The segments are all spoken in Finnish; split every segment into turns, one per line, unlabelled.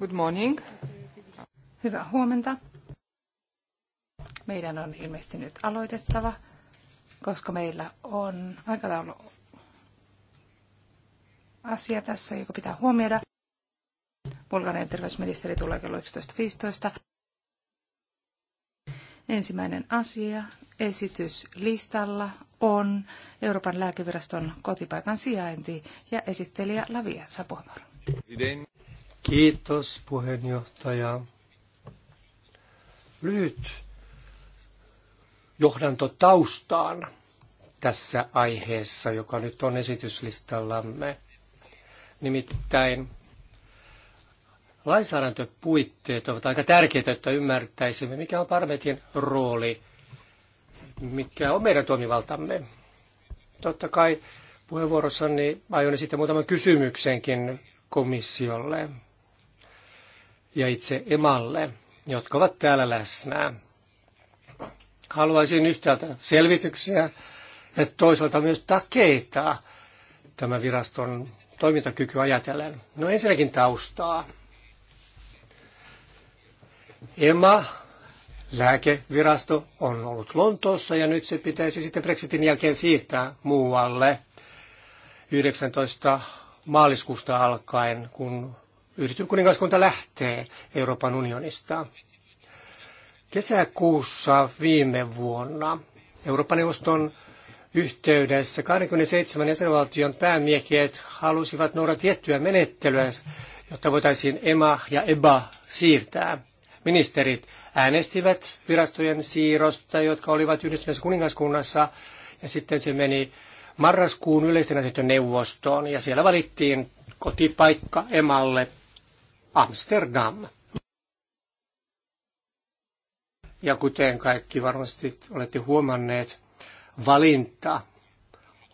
Good morning.
Hyvää huomenta. Meidän on ilmeisesti nyt aloitettava, koska meillä on aikataulu asia tässä, joka pitää huomioida. Bulgarian terveysministeri tulee kello 11.15. Ensimmäinen asia esityslistalla on Euroopan lääkeviraston kotipaikan sijainti ja esittelijä Lavia Sapovar.
Kiitos puheenjohtaja. Lyhyt johdanto taustaan tässä aiheessa, joka nyt on esityslistallamme. Nimittäin lainsäädäntöpuitteet ovat aika tärkeitä, että ymmärtäisimme, mikä on parlamentin rooli, mikä on meidän toimivaltamme. Totta kai puheenvuorossani aion esittää muutaman kysymyksenkin komissiolle ja itse emalle, jotka ovat täällä läsnä. Haluaisin yhtäältä selvityksiä ja toisaalta myös takeita tämän viraston toimintakyky ajatellen. No ensinnäkin taustaa. Emma lääkevirasto, on ollut Lontoossa ja nyt se pitäisi sitten Brexitin jälkeen siirtää muualle 19 maaliskuusta alkaen, kun yhdistyn kuningaskunta lähtee Euroopan unionista. Kesäkuussa viime vuonna Euroopan neuvoston yhteydessä 27 jäsenvaltion päämiehet halusivat noudat tiettyä menettelyä, jotta voitaisiin EMA ja EBA siirtää. Ministerit äänestivät virastojen siirrosta, jotka olivat yhdistyneessä kuningaskunnassa, ja sitten se meni marraskuun yleisten asioiden neuvostoon, ja siellä valittiin kotipaikka emalle Amsterdam. Ja kuten kaikki varmasti olette huomanneet, valinta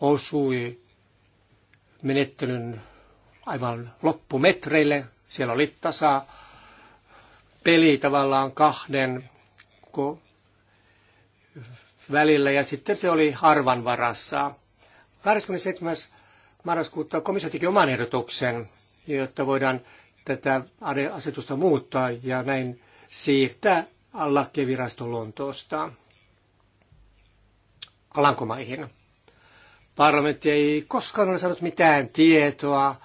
osui menettelyn aivan loppumetreille. Siellä oli tasa peli tavallaan kahden välillä ja sitten se oli harvan varassa. 27. marraskuuta komissio teki oman ehdotuksen, jotta voidaan tätä asetusta muuttaa ja näin siirtää lakivirasto Lontoosta Alankomaihin. Parlamentti ei koskaan ole saanut mitään tietoa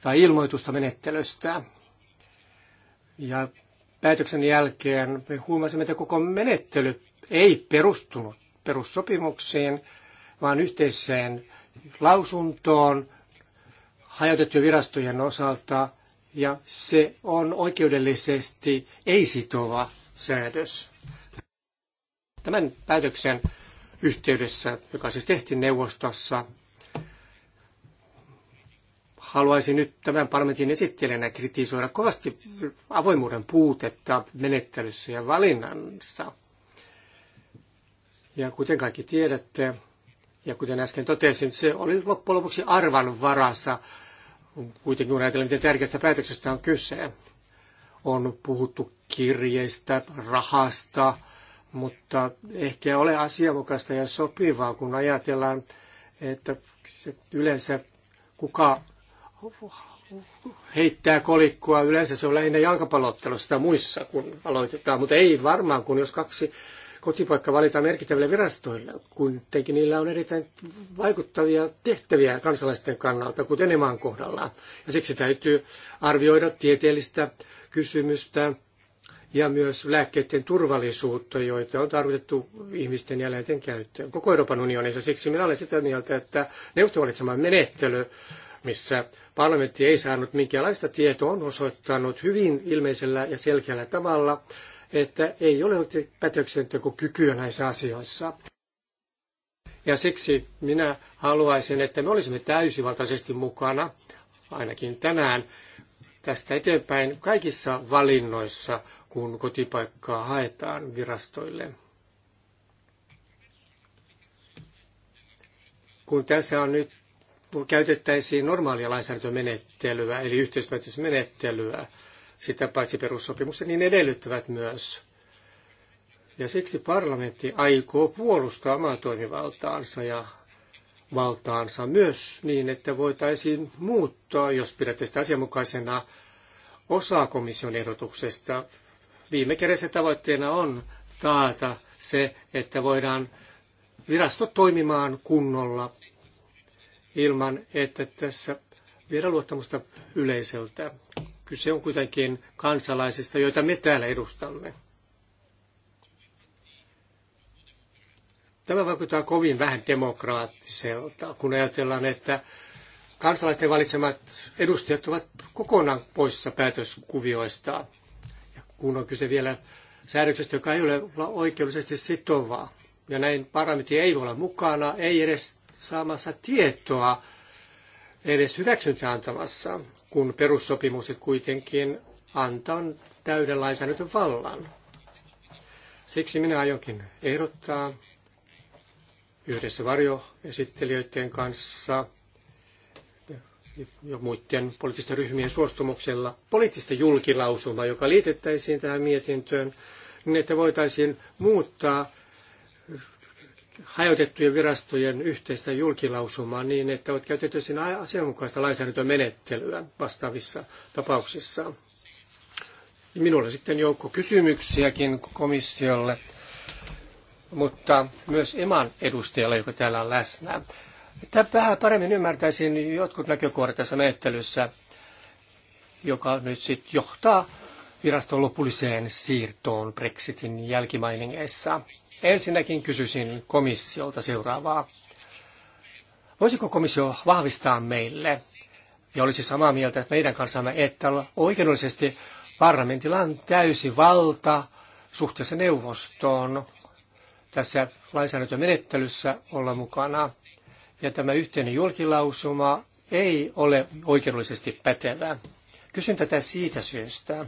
tai ilmoitusta menettelystä. Ja päätöksen jälkeen me huomasimme, että koko menettely ei perustunut perussopimuksiin, vaan yhteiseen lausuntoon hajautettujen virastojen osalta – ja se on oikeudellisesti ei-sitova säädös. Tämän päätöksen yhteydessä, joka siis tehtiin neuvostossa, haluaisin nyt tämän parlamentin esittelijänä kritisoida kovasti avoimuuden puutetta menettelyssä ja valinnassa. Ja kuten kaikki tiedätte, ja kuten äsken totesin, se oli loppujen lopuksi arvan varassa kuitenkin kun ajatellaan, miten tärkeästä päätöksestä on kyse. On puhuttu kirjeistä, rahasta, mutta ehkä ole asianmukaista ja sopivaa, kun ajatellaan, että yleensä kuka heittää kolikkoa, yleensä se on lähinnä jalkapallottelussa muissa, kun aloitetaan, mutta ei varmaan, kun jos kaksi kotipaikka valita merkittäville virastoille, kun teki niillä on erittäin vaikuttavia tehtäviä kansalaisten kannalta, kuten emaan kohdalla. Ja siksi täytyy arvioida tieteellistä kysymystä ja myös lääkkeiden turvallisuutta, joita on tarvitettu ihmisten ja eläinten käyttöön koko Euroopan unionissa. Siksi minä olen sitä mieltä, että neuvostovalitsema menettely missä parlamentti ei saanut minkäänlaista tietoa, on osoittanut hyvin ilmeisellä ja selkeällä tavalla, että ei ole kykyä näissä asioissa. Ja siksi minä haluaisin, että me olisimme täysivaltaisesti mukana, ainakin tänään, tästä eteenpäin kaikissa valinnoissa, kun kotipaikkaa haetaan virastoille. Kun tässä on nyt käytettäisiin normaalia lainsäädäntömenettelyä, eli yhteispäätösmenettelyä, sitä paitsi perussopimukset niin edellyttävät myös. Ja siksi parlamentti aikoo puolustaa omaa toimivaltaansa ja valtaansa myös niin, että voitaisiin muuttaa, jos pidätte sitä asianmukaisena, osa komission ehdotuksesta. Viime kädessä tavoitteena on taata se, että voidaan virasto toimimaan kunnolla ilman, että tässä viedään luottamusta yleisöltä. Kyse on kuitenkin kansalaisista, joita me täällä edustamme. Tämä vaikuttaa kovin vähän demokraattiselta, kun ajatellaan, että kansalaisten valitsemat edustajat ovat kokonaan poissa päätöskuvioista. Ja kun on kyse vielä säädöksestä, joka ei ole oikeudellisesti sitovaa. Ja näin parlamentti ei ole mukana, ei edes saamassa tietoa edes hyväksyntä antamassa, kun perussopimukset kuitenkin antaa täyden lainsäädäntön vallan. Siksi minä aionkin ehdottaa yhdessä varjoesittelijöiden kanssa ja muiden poliittisten ryhmien suostumuksella poliittista julkilausumaa, joka liitettäisiin tähän mietintöön, niin että voitaisiin muuttaa hajotettujen virastojen yhteistä julkilausumaa niin, että olet käytetty siinä asianmukaista lainsäädäntömenettelyä vastaavissa tapauksissa. Minulla sitten joukko kysymyksiäkin komissiolle, mutta myös EMAN edustajalle, joka täällä on läsnä. Tämä vähän paremmin ymmärtäisin jotkut näkökohdat tässä menettelyssä, joka nyt sitten johtaa viraston lopulliseen siirtoon Brexitin jälkimainingeissa. Ensinnäkin kysyisin komissiolta seuraavaa. Voisiko komissio vahvistaa meille, ja olisi samaa mieltä meidän kanssamme, että oikeudellisesti parlamentilla on täysi valta suhteessa neuvostoon tässä lainsäädäntömenettelyssä olla mukana. Ja tämä yhteinen julkilausuma ei ole oikeudellisesti pätevä. Kysyn tätä siitä syystä,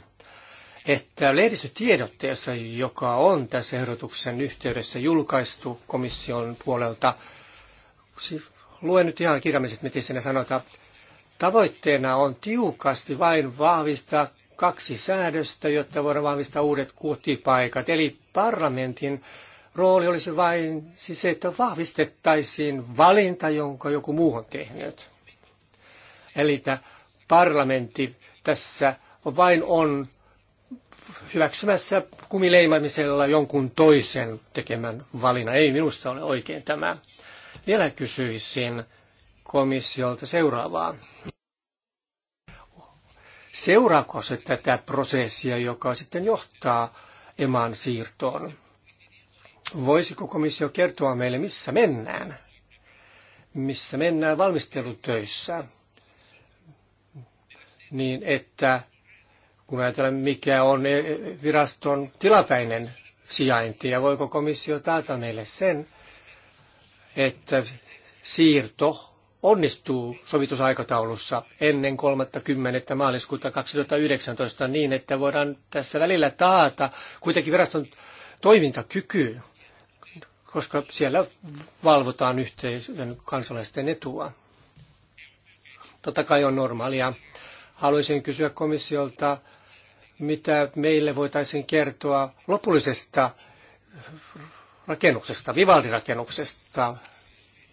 että lehdistötiedotteessa, joka on tässä ehdotuksen yhteydessä julkaistu komission puolelta, luen nyt ihan kirjaimellisesti, miten siinä sanotaan, tavoitteena on tiukasti vain vahvistaa kaksi säädöstä, jotta voidaan vahvistaa uudet kotipaikat. Eli parlamentin rooli olisi vain siis se, että vahvistettaisiin valinta, jonka joku muu on tehnyt. Eli tämä parlamentti tässä vain on hyväksymässä kumileimamisella jonkun toisen tekemän valinnan. Ei minusta ole oikein tämä. Vielä kysyisin komissiolta seuraavaa. Seuraako se tätä prosessia, joka sitten johtaa emaan siirtoon? Voisiko komissio kertoa meille, missä mennään? Missä mennään valmistelutöissä? Niin, että kun ajatellaan, mikä on e, e, viraston tilapäinen sijainti ja voiko komissio taata meille sen, että siirto onnistuu sovitusaikataulussa ennen 30. maaliskuuta 2019 niin, että voidaan tässä välillä taata kuitenkin viraston toimintakyky, koska siellä valvotaan yhteisön kansalaisten etua. Totta kai on normaalia. Haluaisin kysyä komissiolta, mitä meille voitaisiin kertoa lopullisesta rakennuksesta, Vivaldi-rakennuksesta,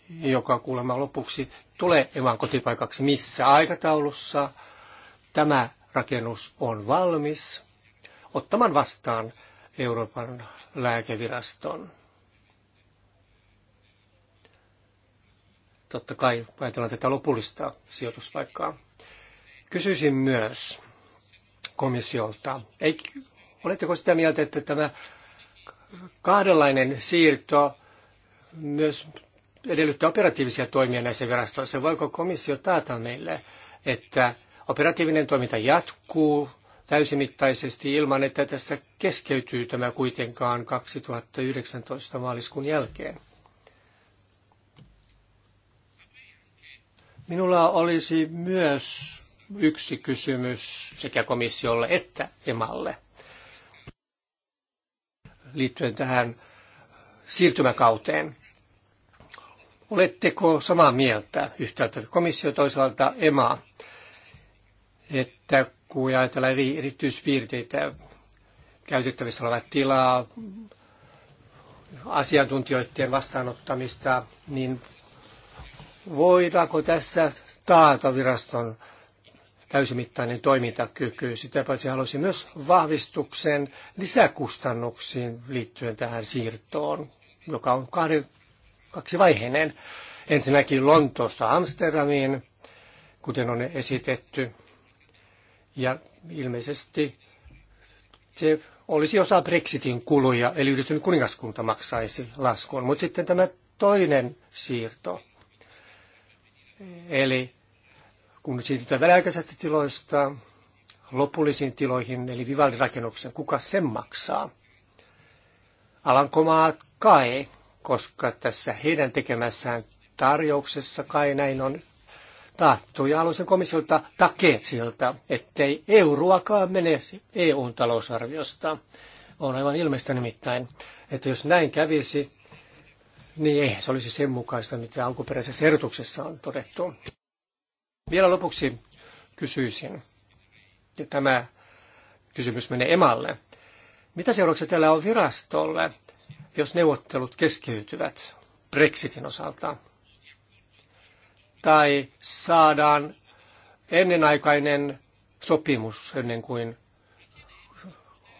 joka kuulemma lopuksi tulee eman kotipaikaksi, missä aikataulussa tämä rakennus on valmis ottamaan vastaan Euroopan lääkeviraston. Totta kai ajatellaan tätä lopullista sijoituspaikkaa. Kysyisin myös, komissiolta. Ei, oletteko sitä mieltä, että tämä kahdenlainen siirto myös edellyttää operatiivisia toimia näissä virastoissa? Voiko komissio taata meille, että operatiivinen toiminta jatkuu täysimittaisesti ilman, että tässä keskeytyy tämä kuitenkaan 2019 maaliskuun jälkeen? Minulla olisi myös yksi kysymys sekä komissiolle että emalle liittyen tähän siirtymäkauteen. Oletteko samaa mieltä yhtäältä komissio toisaalta EMA, että kun ajatellaan eri erityispiirteitä, käytettävissä olevat tilaa, asiantuntijoiden vastaanottamista, niin voidaanko tässä taata viraston täysimittainen toimintakyky. Sitä paitsi halusin myös vahvistuksen lisäkustannuksiin liittyen tähän siirtoon, joka on kaksi vaiheinen. Ensinnäkin Lontoosta Amsterdamiin, kuten on esitetty. Ja ilmeisesti se olisi osa Brexitin kuluja, eli yhdistynyt kuningaskunta maksaisi laskun. Mutta sitten tämä toinen siirto, eli kun siirrytään väliaikaisista tiloista lopullisiin tiloihin, eli vivaldirakennuksen, kuka sen maksaa? Alankomaat kai, koska tässä heidän tekemässään tarjouksessa kai näin on taattu. Ja haluaisin komissiolta takeet siltä, ettei euroakaan mene EUn talousarviosta. On aivan ilmeistä nimittäin, että jos näin kävisi, niin eihän se olisi sen mukaista, mitä alkuperäisessä ehdotuksessa on todettu. Vielä lopuksi kysyisin, ja tämä kysymys menee emalle. Mitä seurauksia tällä on virastolle, jos neuvottelut keskeytyvät Brexitin osalta? Tai saadaan ennenaikainen sopimus ennen kuin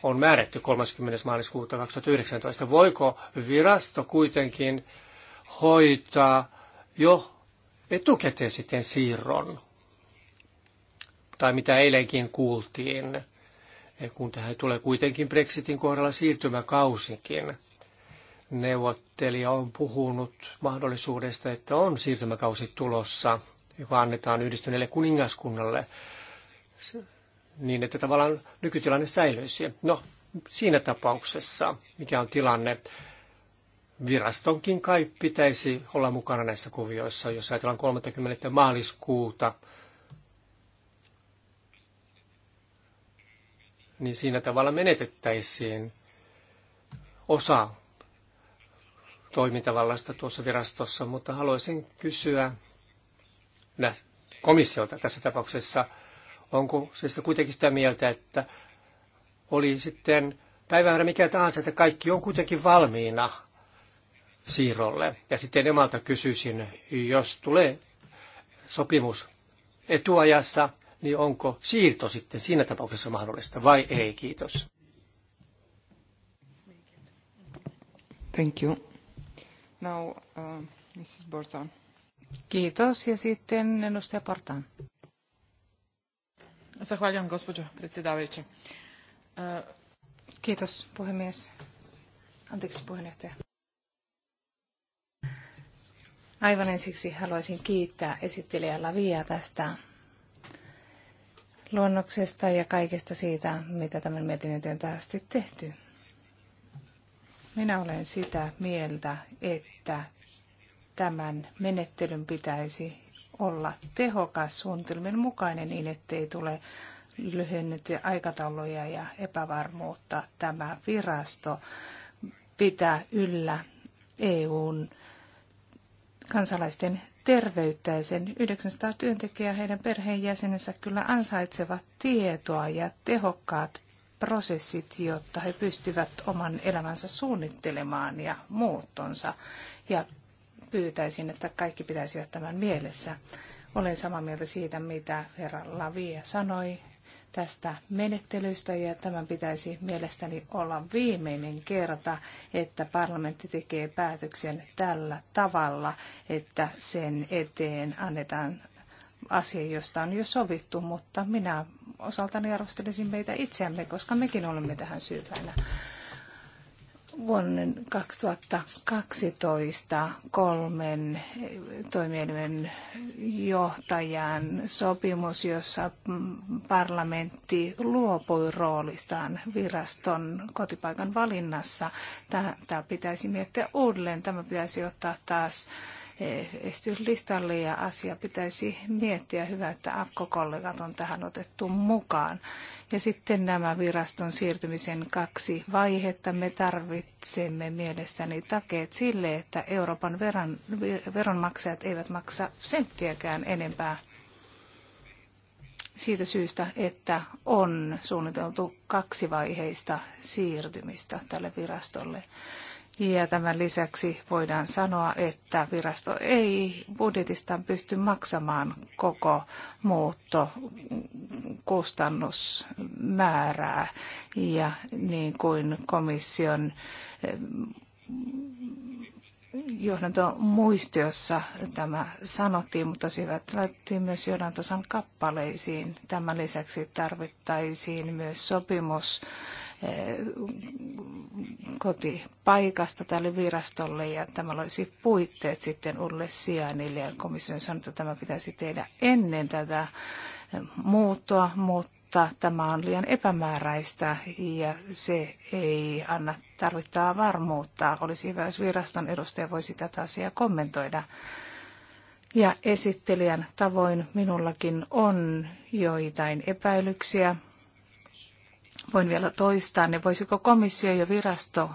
on määrätty 30. maaliskuuta 2019. Voiko virasto kuitenkin hoitaa jo etukäteen sitten siirron. Tai mitä eilenkin kuultiin, kun tähän tulee kuitenkin Brexitin kohdalla siirtymäkausikin. Neuvottelija on puhunut mahdollisuudesta, että on siirtymäkausi tulossa, joka annetaan yhdistyneelle kuningaskunnalle, niin että tavallaan nykytilanne säilyisi. No, siinä tapauksessa, mikä on tilanne, virastonkin kai pitäisi olla mukana näissä kuvioissa, jos ajatellaan 30. maaliskuuta. Niin siinä tavalla menetettäisiin osa toimintavallasta tuossa virastossa, mutta haluaisin kysyä komissiolta tässä tapauksessa, onko siis kuitenkin sitä mieltä, että oli sitten päivämäärä mikä tahansa, että kaikki on kuitenkin valmiina siirrolle. Ja sitten emalta kysyisin, jos tulee sopimus etuajassa, niin onko siirto sitten siinä tapauksessa mahdollista vai ei? Kiitos. Thank you.
Now, uh, Mrs. Burton Kiitos. Ja sitten edustaja Partan. Zahvaljujem, gospođo predsjedavajuća. Uh, Kiitos, puhemies. Anteeksi, puheenjohtaja. Aivan ensiksi haluaisin kiittää esittelijä Lavia tästä luonnoksesta ja kaikesta siitä, mitä tämän mietinnön eteen tähän tehty. Minä olen sitä mieltä, että tämän menettelyn pitäisi olla tehokas suunnitelmien mukainen niin, ettei tule lyhennettyjä aikatauluja ja epävarmuutta. Tämä virasto pitää yllä EUn kansalaisten terveyttä ja sen 900 työntekijää heidän perheenjäsenensä kyllä ansaitsevat tietoa ja tehokkaat prosessit, jotta he pystyvät oman elämänsä suunnittelemaan ja muuttonsa. Ja pyytäisin, että kaikki pitäisivät tämän mielessä. Olen samaa mieltä siitä, mitä herra Lavia sanoi tästä menettelystä ja tämän pitäisi mielestäni olla viimeinen kerta, että parlamentti tekee päätöksen tällä tavalla, että sen eteen annetaan asia, josta on jo sovittu, mutta minä osaltani arvostelisin meitä itseämme, koska mekin olemme tähän syypäinä vuoden 2012 kolmen toimielimen johtajan sopimus, jossa parlamentti luopui roolistaan viraston kotipaikan valinnassa. Tätä pitäisi miettiä uudelleen. Tämä pitäisi ottaa taas eh, esityslistalle ja asia pitäisi miettiä. Hyvä, että AFKO-kollegat on tähän otettu mukaan. Ja sitten nämä viraston siirtymisen kaksi vaihetta. Me tarvitsemme mielestäni takeet sille, että Euroopan veron, veronmaksajat eivät maksa senttiäkään enempää siitä syystä, että on suunniteltu kaksivaiheista siirtymistä tälle virastolle. Ja tämän lisäksi voidaan sanoa, että virasto ei budjetistaan pysty maksamaan koko muuttokustannusmäärää. Ja niin kuin komission eh, johdanto muistiossa tämä sanottiin, mutta se laitettiin myös johdantosan kappaleisiin. Tämän lisäksi tarvittaisiin myös sopimus Eh, kotipaikasta tälle virastolle ja tämä olisi puitteet sitten Ulle sijainnille ja on sanonut, että tämä pitäisi tehdä ennen tätä muuttoa, mutta tämä on liian epämääräistä ja se ei anna tarvittaa varmuutta. Olisi hyvä, jos viraston edustaja voisi tätä asiaa kommentoida. Ja esittelijän tavoin minullakin on joitain epäilyksiä voin vielä toistaa, niin voisiko komissio ja virasto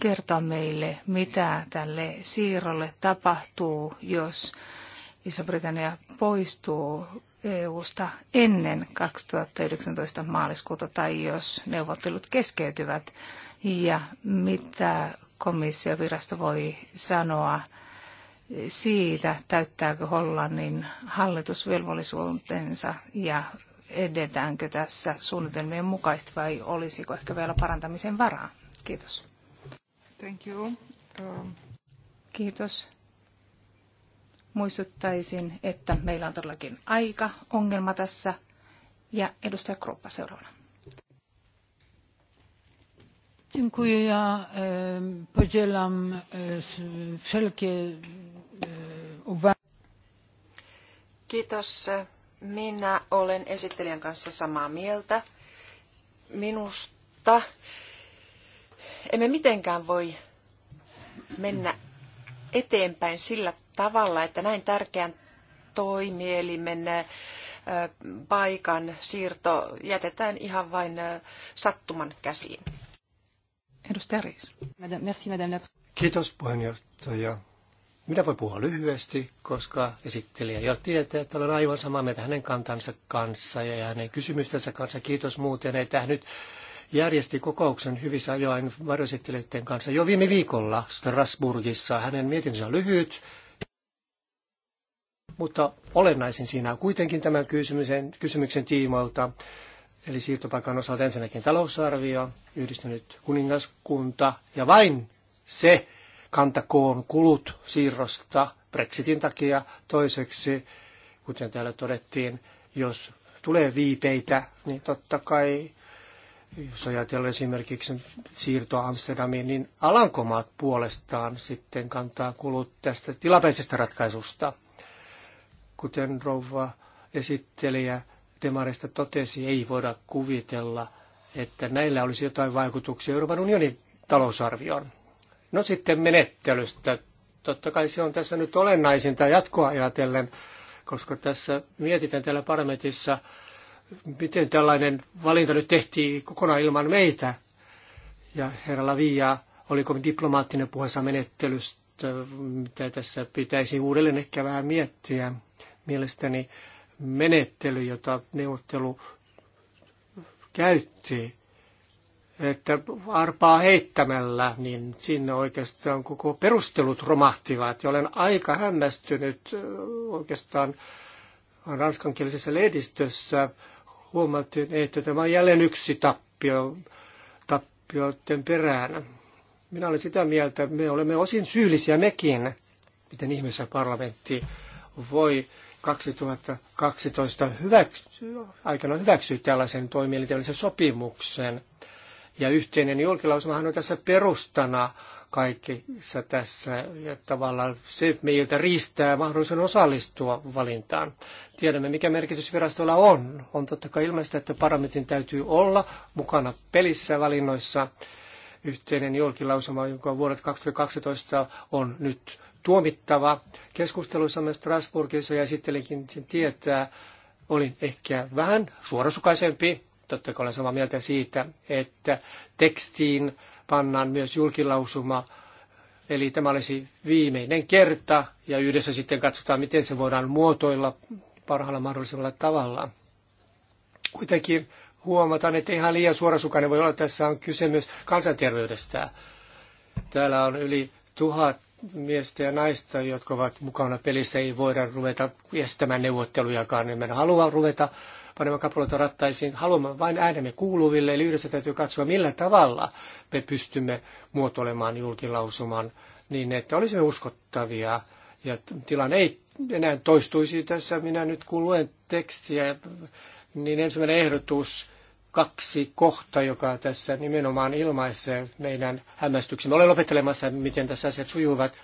kertoa meille, mitä tälle siirrolle tapahtuu, jos Iso-Britannia poistuu EU-sta ennen 2019 maaliskuuta tai jos neuvottelut keskeytyvät ja mitä komissiovirasto voi sanoa siitä, täyttääkö Hollannin hallitus velvollisuutensa ja edetäänkö tässä suunnitelmien mukaisesti vai olisiko ehkä vielä parantamisen varaa? Kiitos.
Thank you. Um...
Kiitos. Muistuttaisin, että meillä on todellakin aika ongelma tässä. Ja edustaja Kruppa seuraavana. Dziękuję. Ja e, podzielam e, wszelkie e, uwagi.
Kiitos. Minä olen esittelijän kanssa samaa mieltä. Minusta emme mitenkään voi mennä eteenpäin sillä tavalla, että näin tärkeän toimielimen paikan siirto jätetään ihan vain sattuman käsiin. Edustaja Riis. Merci, madame.
Kiitos puheenjohtaja. Minä voin puhua lyhyesti, koska esittelijä jo tietää, että olen aivan samaa mieltä hänen kantansa kanssa ja hänen kysymystensä kanssa. Kiitos muuten, että hän nyt järjesti kokouksen hyvissä ajoin varjoesittelijöiden kanssa jo viime viikolla Strasburgissa. Hänen mietintönsä on lyhyt, mutta olennaisin siinä on kuitenkin tämän kysymyksen, kysymyksen tiimoilta. Eli siirtopaikan osalta ensinnäkin talousarvio, yhdistynyt kuningaskunta ja vain se, kantakoon kulut siirrosta Brexitin takia. Toiseksi, kuten täällä todettiin, jos tulee viipeitä, niin totta kai, jos ajatellaan esimerkiksi siirtoa Amsterdamiin, niin Alankomaat puolestaan sitten kantaa kulut tästä tilapäisestä ratkaisusta. Kuten rouva esittelijä Demarista totesi, ei voida kuvitella, että näillä olisi jotain vaikutuksia Euroopan unionin talousarvioon. No sitten menettelystä. Totta kai se on tässä nyt olennaisinta jatkoa ajatellen, koska tässä mietitään täällä parametissa, miten tällainen valinta nyt tehtiin kokonaan ilman meitä. Ja herra Lavia, oliko diplomaattinen puheessa menettelystä, mitä tässä pitäisi uudelleen ehkä vähän miettiä. Mielestäni menettely, jota neuvottelu käytti, että arpaa heittämällä, niin sinne oikeastaan koko perustelut romahtivat. Ja olen aika hämmästynyt oikeastaan ranskankielisessä lehdistössä. Huomattiin, että tämä on jälleen yksi tappio, tappioiden perään. Minä olen sitä mieltä, että me olemme osin syyllisiä mekin, miten ihmisessä parlamentti voi 2012 hyväksy, aikana hyväksyä tällaisen toimielintällisen sopimuksen – ja yhteinen julkilausumahan on tässä perustana kaikissa tässä, ja tavallaan se meiltä riistää mahdollisuuden osallistua valintaan. Tiedämme, mikä merkitys virastolla on. On totta kai ilmeistä, että parametin täytyy olla mukana pelissä valinnoissa. Yhteinen julkilausuma, jonka vuodet 2012 on nyt tuomittava. Keskusteluissamme Strasbourgissa ja esittelinkin sen tietää, olin ehkä vähän suorasukaisempi Totta kai olen samaa mieltä siitä, että tekstiin pannaan myös julkilausuma, eli tämä olisi viimeinen kerta, ja yhdessä sitten katsotaan, miten se voidaan muotoilla parhaalla mahdollisella tavalla. Kuitenkin huomataan, että ihan liian suorasukainen voi olla, tässä on kyse myös kansanterveydestä. Täällä on yli tuhat miestä ja naista, jotka ovat mukana pelissä, ei voida ruveta estämään neuvottelujakaan. me halua ruveta panemme kapuloita rattaisiin. Haluamme vain äänemme kuuluville, eli yhdessä täytyy katsoa, millä tavalla me pystymme muotoilemaan julkilausuman niin, että olisimme uskottavia ja tilanne ei enää toistuisi. Tässä minä nyt kun luen tekstiä, niin ensimmäinen ehdotus kaksi kohta, joka tässä nimenomaan ilmaisee meidän hämmästyksemme. Olen lopettelemassa, miten tässä asiat sujuvat.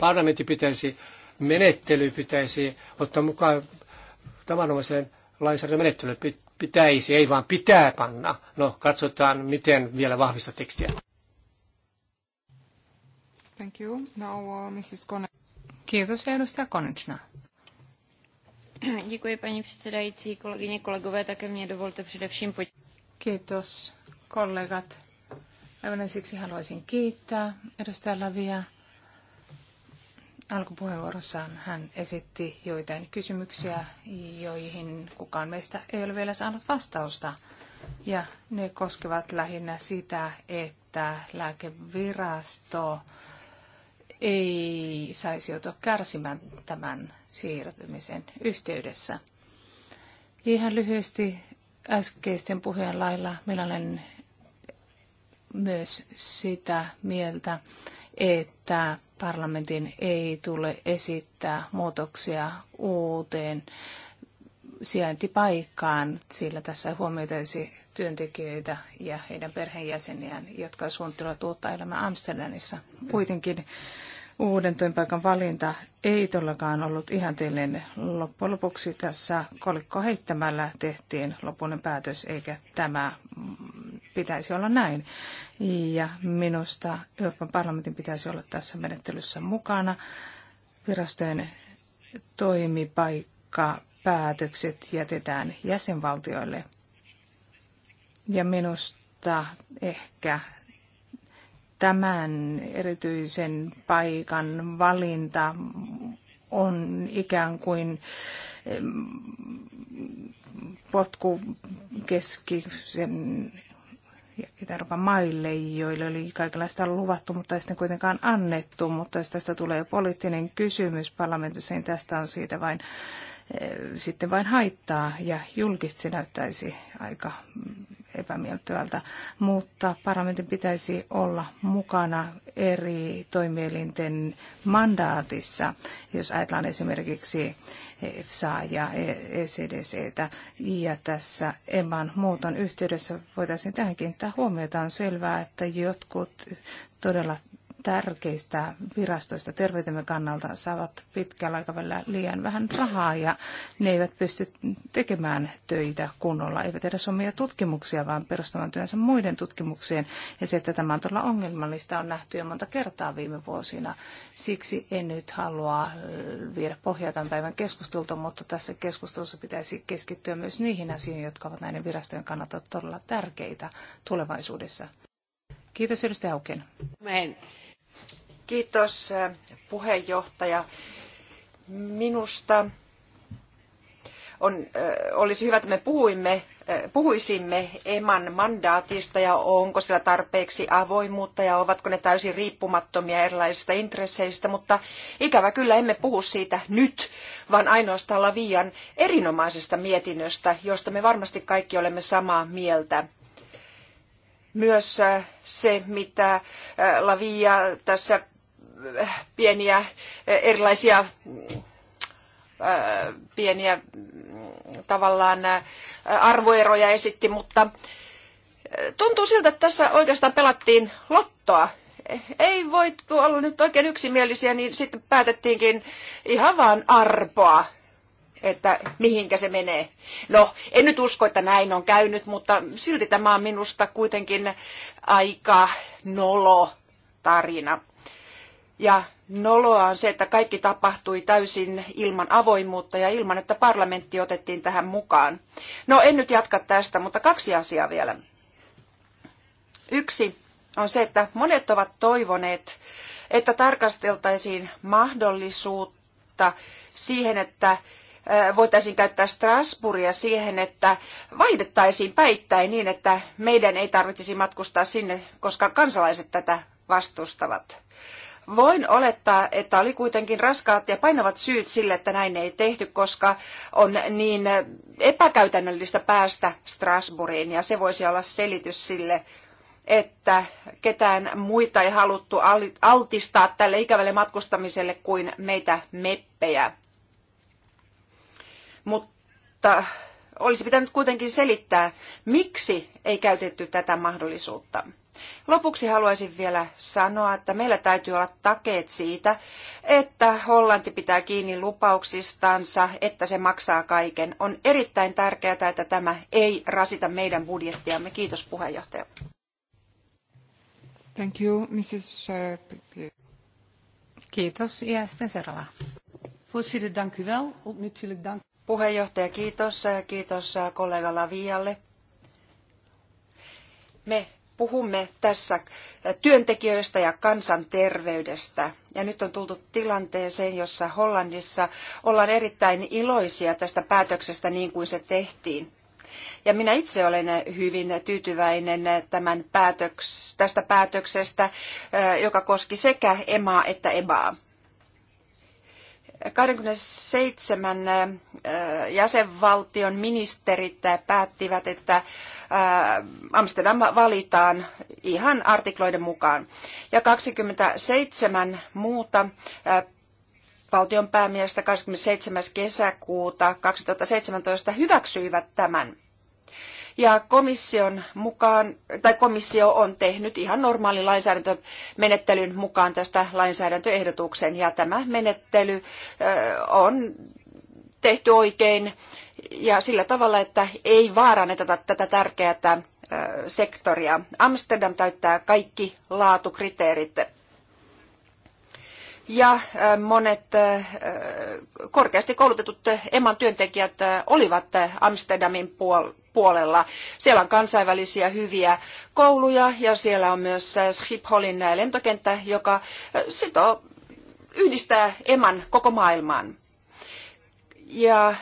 Parlamentti pitäisi, menettely pitäisi ottaa mukaan tavanomaiseen lainsäädäntömenettelyyn pitäisi, ei vaan pitää panna. No, katsotaan, miten vielä vahvista tekstiä.
Thank you. Now, uh, Mrs. Kone. Kiitos, edustaja Konečná.
Děkuji, paní předsedající, kolegyně, kolegové, také mě dovolte především
poj- Kiitos, kollegat. Aivan siksi haluaisin kiittää edustaja Lavia alkupuheenvuorossaan hän esitti joitain kysymyksiä, joihin kukaan meistä ei ole vielä saanut vastausta. Ja ne koskevat lähinnä sitä, että lääkevirasto ei saisi joutua kärsimään tämän siirtymisen yhteydessä. Ihan lyhyesti äskeisten puheen lailla minä olen myös sitä mieltä, että parlamentin ei tule esittää muutoksia uuteen sijaintipaikkaan, sillä tässä huomioitaisi työntekijöitä ja heidän perheenjäseniään, jotka suunnittelevat uutta elämää Amsterdamissa. Kuitenkin uuden työpaikan valinta ei todellakaan ollut ihanteellinen. Loppujen lopuksi tässä kolikko heittämällä tehtiin lopullinen päätös, eikä tämä pitäisi olla näin. Ja minusta Euroopan parlamentin pitäisi olla tässä menettelyssä mukana. Virastojen toimipaikka päätökset jätetään jäsenvaltioille. Ja minusta ehkä tämän erityisen paikan valinta on ikään kuin potku keskisen Itä-Euroopan maille, joille oli kaikenlaista luvattu, mutta ei sitten kuitenkaan annettu. Mutta jos tästä tulee poliittinen kysymys parlamentissa, niin tästä on siitä vain eh, sitten vain haittaa ja julkisesti näyttäisi aika mm, epämiellyttävältä, mutta parlamentin pitäisi olla mukana eri toimielinten mandaatissa, jos ajatellaan esimerkiksi EFSA ja ECDC. Ja tässä EMAN muuton yhteydessä voitaisiin tähän kiinnittää huomiota. On selvää, että jotkut todella tärkeistä virastoista terveytemme kannalta saavat pitkällä aikavälillä liian vähän rahaa ja ne eivät pysty tekemään töitä kunnolla, eivät edes omia tutkimuksia, vaan perustamaan työnsä muiden tutkimukseen. Ja se, että tämä on todella ongelmallista, on nähty jo monta kertaa viime vuosina. Siksi en nyt halua äh, viedä pohjaa tämän päivän keskustelulta, mutta tässä keskustelussa pitäisi keskittyä myös niihin asioihin, jotka ovat näiden virastojen kannalta todella tärkeitä tulevaisuudessa. Kiitos edustaja Hauken.
Kiitos puheenjohtaja. Minusta on, olisi hyvä, että me puhuimme, puhuisimme EMAN mandaatista ja onko sillä tarpeeksi avoimuutta ja ovatko ne täysin riippumattomia erilaisista intresseistä, mutta ikävä kyllä emme puhu siitä nyt, vaan ainoastaan Lavian erinomaisesta mietinnöstä, josta me varmasti kaikki olemme samaa mieltä myös se, mitä Lavia tässä pieniä eh, erilaisia eh, pieniä mm, tavallaan eh, arvoeroja esitti, mutta tuntuu siltä, että tässä oikeastaan pelattiin lottoa. Ei voi olla nyt oikein yksimielisiä, niin sitten päätettiinkin ihan vaan arpoa, että mihinkä se menee. No, en nyt usko, että näin on käynyt, mutta silti tämä on minusta kuitenkin aika nolo tarina. Ja noloa on se, että kaikki tapahtui täysin ilman avoimuutta ja ilman, että parlamentti otettiin tähän mukaan. No en nyt jatka tästä, mutta kaksi asiaa vielä. Yksi on se, että monet ovat toivoneet, että tarkasteltaisiin mahdollisuutta siihen, että voitaisiin käyttää Strasburgia siihen, että vaihdettaisiin päittäin niin, että meidän ei tarvitsisi matkustaa sinne, koska kansalaiset tätä vastustavat. Voin olettaa, että oli kuitenkin raskaat ja painavat syyt sille, että näin ei tehty, koska on niin epäkäytännöllistä päästä Strasbourgiin ja se voisi olla selitys sille, että ketään muita ei haluttu altistaa tälle ikävälle matkustamiselle kuin meitä meppejä. Mutta olisi pitänyt kuitenkin selittää, miksi ei käytetty tätä mahdollisuutta. Lopuksi haluaisin vielä sanoa, että meillä täytyy olla takeet siitä, että Hollanti pitää kiinni lupauksistansa, että se maksaa kaiken. On erittäin tärkeää, että tämä ei rasita meidän budjettiamme. Kiitos puheenjohtaja.
Thank you, Mrs. Kiitos ja sitten seuraava.
dank u wel. dank. Puheenjohtaja, kiitos. Kiitos kollega Lavialle. Me puhumme tässä työntekijöistä ja kansanterveydestä. Ja nyt on tultu tilanteeseen, jossa Hollannissa ollaan erittäin iloisia tästä päätöksestä niin kuin se tehtiin. Ja minä itse olen hyvin tyytyväinen tämän päätöks, tästä päätöksestä, joka koski sekä EMAa että EBAa. 27 äh, jäsenvaltion ministerit päättivät, että äh, Amsterdam valitaan ihan artikloiden mukaan. Ja 27 muuta valtion päämiestä 27. kesäkuuta 2017 hyväksyivät tämän. Ja komission mukaan, tai komissio on tehnyt ihan normaalin lainsäädäntömenettelyn mukaan tästä lainsäädäntöehdotuksen. Ja tämä menettely on tehty oikein ja sillä tavalla, että ei vaaranneta tätä tärkeää sektoria. Amsterdam täyttää kaikki laatukriteerit ja monet korkeasti koulutetut EMAn työntekijät olivat Amsterdamin puolella. Siellä on kansainvälisiä hyviä kouluja ja siellä on myös Schipholin lentokenttä, joka sitoo, yhdistää EMAn koko maailmaan. Ja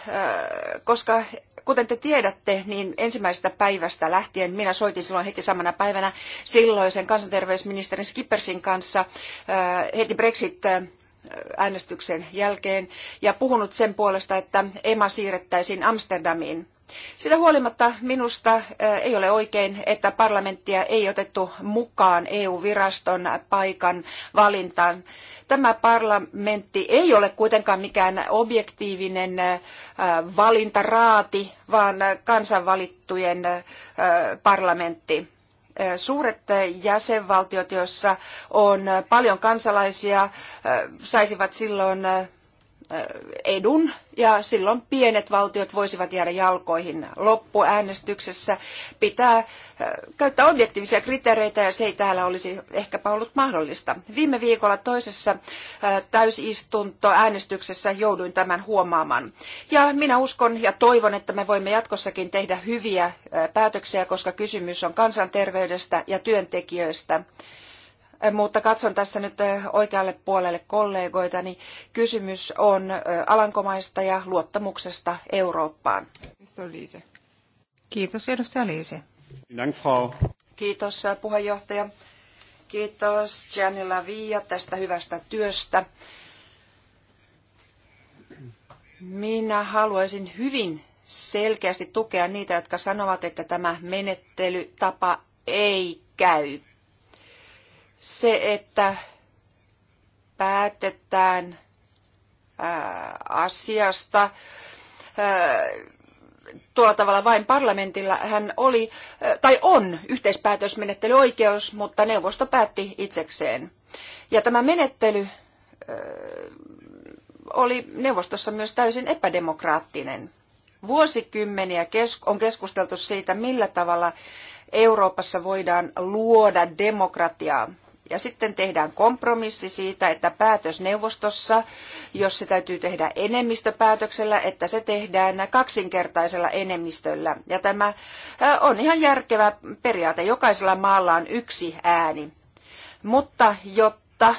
koska kuten te tiedätte, niin ensimmäisestä päivästä lähtien, minä soitin silloin heti samana päivänä silloisen kansanterveysministerin Skippersin kanssa äh, heti Brexit äh, äänestyksen jälkeen ja puhunut sen puolesta, että EMA siirrettäisiin Amsterdamiin sitä huolimatta minusta ei ole oikein, että parlamenttia ei otettu mukaan EU-viraston paikan valintaan. Tämä parlamentti ei ole kuitenkaan mikään objektiivinen valintaraati, vaan kansanvalittujen parlamentti suuret jäsenvaltiot, joissa on paljon kansalaisia, saisivat silloin edun ja silloin pienet valtiot voisivat jäädä jalkoihin loppuäänestyksessä. Pitää käyttää objektiivisia kriteereitä ja se ei täällä olisi ehkäpä ollut mahdollista. Viime viikolla toisessa täysistuntoäänestyksessä jouduin tämän huomaamaan. Ja minä uskon ja toivon, että me voimme jatkossakin tehdä hyviä päätöksiä, koska kysymys on kansanterveydestä ja työntekijöistä mutta katson tässä nyt oikealle puolelle kollegoita, niin kysymys on Alankomaista ja luottamuksesta Eurooppaan.
Kiitos
edustaja Liise.
Kiitos puheenjohtaja. Kiitos Janilla Viia tästä hyvästä työstä. Minä haluaisin hyvin selkeästi tukea niitä, jotka sanovat, että tämä menettelytapa ei käy se, että päätetään asiasta tuolla tavalla vain parlamentilla. Hän oli, tai on, yhteispäätösmenettelyoikeus, mutta neuvosto päätti itsekseen. Ja tämä menettely oli neuvostossa myös täysin epädemokraattinen. Vuosikymmeniä on keskusteltu siitä, millä tavalla Euroopassa voidaan luoda demokratiaa. Ja sitten tehdään kompromissi siitä, että päätösneuvostossa, jos se täytyy tehdä enemmistöpäätöksellä, että se tehdään kaksinkertaisella enemmistöllä. Ja tämä on ihan järkevä periaate. Jokaisella maalla on yksi ääni. Mutta jotta jotta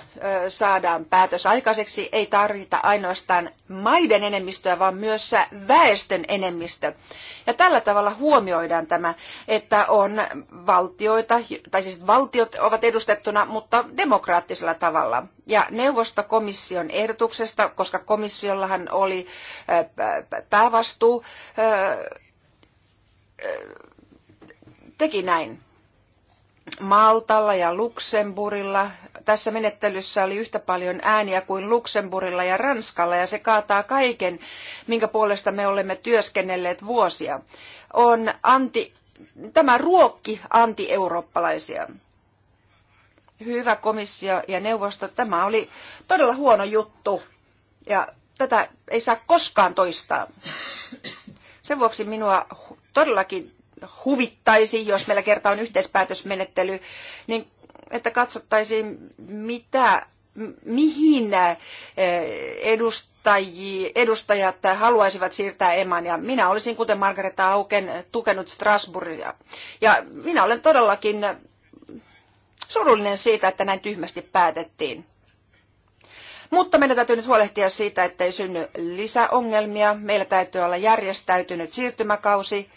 saadaan päätös aikaiseksi, ei tarvita ainoastaan maiden enemmistöä, vaan myös väestön enemmistö. Ja tällä tavalla huomioidaan tämä, että on valtioita, tai siis valtiot ovat edustettuna, mutta demokraattisella tavalla. Ja neuvostokomission ehdotuksesta, koska komissiollahan oli päävastuu, teki näin. Maltalla ja Luxemburilla. Tässä menettelyssä oli yhtä paljon ääniä kuin Luxemburilla ja Ranskalla, ja se kaataa kaiken, minkä puolesta me olemme työskennelleet vuosia. On anti, tämä ruokki anti-eurooppalaisia. Hyvä komissio ja neuvosto, tämä oli todella huono juttu, ja tätä ei saa koskaan toistaa. Sen vuoksi minua todellakin huvittaisi, jos meillä kerta on yhteispäätösmenettely, niin että katsottaisiin, mitä, mihin eh, edustajia, edustajat haluaisivat siirtää eman. Ja minä olisin, kuten Margareta Auken, tukenut Strasbourgia. Ja minä olen todellakin surullinen siitä, että näin tyhmästi päätettiin. Mutta meidän täytyy nyt huolehtia siitä, ettei synny lisäongelmia. Meillä täytyy olla järjestäytynyt siirtymäkausi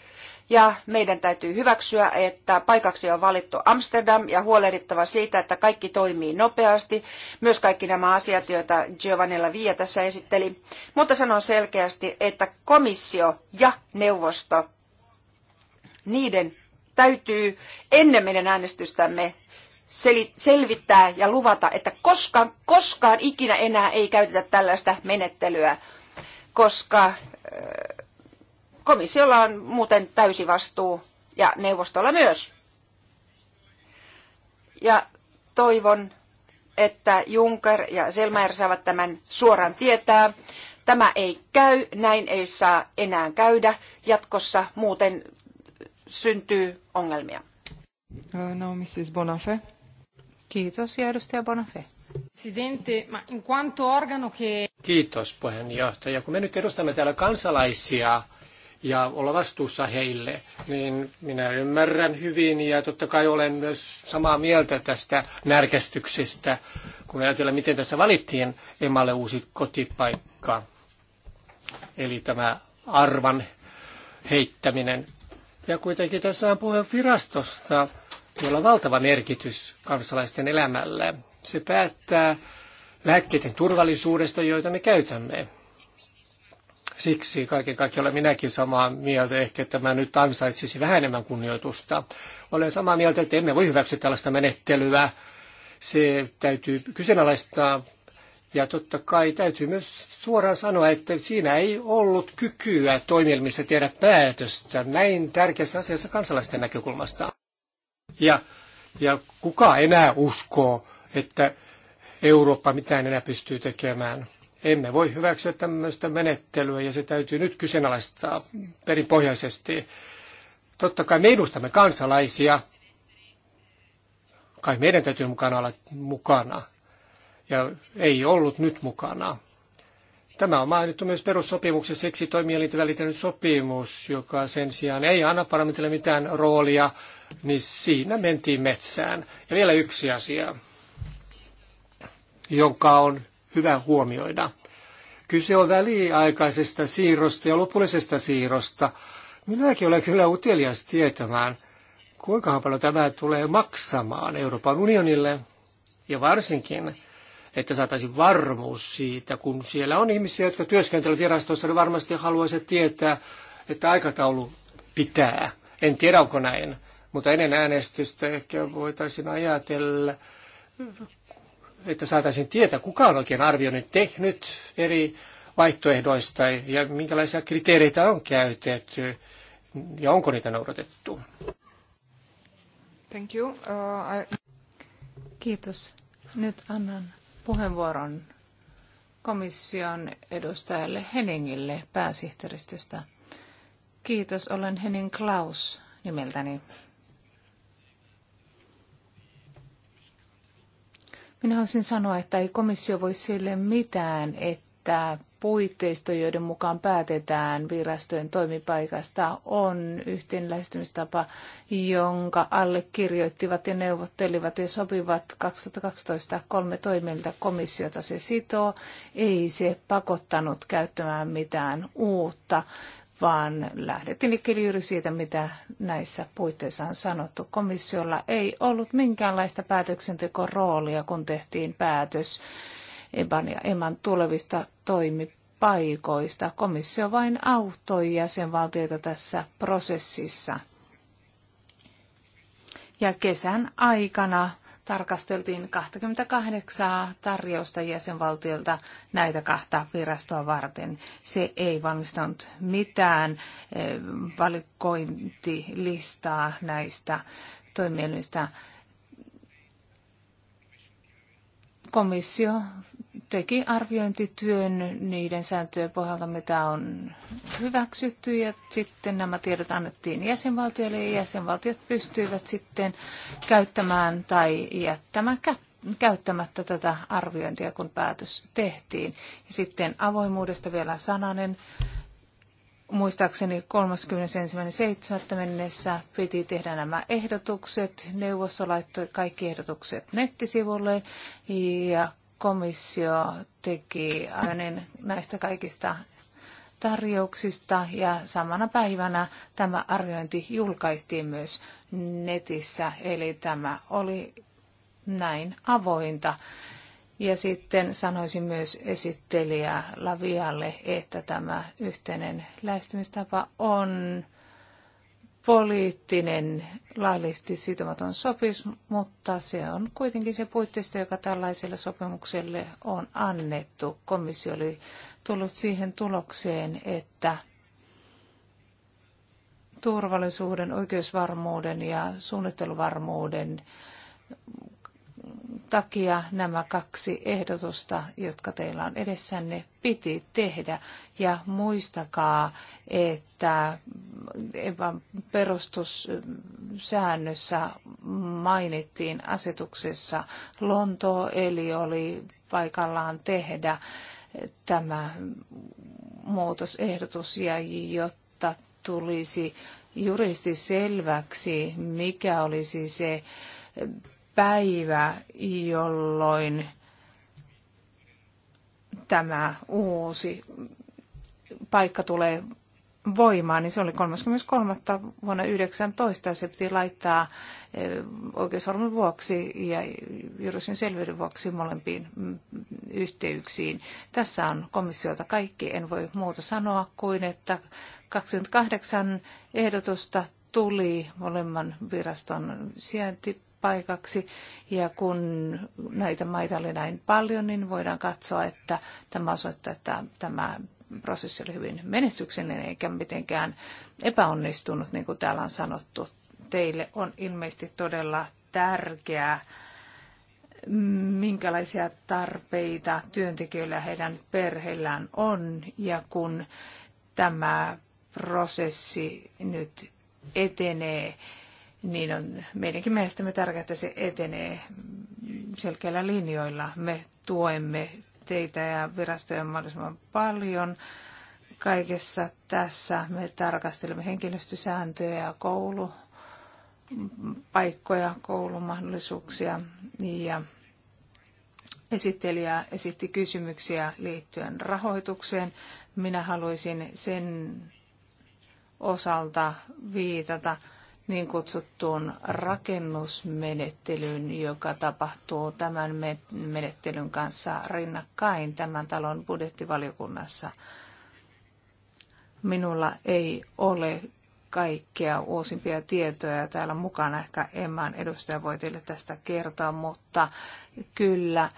ja meidän täytyy hyväksyä, että paikaksi on valittu Amsterdam ja huolehdittava siitä, että kaikki toimii nopeasti. Myös kaikki nämä asiat, joita Giovanella Via tässä esitteli. Mutta sanon selkeästi, että komissio ja neuvosto, niiden täytyy ennen meidän äänestystämme selvittää ja luvata, että koskaan, koskaan ikinä enää ei käytetä tällaista menettelyä, koska Komissiolla on muuten täysi vastuu ja neuvostolla myös. Ja toivon, että Juncker ja Selmayr saavat tämän suoran tietää. Tämä ei käy, näin ei saa enää käydä. Jatkossa muuten syntyy ongelmia.
No, Mrs.
Bonafé. Kiitos ja edustaja Bonafé.
ma in quanto organo che...
Kiitos puheenjohtaja. Kun me nyt edustamme täällä kansalaisia, ja olla vastuussa heille, niin minä ymmärrän hyvin ja totta kai olen myös samaa mieltä tästä närkästyksestä, kun ajatellaan, miten tässä valittiin emalle uusi kotipaikka. Eli tämä arvan heittäminen. Ja kuitenkin tässä on puhe virastosta, jolla on valtava merkitys kansalaisten elämälle. Se päättää lääkkeiden turvallisuudesta, joita me käytämme. Siksi kaiken kaikkiaan olen minäkin samaa mieltä, ehkä tämä nyt ansaitsisi vähän enemmän kunnioitusta. Olen samaa mieltä, että emme voi hyväksyä tällaista menettelyä. Se täytyy kyseenalaistaa ja totta kai täytyy myös suoraan sanoa, että siinä ei ollut kykyä toimielmissä tehdä päätöstä näin tärkeässä asiassa kansalaisten näkökulmasta. Ja, ja kuka enää uskoo, että Eurooppa mitään enää pystyy tekemään? Emme voi hyväksyä tämmöistä menettelyä ja se täytyy nyt kyseenalaistaa perinpohjaisesti. Totta kai me edustamme kansalaisia. Kai meidän täytyy mukana olla mukana. Ja ei ollut nyt mukana. Tämä on mainittu myös perussopimuksessa, seksi toimielinten sopimus, joka sen sijaan ei anna parlamentille mitään roolia, niin siinä mentiin metsään. Ja vielä yksi asia, joka on hyvä huomioida. Kyse on väliaikaisesta siirrosta ja lopullisesta siirrosta. Minäkin olen kyllä utelias tietämään, kuinka paljon tämä tulee maksamaan Euroopan unionille ja varsinkin, että saataisiin varmuus siitä, kun siellä on ihmisiä, jotka työskentelevät virastossa, niin varmasti haluaisivat tietää, että aikataulu pitää. En tiedä, onko näin, mutta ennen äänestystä ehkä voitaisiin ajatella että saataisiin tietää, kuka on oikein arvioinnin tehnyt eri vaihtoehdoista ja minkälaisia kriteereitä on käytetty ja onko niitä noudatettu.
Thank you. Uh, I... Kiitos. Nyt annan puheenvuoron komission edustajalle Henningille pääsihteeristöstä. Kiitos, olen Henning Klaus nimeltäni. Minä haluaisin sanoa, että ei komissio voi sille mitään, että puitteisto, joiden mukaan päätetään virastojen toimipaikasta, on yhteen jonka jonka allekirjoittivat ja neuvottelivat ja sopivat 2012 kolme toimilta komissiota se sitoo. Ei se pakottanut käyttämään mitään uutta vaan lähdettiin liikkeelle juuri siitä, mitä näissä puitteissa on sanottu. Komissiolla ei ollut minkäänlaista päätöksentekoroolia, kun tehtiin päätös EBAN ja EMAN tulevista toimipaikoista. Komissio vain auttoi jäsenvaltioita tässä prosessissa. Ja kesän aikana tarkasteltiin 28 tarjousta jäsenvaltiolta näitä kahta virastoa varten. Se ei valmistanut mitään eh, valikointilistaa näistä toimielimistä. Komissio teki arviointityön niiden sääntöjen pohjalta, mitä on hyväksytty, ja sitten nämä tiedot annettiin jäsenvaltioille, ja jäsenvaltiot pystyivät sitten käyttämään tai jättämään käyttämättä tätä arviointia, kun päätös tehtiin. Ja sitten avoimuudesta vielä sananen. Muistaakseni 31.7. mennessä piti tehdä nämä ehdotukset. Neuvosto laittoi kaikki ehdotukset nettisivulle ja komissio teki ainen näistä kaikista tarjouksista ja samana päivänä tämä arviointi julkaistiin myös netissä, eli tämä oli näin avointa. Ja sitten sanoisin myös esittelijä Lavialle, että tämä yhteinen lähestymistapa on poliittinen laillisesti sitomaton sopimus, mutta se on kuitenkin se puitteisto, joka tällaiselle sopimukselle on annettu. Komissio oli tullut siihen tulokseen, että turvallisuuden, oikeusvarmuuden ja suunnitteluvarmuuden takia nämä kaksi ehdotusta, jotka teillä on edessänne, piti tehdä. Ja muistakaa, että perustussäännössä mainittiin asetuksessa Lonto, eli oli paikallaan tehdä tämä muutosehdotus, ja jotta tulisi juristi selväksi, mikä olisi se päivä, jolloin tämä uusi paikka tulee voimaan, niin se oli 33. vuonna 19 se piti laittaa eh, oikeusormen vuoksi ja virusin selvyyden vuoksi molempiin mm, yhteyksiin. Tässä on komissiota kaikki, en voi muuta sanoa kuin, että 28 ehdotusta tuli molemman viraston sijainti paikaksi. Ja kun näitä maita oli näin paljon, niin voidaan katsoa, että tämä osoittaa, että tämä prosessi oli hyvin menestyksellinen eikä mitenkään epäonnistunut, niin kuin täällä on sanottu. Teille on ilmeisesti todella tärkeää, minkälaisia tarpeita työntekijöillä ja heidän perheillään on. Ja kun tämä prosessi nyt etenee, niin on meidänkin mielestämme tärkeää, että se etenee selkeillä linjoilla. Me tuemme teitä ja virastoja mahdollisimman paljon kaikessa tässä. Me tarkastelemme henkilöstösääntöjä ja koulu, paikkoja, koulumahdollisuuksia ja esittelijä esitti kysymyksiä liittyen rahoitukseen. Minä haluaisin sen osalta viitata niin kutsuttuun rakennusmenettelyyn, joka tapahtuu tämän menettelyn kanssa rinnakkain tämän talon budjettivaliokunnassa. Minulla ei ole kaikkea uusimpia tietoja täällä mukana. Ehkä Emman edustaja voi teille tästä kertoa, mutta kyllä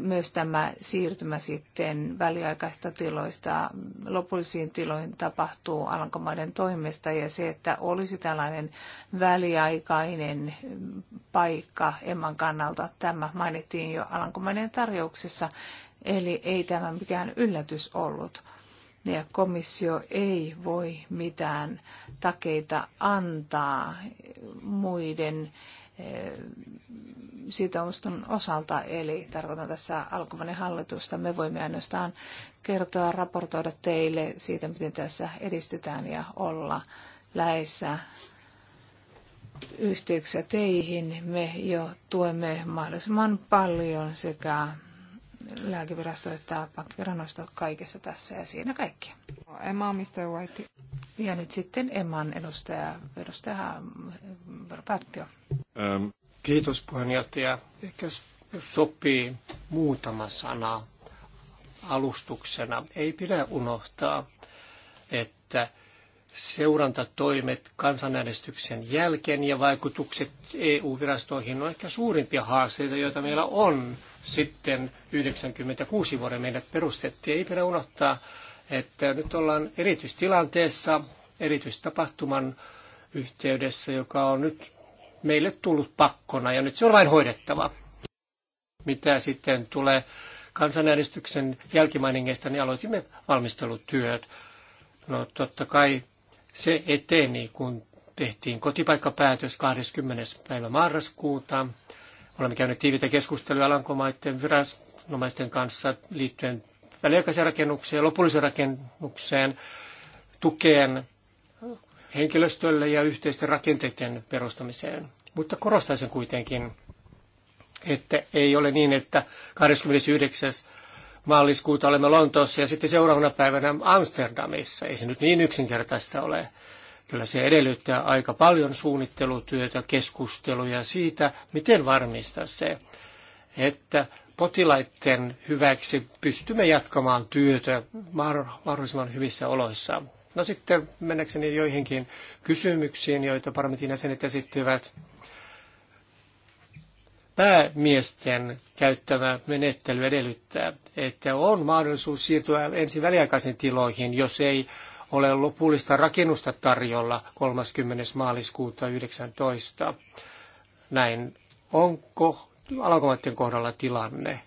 myös tämä siirtymä sitten väliaikaista tiloista lopullisiin tiloihin tapahtuu Alankomaiden toimesta ja se, että olisi tällainen väliaikainen paikka Emman kannalta, tämä mainittiin jo Alankomaiden tarjouksessa, eli ei tämä mikään yllätys ollut ja komissio ei voi mitään takeita antaa muiden eh, sitoumusten osalta, eli tarkoitan tässä alkuvainen hallitusta. Me voimme ainoastaan kertoa, raportoida teille siitä, miten tässä edistytään ja olla läheissä yhteyksissä teihin. Me jo tuemme mahdollisimman paljon sekä lääkevirasto että pankkiviranoista kaikessa tässä ja siinä kaikki. Emma Mr. White. Ja nyt sitten Emman edustaja, edustaja Patio.
Ähm, kiitos puheenjohtaja. Ehkä jos sopii muutama sana alustuksena. Ei pidä unohtaa, että seurantatoimet kansanäänestyksen jälkeen ja vaikutukset EU-virastoihin on ehkä suurimpia haasteita, joita meillä on – sitten 96 vuoden meidät perustettiin. Ei pidä unohtaa, että nyt ollaan erityistilanteessa, erityistapahtuman yhteydessä, joka on nyt meille tullut pakkona ja nyt se on vain hoidettava. Mitä sitten tulee kansanäänestyksen jälkimainingeista, niin aloitimme valmistelutyöt. No totta kai se eteni, kun tehtiin kotipaikkapäätös 20. päivä marraskuuta. Olemme käyneet tiiviitä keskusteluja Alankomaiden viranomaisten kanssa liittyen väliaikaiseen rakennukseen, lopulliseen rakennukseen, tukeen henkilöstölle ja yhteisten rakenteiden perustamiseen. Mutta korostaisin kuitenkin, että ei ole niin, että 29. maaliskuuta olemme Lontoossa ja sitten seuraavana päivänä Amsterdamissa. Ei se nyt niin yksinkertaista ole. Kyllä se edellyttää aika paljon suunnittelutyötä, keskusteluja siitä, miten varmistaa se, että potilaiden hyväksi pystymme jatkamaan työtä mahdollisimman hyvissä oloissa. No sitten mennäkseni joihinkin kysymyksiin, joita parlamentin jäsenet esittyvät. Päämiesten käyttämä menettely edellyttää, että on mahdollisuus siirtyä ensin väliaikaisiin tiloihin, jos ei ole lopullista rakennusta tarjolla 30. maaliskuuta 19. Näin onko alkomaiden kohdalla tilanne?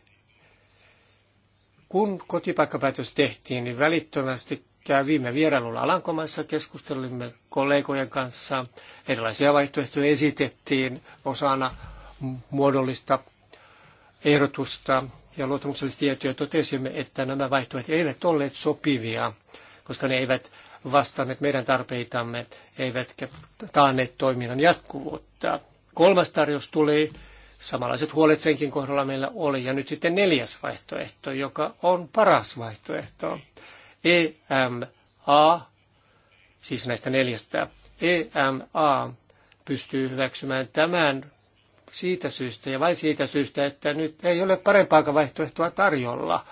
Kun kotipaikkapäätös tehtiin, niin välittömästi kävimme vierailulla Alankomaissa, keskustelimme kollegojen kanssa, erilaisia vaihtoehtoja esitettiin osana muodollista ehdotusta ja luottamuksellista tietoja totesimme, että nämä vaihtoehdot eivät olleet sopivia koska ne eivät vastanneet meidän tarpeitamme, eivätkä taanneet toiminnan jatkuvuutta. Kolmas tarjous tuli, samanlaiset huolet senkin kohdalla meillä oli, ja nyt sitten neljäs vaihtoehto, joka on paras vaihtoehto. EMA, siis näistä neljästä, EMA pystyy hyväksymään tämän siitä syystä ja vain siitä syystä, että nyt ei ole parempaakaan vaihtoehtoa tarjolla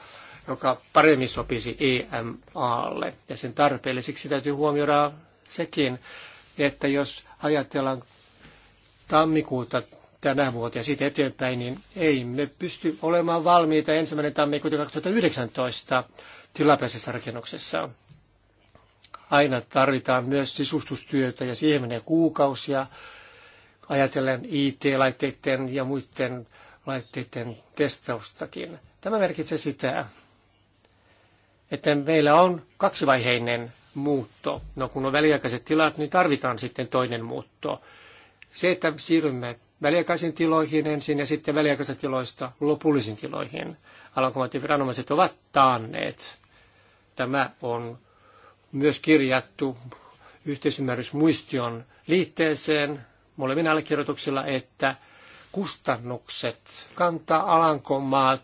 joka paremmin sopisi EMAlle ja sen tarpeelle. Siksi täytyy huomioida sekin, että jos ajatellaan tammikuuta tänä vuotta ja siitä eteenpäin, niin ei me pysty olemaan valmiita ensimmäinen tammikuuta 2019 tilapäisessä rakennuksessa. Aina tarvitaan myös sisustustyötä ja siihen menee kuukausia. Ajatellen IT-laitteiden ja muiden laitteiden testaustakin. Tämä merkitsee sitä, että meillä on kaksivaiheinen muutto. No kun on väliaikaiset tilat, niin tarvitaan sitten toinen muutto. Se, että siirrymme väliaikaisiin tiloihin ensin ja sitten väliaikaisista tiloista lopullisiin tiloihin. Alankomaat viranomaiset ovat taanneet. Tämä on myös kirjattu yhteisymmärrysmuistion liitteeseen molemmin allekirjoituksilla, että kustannukset kantaa Alankomaat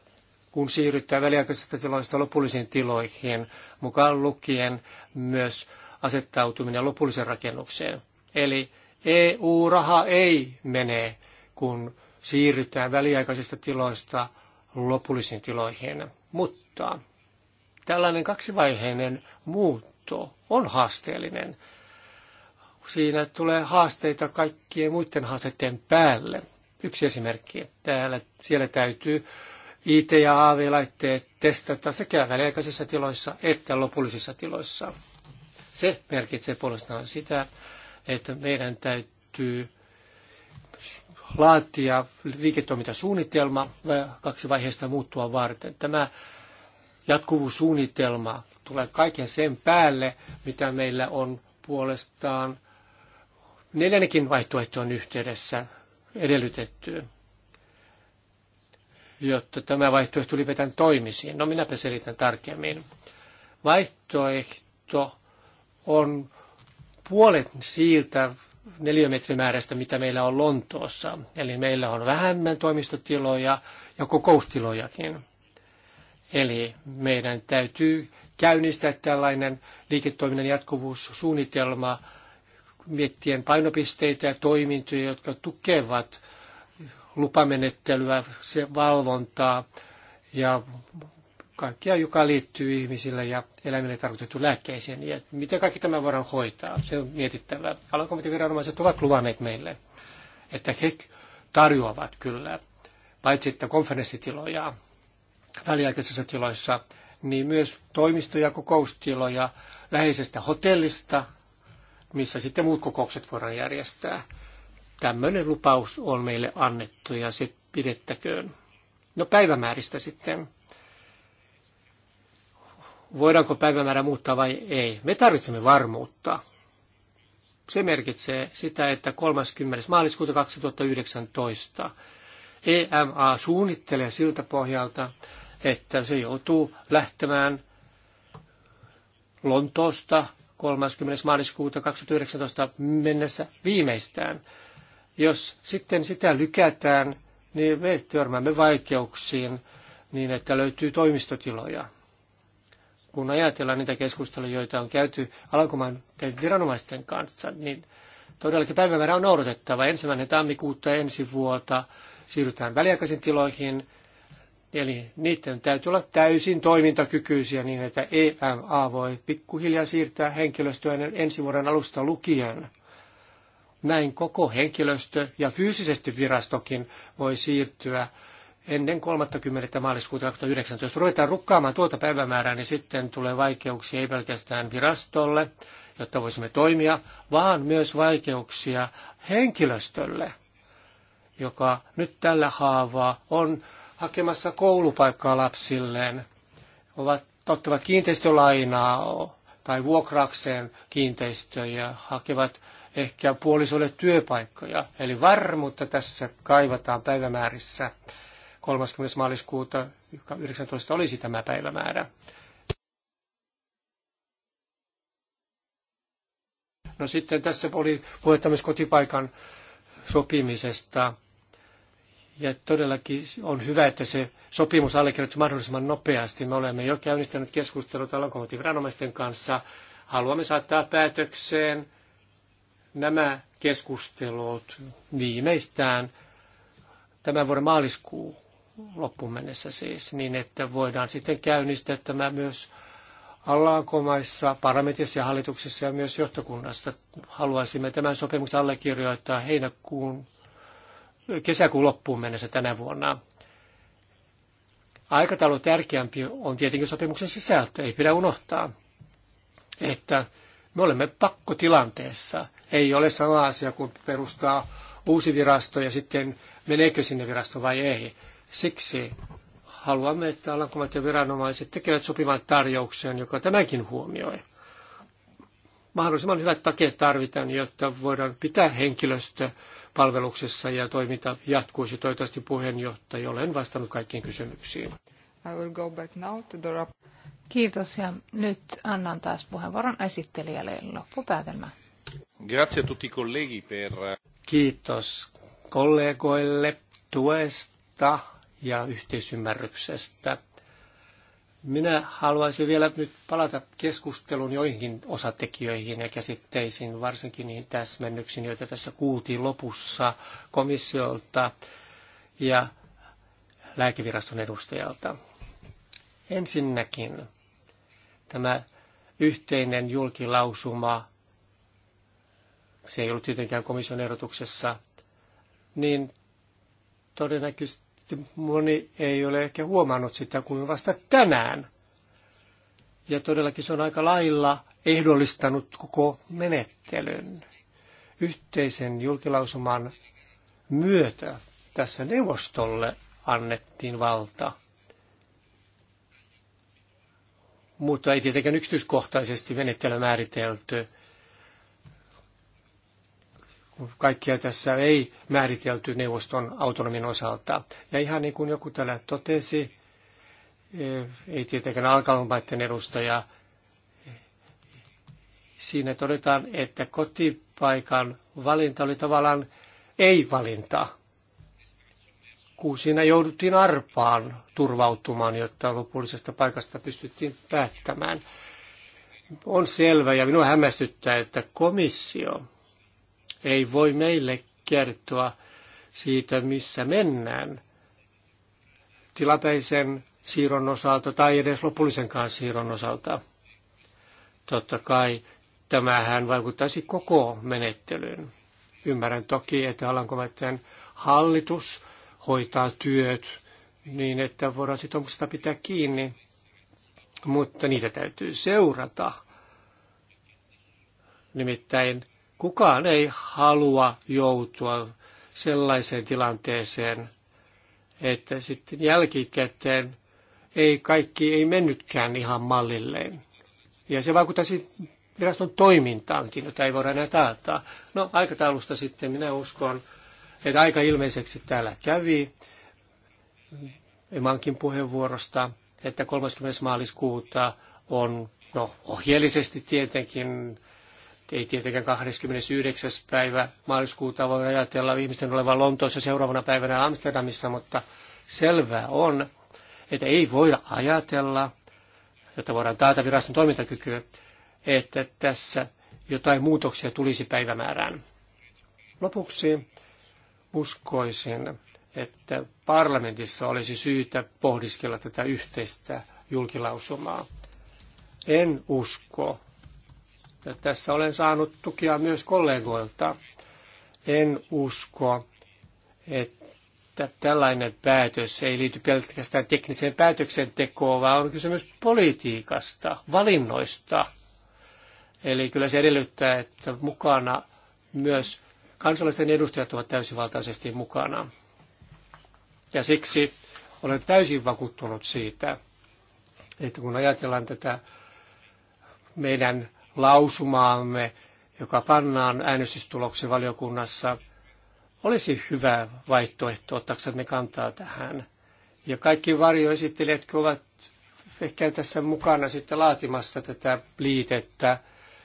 kun siirrytään väliaikaisista tiloista lopullisiin tiloihin, mukaan lukien myös asettautuminen lopulliseen rakennukseen. Eli EU-raha ei mene, kun siirrytään väliaikaisista tiloista lopullisiin tiloihin. Mutta tällainen kaksivaiheinen muutto on haasteellinen. Siinä tulee haasteita kaikkien muiden haasteiden päälle. Yksi esimerkki. Täällä, siellä täytyy IT- ja AV-laitteet testata sekä väliaikaisissa tiloissa että lopullisissa tiloissa. Se merkitsee puolestaan sitä, että meidän täytyy laatia liiketoimintasuunnitelma kaksi vaiheesta muuttua varten. Tämä jatkuvuussuunnitelma tulee kaiken sen päälle, mitä meillä on puolestaan neljännekin vaihtoehtoon yhteydessä edellytetty jotta tämä vaihtoehto ylipäätään toimisi. No minäpä selitän tarkemmin. Vaihtoehto on puolet siitä neliömetrimäärästä, mitä meillä on Lontoossa. Eli meillä on vähemmän toimistotiloja ja kokoustilojakin. Eli meidän täytyy käynnistää tällainen liiketoiminnan jatkuvuussuunnitelma, miettien painopisteitä ja toimintoja, jotka tukevat lupamenettelyä, se valvontaa ja kaikkea, joka liittyy ihmisille ja eläimille tarkoitettu lääkkeisiin. Ja miten kaikki tämä voidaan hoitaa? Se on mietittävä. Alankomiteviranomaiset ovat luvanneet meille, että he tarjoavat kyllä, paitsi että konferenssitiloja väliaikaisissa tiloissa, niin myös toimistoja, kokoustiloja läheisestä hotellista, missä sitten muut kokoukset voidaan järjestää. Tämmöinen lupaus on meille annettu ja se pidettäköön. No päivämääristä sitten. Voidaanko päivämäärä muuttaa vai ei? Me tarvitsemme varmuutta. Se merkitsee sitä, että 30. maaliskuuta 2019 EMA suunnittelee siltä pohjalta, että se joutuu lähtemään Lontoosta 30. maaliskuuta 2019 mennessä viimeistään jos sitten sitä lykätään, niin me törmäämme vaikeuksiin niin, että löytyy toimistotiloja. Kun ajatellaan niitä keskusteluja, joita on käyty alkumaan viranomaisten kanssa, niin todellakin päivämäärä on noudatettava. Ensimmäinen tammikuuta ensi vuotta siirrytään väliaikaisiin tiloihin, eli niiden täytyy olla täysin toimintakykyisiä niin, että EMA voi pikkuhiljaa siirtää henkilöstöä ensi vuoden alusta lukien. Näin koko henkilöstö ja fyysisesti virastokin voi siirtyä ennen 30. maaliskuuta 2019. Jos ruvetaan rukkaamaan tuota päivämäärää, niin sitten tulee vaikeuksia ei pelkästään virastolle, jotta voisimme toimia, vaan myös vaikeuksia henkilöstölle, joka nyt tällä haavaa on hakemassa koulupaikkaa lapsilleen, ovat, ottavat kiinteistölainaa tai vuokrakseen kiinteistöjä, hakevat ehkä puolisolle työpaikkoja. Eli varmuutta tässä kaivataan päivämäärissä. 30. maaliskuuta 19 olisi tämä päivämäärä. No sitten tässä oli puhetta myös kotipaikan sopimisesta. Ja todellakin on hyvä, että se sopimus allekirjoitettu mahdollisimman nopeasti. Me olemme jo käynnistäneet keskustelut alkomotiviranomaisten kanssa. Haluamme saattaa päätökseen nämä keskustelut viimeistään tämän vuoden maaliskuun loppuun mennessä siis, niin että voidaan sitten käynnistää tämä myös Allaankomaissa, parlamentissa ja hallituksessa ja myös johtokunnassa. Haluaisimme tämän sopimuksen allekirjoittaa heinäkuun, kesäkuun loppuun mennessä tänä vuonna. Aikataulu tärkeämpi on tietenkin sopimuksen sisältö. Ei pidä unohtaa, että me olemme pakkotilanteessa – ei ole sama asia kuin perustaa uusi virasto ja sitten meneekö sinne virasto vai ei. Siksi haluamme, että alankomaat ja viranomaiset tekevät sopivan tarjouksen, joka tämäkin huomioi. Mahdollisimman hyvät takeet tarvitaan, jotta voidaan pitää henkilöstö palveluksessa ja toiminta jatkuisi. Toivottavasti puheenjohtaja, olen vastannut kaikkiin kysymyksiin.
I will go back now to the... Kiitos ja nyt annan taas puheenvuoron esittelijälle loppupäätelmä.
Grazie a tutti colleghi per... Kiitos kollegoille tuesta ja yhteisymmärryksestä. Minä haluaisin vielä nyt palata keskustelun joihinkin osatekijöihin ja käsitteisiin, varsinkin niihin täsmennyksiin, joita tässä kuultiin lopussa komissiolta ja lääkeviraston edustajalta. Ensinnäkin tämä yhteinen julkilausuma se ei ollut tietenkään komission ehdotuksessa, niin todennäköisesti moni ei ole ehkä huomannut sitä kuin vasta tänään. Ja todellakin se on aika lailla ehdollistanut koko menettelyn yhteisen julkilausuman myötä tässä neuvostolle annettiin valta. Mutta ei tietenkään yksityiskohtaisesti menettely määritelty, Kaikkia tässä ei määritelty neuvoston autonomin osalta. Ja ihan niin kuin joku täällä totesi, eh, ei tietenkään alkalmaiden edustaja, siinä todetaan, että kotipaikan valinta oli tavallaan ei-valinta, kun siinä jouduttiin arpaan turvautumaan, jotta lopullisesta paikasta pystyttiin päättämään. On selvä ja minua hämmästyttää, että komissio ei voi meille kertoa siitä, missä mennään tilapäisen siirron osalta tai edes lopullisenkaan siirron osalta. Totta kai tämähän vaikuttaisi koko menettelyyn. Ymmärrän toki, että Alankomaiden hallitus hoitaa työt niin, että voidaan sitoumuksesta pitää kiinni, mutta niitä täytyy seurata. Nimittäin Kukaan ei halua joutua sellaiseen tilanteeseen, että sitten jälkikäteen ei kaikki ei mennytkään ihan mallilleen. Ja se vaikuttaisi viraston toimintaankin, jota ei voida enää taata. No aikataulusta sitten minä uskon, että aika ilmeiseksi täällä kävi Emankin puheenvuorosta, että 30. maaliskuuta on no, ohjeellisesti tietenkin ei tietenkään 29. päivä maaliskuuta voi ajatella ihmisten olevan Lontoossa seuraavana päivänä Amsterdamissa, mutta selvää on, että ei voida ajatella, jotta voidaan taata viraston toimintakyky, että tässä jotain muutoksia tulisi päivämäärään. Lopuksi uskoisin, että parlamentissa olisi syytä pohdiskella tätä yhteistä julkilausumaa. En usko, ja tässä olen saanut tukia myös kollegoilta. En usko, että tällainen päätös ei liity pelkästään tekniseen päätöksentekoon, vaan on kysymys politiikasta, valinnoista. Eli kyllä se edellyttää, että mukana myös kansalaisten edustajat ovat täysivaltaisesti mukana. Ja siksi olen täysin vakuuttunut siitä, että kun ajatellaan tätä meidän lausumaamme, joka pannaan äänestystuloksi valiokunnassa, olisi hyvä vaihtoehto ottaaksemme kantaa tähän. Ja kaikki jotka ovat ehkä tässä mukana sitten laatimassa tätä liitettä.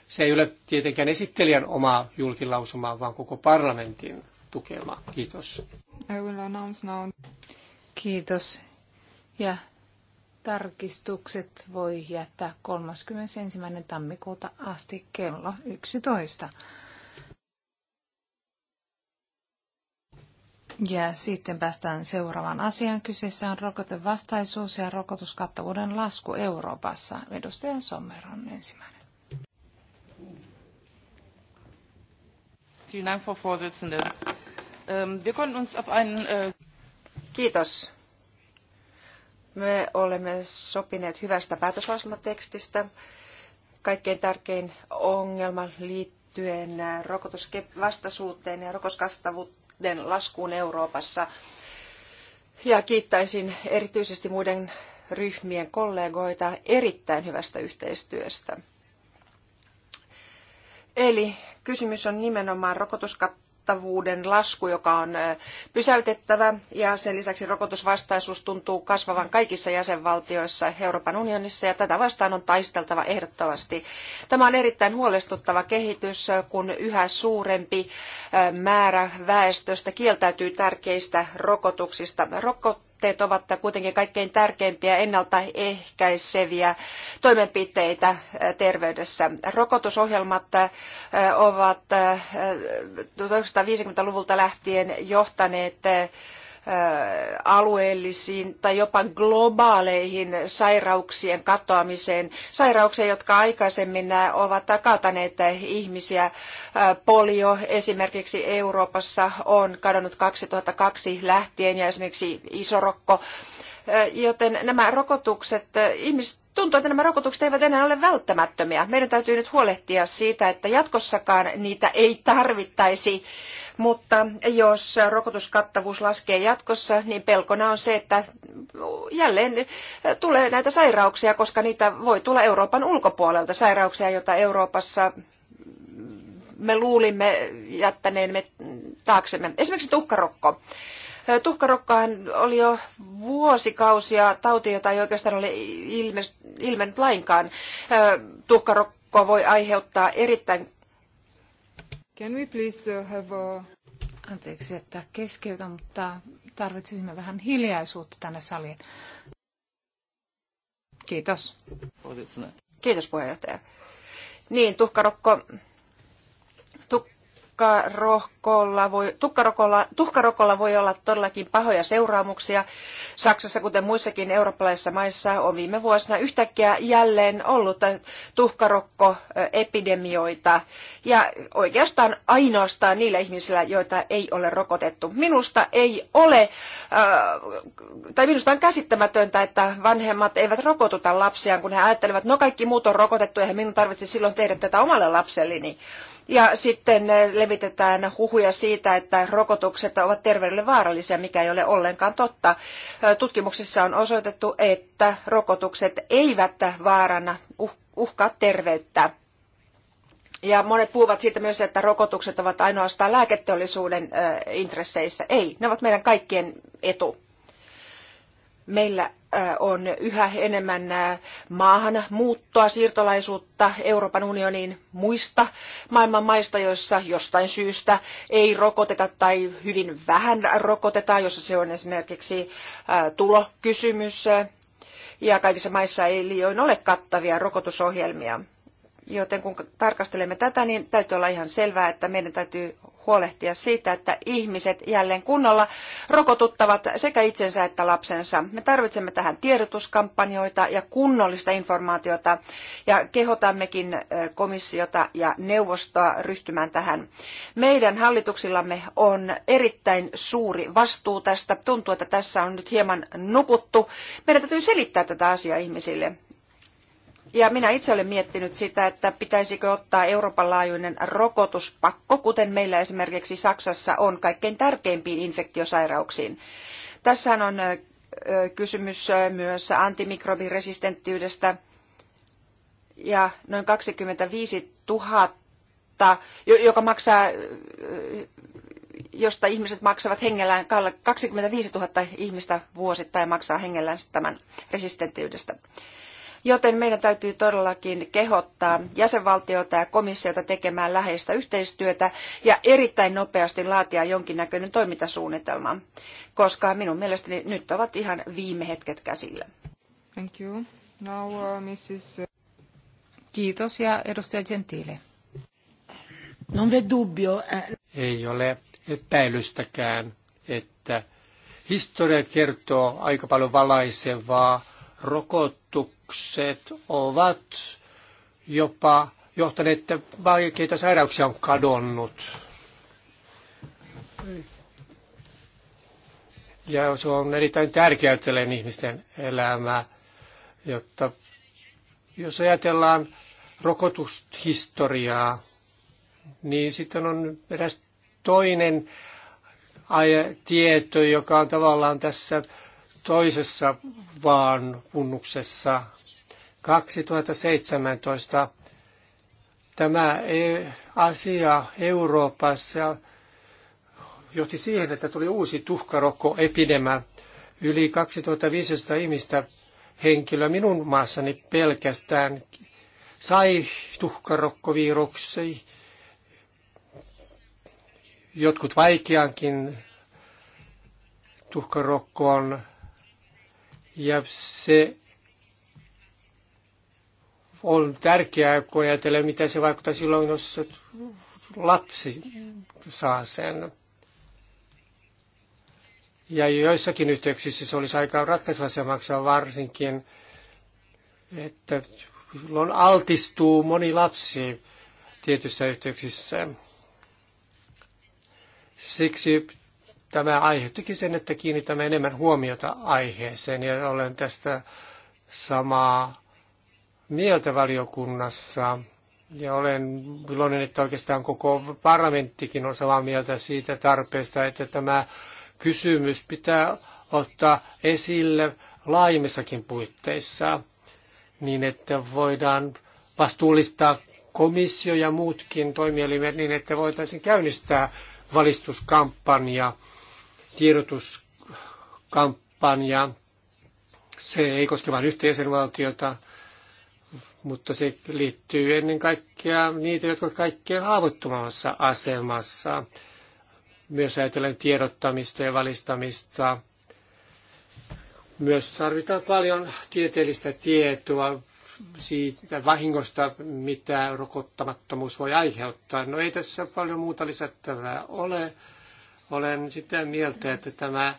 Se ei ole tietenkään esittelijän oma julkilausuma vaan koko parlamentin tukema. Kiitos.
I will announce now. Kiitos. Ja Tarkistukset voi jättää 31. tammikuuta asti kello 11. Ja sitten päästään seuraavaan asian Kyseessä on rokotevastaisuus ja rokotuskattavuuden lasku Euroopassa. Edustaja Sommer on ensimmäinen.
Vielen ähm, äh, Kiitos, me olemme sopineet hyvästä päätöslauselmatekstistä. Kaikkein tärkein ongelma liittyen äh, rokotusvastaisuuteen ja rokoskastavuuden laskuun Euroopassa. Ja kiittäisin erityisesti muiden ryhmien kollegoita erittäin hyvästä yhteistyöstä. Eli kysymys on nimenomaan rokotuskattavuudesta kattavuuden lasku, joka on pysäytettävä, ja sen lisäksi rokotusvastaisuus tuntuu kasvavan kaikissa jäsenvaltioissa Euroopan unionissa, ja tätä vastaan on taisteltava ehdottomasti. Tämä on erittäin huolestuttava kehitys, kun yhä suurempi määrä väestöstä kieltäytyy tärkeistä rokotuksista. Rokot rokotteet ovat kuitenkin kaikkein tärkeimpiä ennaltaehkäiseviä toimenpiteitä äh, terveydessä. Rokotusohjelmat äh, ovat 1950-luvulta äh, lähtien johtaneet Äh, alueellisiin tai jopa globaaleihin sairauksien katoamiseen. Sairauksia, jotka aikaisemmin äh, ovat kataneet äh, ihmisiä. Polio esimerkiksi Euroopassa on kadonnut 2002 lähtien ja esimerkiksi isorokko joten nämä rokotukset, ihmiset tuntuu, että nämä rokotukset eivät enää ole välttämättömiä. Meidän täytyy nyt huolehtia siitä, että jatkossakaan niitä ei tarvittaisi, mutta jos rokotuskattavuus laskee jatkossa, niin pelkona on se, että jälleen tulee näitä sairauksia, koska niitä voi tulla Euroopan ulkopuolelta, sairauksia, joita Euroopassa me luulimme jättäneemme taaksemme. Esimerkiksi tuhkarokko Tuhkarokkahan oli jo vuosikausia tauti, jota ei oikeastaan ole ilmennyt lainkaan. Tuhkarokko voi aiheuttaa erittäin...
Can we please uh, have a... Anteeksi, että keskeytän, mutta tarvitsisimme vähän hiljaisuutta tänne saliin.
Kiitos. Kiitos puheenjohtaja. Niin, tuhkarokko tuhkarokolla voi, tuhkarokolla, tuhkarokolla voi olla todellakin pahoja seuraamuksia. Saksassa, kuten muissakin eurooppalaisissa maissa, on viime vuosina yhtäkkiä jälleen ollut tuhkarokkoepidemioita. Ja oikeastaan ainoastaan niillä ihmisillä, joita ei ole rokotettu. Minusta ei ole, äh, tai minusta on käsittämätöntä, että vanhemmat eivät rokotuta lapsiaan, kun he ajattelevat, no kaikki muut on rokotettu, eihän minun tarvitse silloin tehdä tätä omalle lapselleni. Ja sitten äh, levitetään huhuja siitä, että rokotukset ovat terveydelle vaarallisia, mikä ei ole ollenkaan totta. Tutkimuksissa on osoitettu, että rokotukset eivät vaarana uh-, uhkaa terveyttä. Ja monet puhuvat siitä myös, että rokotukset ovat ainoastaan lääketeollisuuden intresseissä. Ei, ne ovat meidän kaikkien etu. Meillä on yhä enemmän maahan muuttoa, siirtolaisuutta Euroopan unionin muista maailman maista, joissa jostain syystä ei rokoteta tai hyvin vähän rokotetaan, jossa se on esimerkiksi tulokysymys. Ja kaikissa maissa ei liioin ole kattavia rokotusohjelmia. Joten kun tarkastelemme tätä, niin täytyy olla ihan selvää, että meidän täytyy huolehtia siitä, että ihmiset jälleen kunnolla rokotuttavat sekä itsensä että lapsensa. Me tarvitsemme tähän tiedotuskampanjoita ja kunnollista informaatiota ja kehotammekin komissiota ja neuvostoa ryhtymään tähän. Meidän hallituksillamme on erittäin suuri vastuu tästä. Tuntuu, että tässä on nyt hieman nukuttu. Meidän täytyy selittää tätä asiaa ihmisille. Ja minä itse olen miettinyt sitä, että pitäisikö ottaa Euroopan laajuinen rokotuspakko, kuten meillä esimerkiksi Saksassa on kaikkein tärkeimpiin infektiosairauksiin. Tässähän on kysymys myös antimikrobiresistenttiydestä ja noin 25 000, joka maksaa, josta ihmiset maksavat hengellään, 25 000 ihmistä vuosittain maksaa hengellään tämän resistenttiydestä. Joten meidän täytyy todellakin kehottaa jäsenvaltioita ja komissiota tekemään läheistä yhteistyötä ja erittäin nopeasti laatia jonkinnäköinen toimintasuunnitelma, koska minun mielestäni nyt ovat ihan viime hetket käsillä.
Thank you. Now, uh, Mrs. Kiitos ja edustaja Gentile. Non eh.
Ei ole epäilystäkään, että historia kertoo aika paljon valaisevaa rokot sairaukset ovat jopa johtaneet, että vaikeita sairauksia on kadonnut. Ja se on erittäin tärkeää ajatellen ihmisten elämää, jotta jos ajatellaan rokotushistoriaa, niin sitten on eräs toinen tieto, joka on tavallaan tässä toisessa vaan punnuksessa 2017 tämä e- asia Euroopassa johti siihen, että tuli uusi tuhkarokkoepidemia. Yli 2500 ihmistä henkilöä minun maassani pelkästään sai tuhkarokkoviruksi. jotkut vaikeankin tuhkarokkoon. Ja se on tärkeää, kun ajatellaan, mitä se vaikuttaa silloin, jos lapsi saa sen. Ja joissakin yhteyksissä se olisi aika se maksaa varsinkin, että on altistuu moni lapsi tietyissä yhteyksissä. Siksi tämä aihe teki sen, että kiinnitämme enemmän huomiota aiheeseen ja olen tästä samaa mieltä valiokunnassa. Ja olen iloinen, että oikeastaan koko parlamenttikin on samaa mieltä siitä tarpeesta, että tämä kysymys pitää ottaa esille laajemmissakin puitteissa, niin että voidaan vastuullistaa komissio ja muutkin toimielimet niin, että voitaisiin käynnistää valistuskampanja, tiedotuskampanja. Se ei koske vain yhtä jäsenvaltiota, mutta se liittyy ennen kaikkea niitä, jotka ovat kaikkein haavoittumassa asemassa. Myös ajatellen tiedottamista ja valistamista. Myös tarvitaan paljon tieteellistä tietoa siitä vahingosta, mitä rokottamattomuus voi aiheuttaa. No ei tässä paljon muuta lisättävää ole. Olen sitä mieltä, että tämä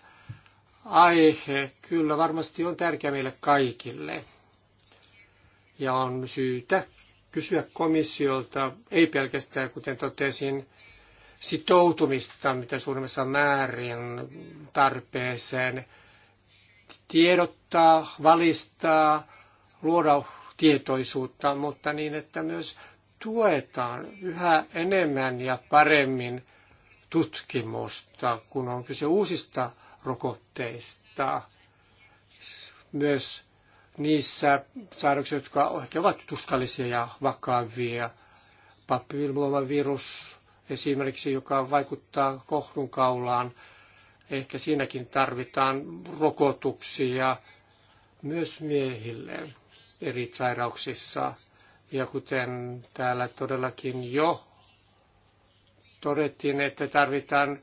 aihe kyllä varmasti on tärkeä meille kaikille ja on syytä kysyä komissiolta, ei pelkästään, kuten totesin, sitoutumista mitä suurimmassa määrin tarpeeseen, tiedottaa, valistaa, luoda tietoisuutta, mutta niin, että myös tuetaan yhä enemmän ja paremmin tutkimusta, kun on kyse uusista rokotteista. Myös niissä sairauksissa, jotka ehkä ovat tuskallisia ja vakavia. Pappivilmuovan virus esimerkiksi, joka vaikuttaa kaulaan. ehkä siinäkin tarvitaan rokotuksia myös miehille eri sairauksissa. Ja kuten täällä todellakin jo todettiin, että tarvitaan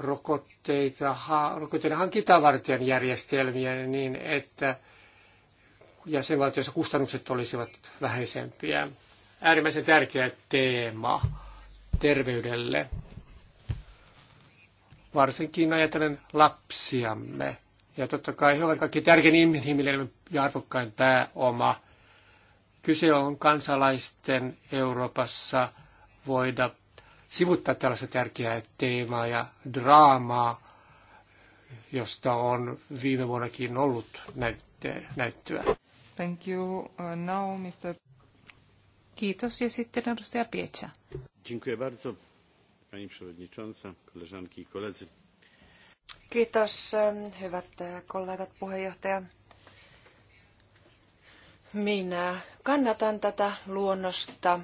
rokotteita, ha, rokotteiden hankintaa varten järjestelmiä niin, että jäsenvaltioissa kustannukset olisivat vähäisempiä. Äärimmäisen tärkeä teema terveydelle. Varsinkin ajatellen lapsiamme. Ja totta kai he ovat kaikki tärkein inhimillinen ja arvokkain pääoma. Kyse on kansalaisten Euroopassa voida sivuttaa tällaista tärkeää teemaa ja draamaa, josta on viime vuonnakin ollut näyttöä.
Thank you. Uh, now, Mr. Kiitos. Ja sitten
edustaja Pietsa.
Dziękuję bardzo, pani przewodnicząca, koleżanki i koledzy.
Kiitos, hyvät e, kollegat, puheenjohtaja. Minä kannatan tätä luonnosta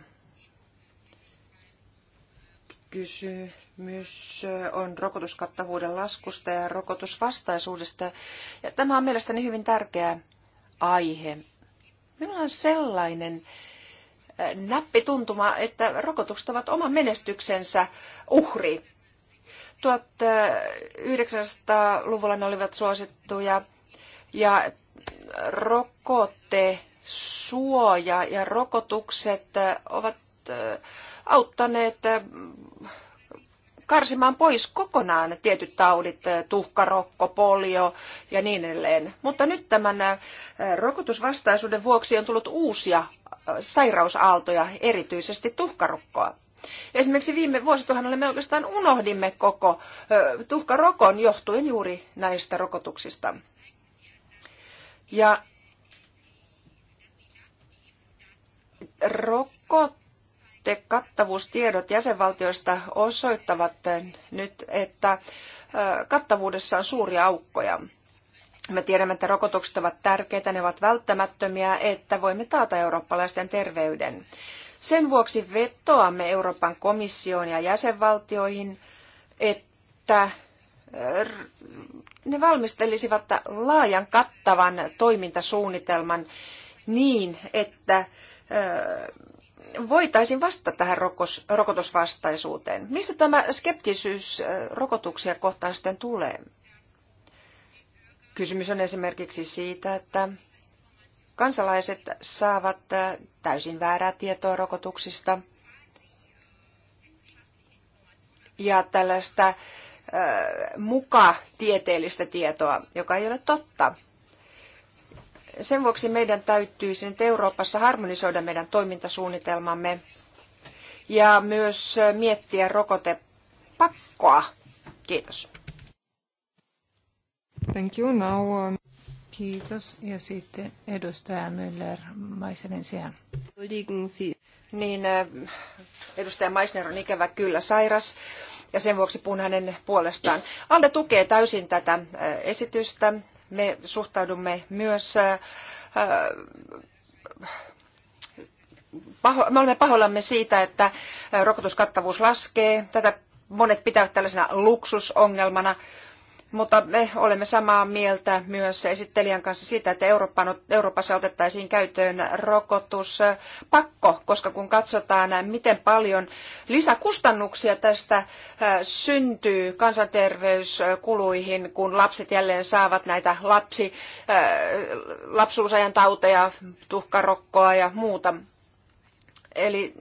kysymys on rokotuskattavuuden laskusta ja rokotusvastaisuudesta. Ja tämä on mielestäni hyvin tärkeä aihe. Minulla on sellainen äh, näppituntuma, että rokotukset ovat oma menestyksensä uhri. 1900-luvulla ne olivat suosittuja ja äh, rokote, suoja ja rokotukset äh, ovat auttaneet eh, karsimaan pois kokonaan tietyt taudit, eh, tuhkarokko, polio ja niin edelleen. Mutta nyt tämän eh, rokotusvastaisuuden vuoksi on tullut uusia sairausaaltoja, erityisesti tuhkarokkoa. Esimerkiksi viime vuosituhannella me oikeastaan unohdimme koko tuhkarokon johtuen juuri näistä rokotuksista. Ja rokot kattavuustiedot jäsenvaltioista osoittavat nyt, että kattavuudessa on suuria aukkoja. Me tiedämme, että rokotukset ovat tärkeitä, ne ovat välttämättömiä, että voimme taata eurooppalaisten terveyden. Sen vuoksi vetoamme Euroopan komissioon ja jäsenvaltioihin, että ne valmistelisivat laajan kattavan toimintasuunnitelman niin, että voitaisiin vastata tähän rokos, rokotusvastaisuuteen. Mistä tämä skeptisyys rokotuksia kohtaan sitten tulee? Kysymys on esimerkiksi siitä, että kansalaiset saavat täysin väärää tietoa rokotuksista ja tällaista muka tieteellistä tietoa, joka ei ole totta sen vuoksi meidän täytyisi nyt Euroopassa harmonisoida meidän toimintasuunnitelmamme ja myös miettiä rokotepakkoa. Kiitos.
Thank you. Now, um, Kiitos. Ja sitten edustaja Müller Maisenen sijaan.
Niin, äh, edustaja Maisner on ikävä kyllä sairas ja sen vuoksi puhun hänen puolestaan. Alde tukee täysin tätä äh, esitystä me suhtaudumme myös äh, äh, me olemme pahoillamme siitä, että äh, rokotuskattavuus laskee. Tätä monet pitävät tällaisena luksusongelmana. Mutta me olemme samaa mieltä myös esittelijän kanssa siitä, että Euroopassa otettaisiin käyttöön rokotuspakko, koska kun katsotaan, miten paljon lisäkustannuksia tästä syntyy kansanterveyskuluihin, kun lapset jälleen saavat näitä lapsi, lapsuusajan tauteja, tuhkarokkoa ja muuta. Eli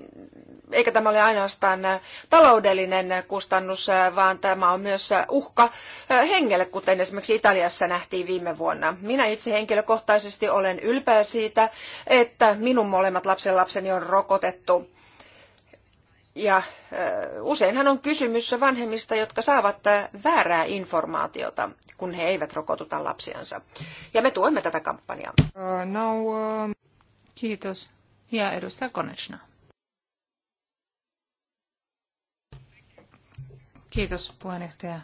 eikä tämä ole ainoastaan äh, taloudellinen kustannus, äh, vaan tämä on myös äh, uhka hengelle, kuten esimerkiksi Italiassa nähtiin viime vuonna. Minä itse henkilökohtaisesti olen ylpeä siitä, että minun molemmat lapsenlapseni on rokotettu. Ja useinhan on kysymys vanhemmista, jotka saavat väärää informaatiota, kun he eivät rokotuta lapsiansa. Ja me tuemme tätä kampanjaa.
Uh, now, um, Kiitos. Ja edustaja Konechna. Kiitos puheenjohtaja.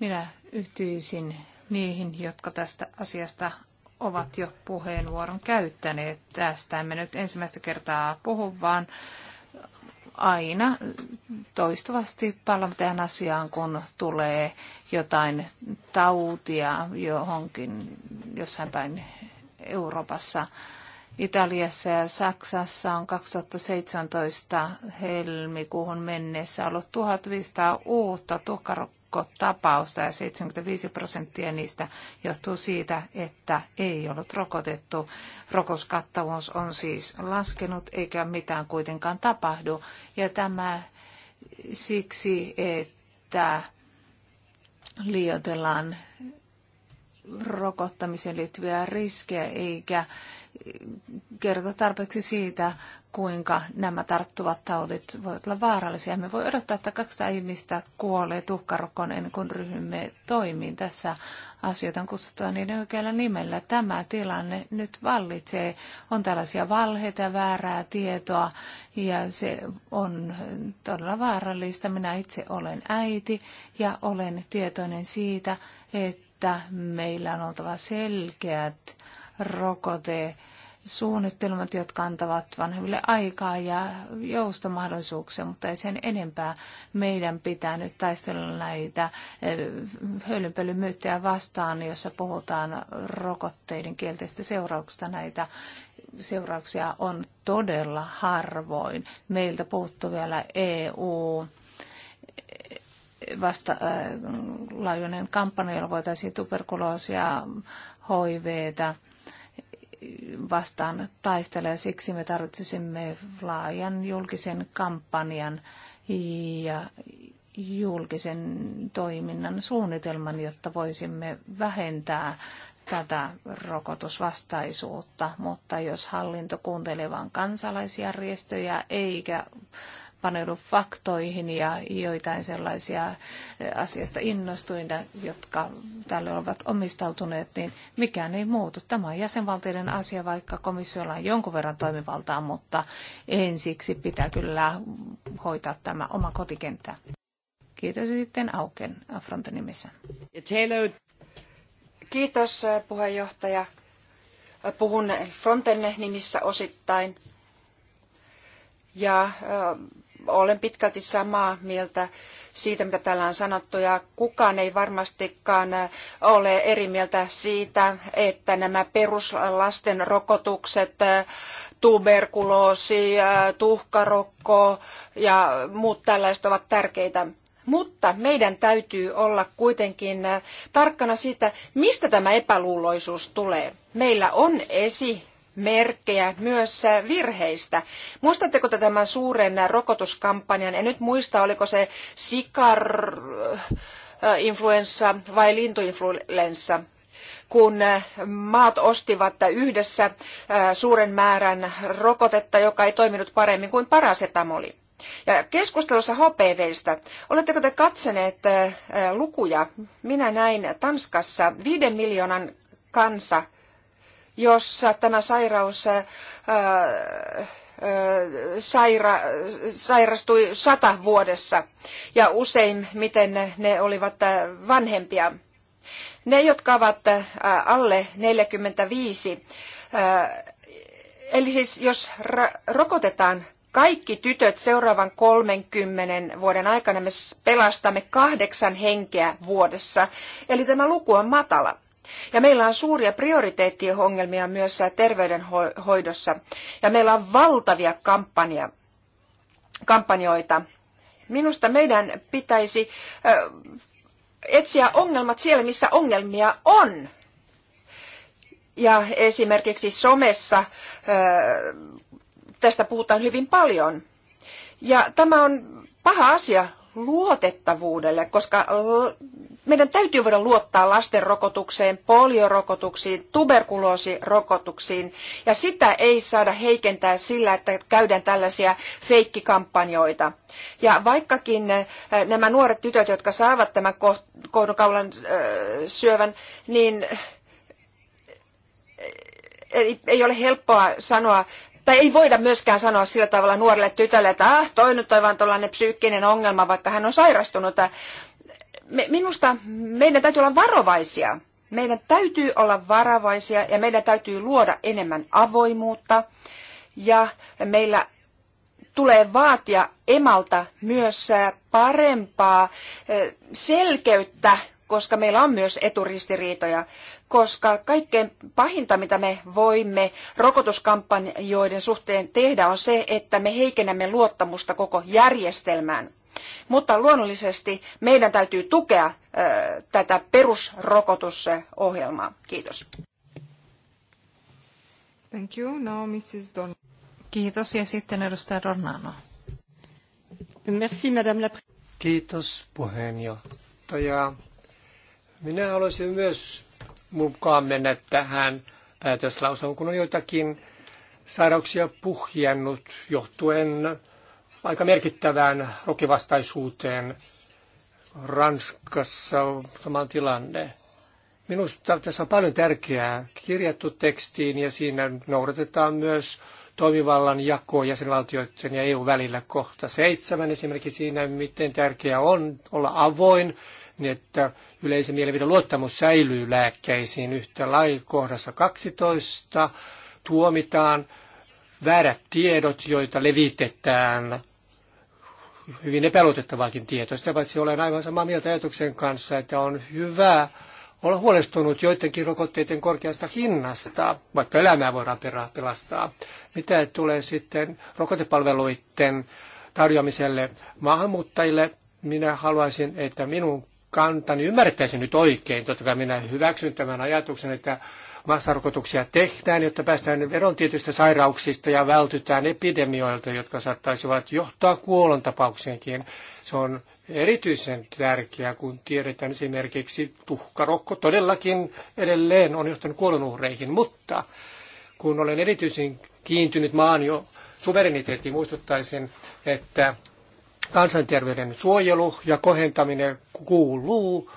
Minä yhtyisin niihin, jotka tästä asiasta ovat jo puheenvuoron käyttäneet. Tästä emme nyt ensimmäistä kertaa puhu, vaan aina toistuvasti palaamme tähän asiaan, kun tulee jotain tautia johonkin jossain päin Euroopassa Italiassa ja Saksassa on 2017 helmikuuhun mennessä ollut 1500 uutta tuhkarokkotapausta ja 75 prosenttia niistä johtuu siitä, että ei ollut rokotettu. Rokoskattavuus on siis laskenut eikä mitään kuitenkaan tapahdu ja tämä siksi, että liioitellaan rokottamiseen liittyviä riskejä, eikä kerrota tarpeeksi siitä, kuinka nämä tarttuvat taudit voivat olla vaarallisia. Me voi odottaa, että 200 ihmistä kuolee tuhkarokkoon ennen kuin ryhdymme toimiin. Tässä asioita on kutsuttava niin oikealla nimellä. Tämä tilanne nyt vallitsee. On tällaisia valheita ja väärää tietoa ja se on todella vaarallista. Minä itse olen äiti ja olen tietoinen siitä, että että meillä on oltava selkeät rokote jotka antavat vanhemmille aikaa ja joustomahdollisuuksia, mutta ei sen enempää. Meidän pitää nyt taistella näitä eh, hölynpölymyyttejä vastaan, jossa puhutaan rokotteiden kielteistä seurauksista. Näitä seurauksia on todella harvoin. Meiltä puuttuu vielä EU vasta, äh, laajuinen kampanja, jolla voitaisiin tuberkuloosia, HIVtä vastaan taistella ja siksi me tarvitsisimme laajan julkisen kampanjan ja julkisen toiminnan suunnitelman, jotta voisimme vähentää tätä rokotusvastaisuutta, mutta jos hallinto kuuntelee vain kansalaisjärjestöjä eikä paneudu faktoihin ja joitain sellaisia eh, asiasta innostuina, jotka tälle ovat omistautuneet, niin mikään ei muutu. Tämä on jäsenvaltioiden asia, vaikka komissiolla on jonkun verran toimivaltaa, mutta ensiksi pitää kyllä hoitaa tämä oma kotikenttä. Kiitos sitten Auken eh, Afronten nimissä.
Kiitos eh, puheenjohtaja. Puhun Fronten nimissä osittain. Ja olen pitkälti samaa mieltä siitä, mitä täällä on sanottu, ja kukaan ei varmastikaan äh, ole eri mieltä siitä, että nämä peruslasten rokotukset, äh, tuberkuloosi, äh, tuhkarokko ja muut tällaiset ovat tärkeitä. Mutta meidän täytyy olla kuitenkin tarkkana siitä, mistä tämä epäluuloisuus tulee. Meillä on esi merkkejä myös virheistä. Muistatteko te tämän suuren rokotuskampanjan? En nyt muista, oliko se sikar äh, influenssa vai lintuinfluenssa, kun äh, maat ostivat yhdessä äh, suuren määrän rokotetta, joka ei toiminut paremmin kuin parasetamoli. Ja keskustelussa HPVstä, oletteko te katsoneet lukuja? Minä näin Tanskassa viiden miljoonan kansa jossa tämä sairaus ää, äh, ää, äh, saira, sairastui sata vuodessa ja usein miten ne olivat äh, vanhempia. Ne, jotka ovat alle 45, eli siis jos rokotetaan kaikki tytöt seuraavan 30 vuoden aikana, me pelastamme kahdeksan henkeä vuodessa. Eli tämä luku on matala. Ja meillä on suuria prioriteettiongelmia myös terveydenhoidossa. Ja meillä on valtavia kampanja, kampanjoita. Minusta meidän pitäisi etsiä ongelmat siellä, missä ongelmia on. Ja esimerkiksi somessa tästä puhutaan hyvin paljon. Ja tämä on paha asia luotettavuudelle, koska meidän täytyy voida luottaa lasten rokotukseen, poliorokotuksiin, tuberkuloosirokotuksiin, ja sitä ei saada heikentää sillä, että käydään tällaisia feikkikampanjoita. Ja vaikkakin äh, nämä nuoret tytöt, jotka saavat tämän kohdunkaulan äh, syövän, niin äh, ei ole helppoa sanoa, tai ei voida myöskään sanoa sillä tavalla nuorelle tytölle, että ah, toi nyt on vaan tuollainen psyykkinen ongelma, vaikka hän on sairastunut me, minusta meidän täytyy olla varovaisia. Meidän täytyy olla varovaisia ja meidän täytyy luoda enemmän avoimuutta. Ja meillä tulee vaatia emalta myös äh, parempaa äh, selkeyttä, koska meillä on myös eturistiriitoja, koska kaikkein pahinta, mitä me voimme rokotuskampanjoiden suhteen tehdä, on se, että me heikennämme luottamusta koko järjestelmään. Mutta luonnollisesti meidän täytyy tukea tätä perusrokotusohjelmaa. Kiitos.
Thank you. Now Mrs. Don... Kiitos ja sitten edustaja Dornano. Merci, Madame la...
Kiitos puheenjohtaja. Minä haluaisin myös mukaan mennä tähän päätöslauselmaan, kun on joitakin sairauksia puhjennut johtuen aika merkittävään rokivastaisuuteen. Ranskassa on tilanne. Minusta tässä on paljon tärkeää kirjattu tekstiin ja siinä noudatetaan myös toimivallan jako jäsenvaltioiden ja EU välillä kohta seitsemän esimerkiksi siinä, miten tärkeää on olla avoin, niin että yleisen mielipiteen luottamus säilyy lääkkeisiin yhtä lailla kohdassa 12 tuomitaan väärät tiedot, joita levitetään hyvin epäluotettavaakin tietoa. Sitä paitsi olen aivan samaa mieltä ajatuksen kanssa, että on hyvä olla huolestunut joidenkin rokotteiden korkeasta hinnasta, vaikka elämää voidaan pelastaa. Mitä tulee sitten rokotepalveluiden tarjoamiselle maahanmuuttajille, minä haluaisin, että minun kantani ymmärrettäisiin nyt oikein. Totta kai minä hyväksyn tämän ajatuksen, että massarokotuksia tehdään, jotta päästään eroon tietyistä sairauksista ja vältytään epidemioilta, jotka saattaisivat johtaa kuolontapauksiinkin. Se on erityisen tärkeää, kun tiedetään esimerkiksi tuhkarokko todellakin edelleen on johtanut kuolonuhreihin, mutta kun olen erityisen kiintynyt maan jo suvereniteettiin, muistuttaisin, että kansanterveyden suojelu ja kohentaminen kuuluu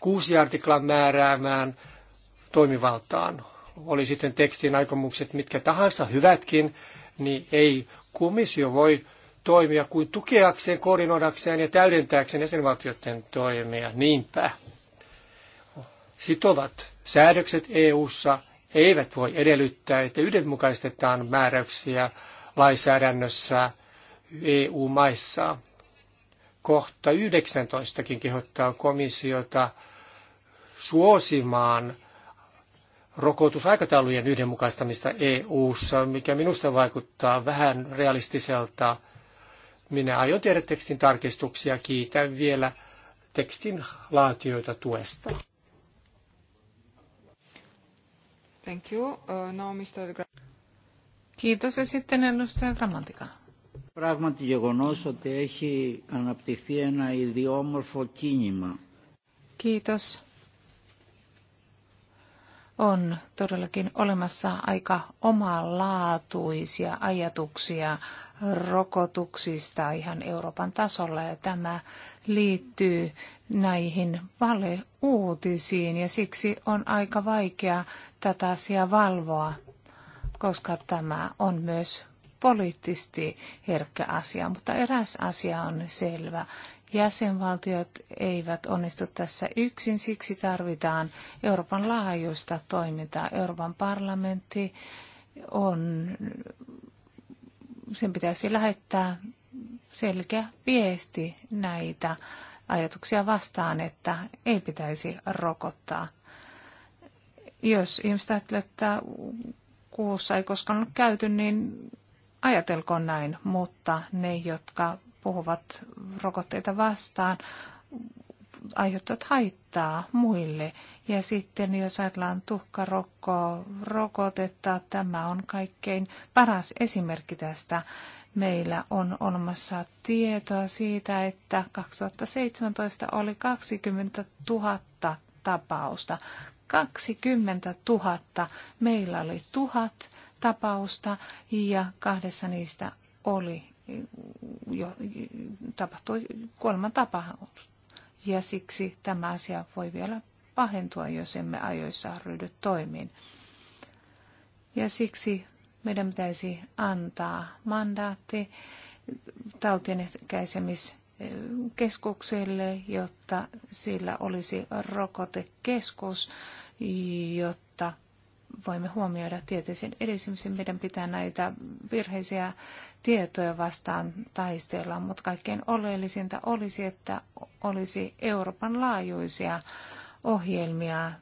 kuusi artiklan määräämään toimivaltaan. Oli sitten tekstin aikomukset mitkä tahansa hyvätkin, niin ei komissio voi toimia kuin tukeakseen, koordinoidakseen ja täydentääkseen jäsenvaltioiden toimia. Niinpä. Sitovat säädökset EU:ssa eivät voi edellyttää, että yhdenmukaistetaan määräyksiä lainsäädännössä EU-maissa. Kohta 19 kehottaa komissiota suosimaan – rokotusaikataulujen yhdenmukaistamista EU-ssa, mikä minusta vaikuttaa vähän realistiselta. Minä aion tehdä tekstin tarkistuksia. Kiitän vielä tekstin laatioita tuesta.
Thank you. Uh, now Mr. Kiitos ja sitten edustaja Grammatika.
Πράγματι γεγονός ότι έχει αναπτυχθεί ένα ιδιόμορφο κίνημα. Kiitos
on todellakin olemassa aika omalaatuisia ajatuksia rokotuksista ihan Euroopan tasolla ja tämä liittyy näihin valeuutisiin ja siksi on aika vaikea tätä asiaa valvoa, koska tämä on myös poliittisesti herkkä asia, mutta eräs asia on selvä jäsenvaltiot eivät onnistu tässä yksin, siksi tarvitaan Euroopan laajuista toimintaa. Euroopan parlamentti on, sen pitäisi lähettää selkeä viesti näitä ajatuksia vastaan, että ei pitäisi rokottaa. Jos ihmiset ajattelee, että kuussa ei koskaan ole käyty, niin ajatelkoon näin, mutta ne, jotka puhuvat rokotteita vastaan, aiheuttavat haittaa muille. Ja sitten jos ajatellaan tuhkarokko rokotetta, tämä on kaikkein paras esimerkki tästä. Meillä on olemassa tietoa siitä, että 2017 oli 20 000 tapausta. 20 000. Meillä oli tuhat tapausta ja kahdessa niistä oli jo, tapahtui kuoleman tapaus. Ja siksi tämä asia voi vielä pahentua, jos emme ajoissa ryhdy toimiin. Ja siksi meidän pitäisi antaa mandaatti tautien keskukselle, jotta sillä olisi rokotekeskus, jotta voimme huomioida tieteisen edistymisen. Meidän pitää näitä virheisiä tietoja vastaan taistella, mutta kaikkein oleellisinta olisi, että olisi Euroopan laajuisia ohjelmia,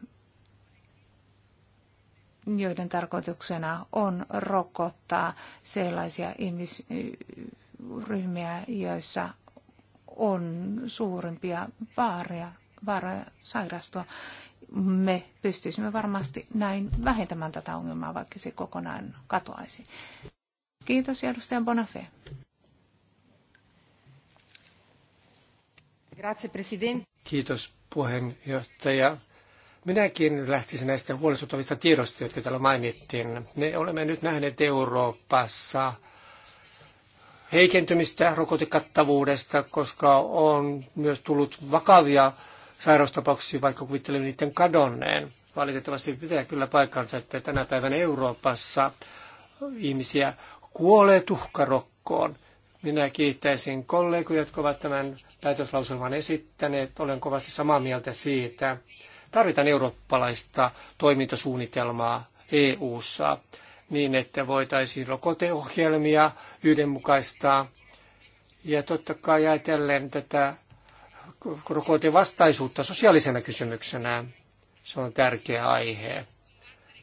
joiden tarkoituksena on rokottaa sellaisia ihmisryhmiä, joissa on suurimpia vaaroja, vaaroja sairastua me pystyisimme varmasti näin vähentämään tätä ongelmaa, vaikka se kokonaan katoaisi. Kiitos edustaja Bonafé.
Kiitos puheenjohtaja. Minäkin lähtisin näistä huolestuttavista tiedosta, jotka täällä mainittiin. Me olemme nyt nähneet Euroopassa heikentymistä rokotekattavuudesta, koska on myös tullut vakavia sairaustapauksia, vaikka kuvittelimme niiden kadonneen. Valitettavasti pitää kyllä paikkansa, että tänä päivänä Euroopassa ihmisiä kuolee tuhkarokkoon. Minä kiittäisin kollegoja, jotka ovat tämän päätöslauselman esittäneet. Olen kovasti samaa mieltä siitä. Tarvitaan eurooppalaista toimintasuunnitelmaa EU-ssa niin, että voitaisiin rokoteohjelmia yhdenmukaistaa. Ja totta kai ajatellen tätä rokoteen vastaisuutta sosiaalisena kysymyksenä. Se on tärkeä aihe.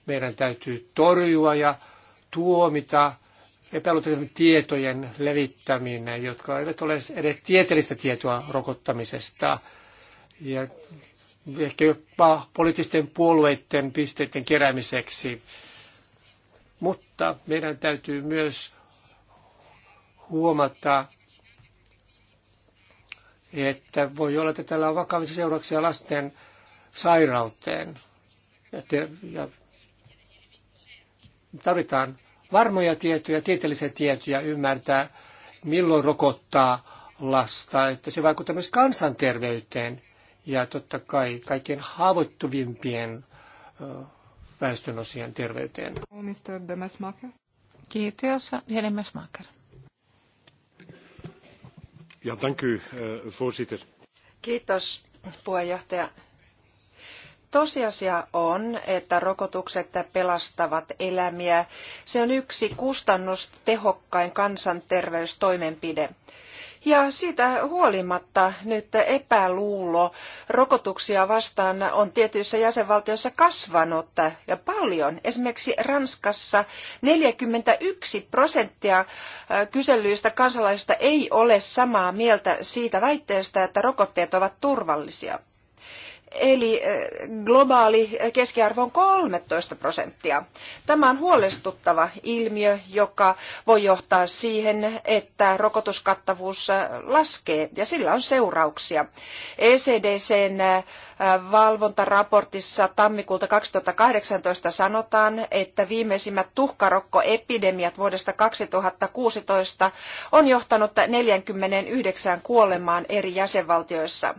Meidän täytyy torjua ja tuomita epäluotettavien tietojen levittäminen, jotka eivät ole edes tieteellistä tietoa rokottamisesta. Ja ehkä jopa poliittisten puolueiden pisteiden keräämiseksi. Mutta meidän täytyy myös huomata että voi olla, että tällä on vakavia seurauksia lasten sairauteen. ja tarvitaan varmoja tietoja, tieteellisiä tietoja ymmärtää, milloin rokottaa lasta, että se vaikuttaa myös kansanterveyteen ja totta kai kaikkien haavoittuvimpien väestönosien terveyteen.
Mr. Kiitos, Helen
Mesmaker.
Ja, dank u, eh,
Tosiasia on, että rokotukset pelastavat elämiä. Se on yksi kustannustehokkain kansanterveystoimenpide. Ja siitä huolimatta nyt epäluulo rokotuksia vastaan on tietyissä jäsenvaltioissa kasvanut ja paljon. Esimerkiksi Ranskassa 41 prosenttia kyselyistä kansalaisista ei ole samaa mieltä siitä väitteestä, että rokotteet ovat turvallisia. Eli eh, globaali keskiarvo on 13 prosenttia. Tämä on huolestuttava ilmiö, joka voi johtaa siihen, että rokotuskattavuus eh, laskee ja sillä on seurauksia. ECDCn eh, valvontaraportissa tammikuulta 2018 sanotaan, että viimeisimmät tuhkarokkoepidemiat vuodesta 2016 on johtanut 49 kuolemaan eri jäsenvaltioissa.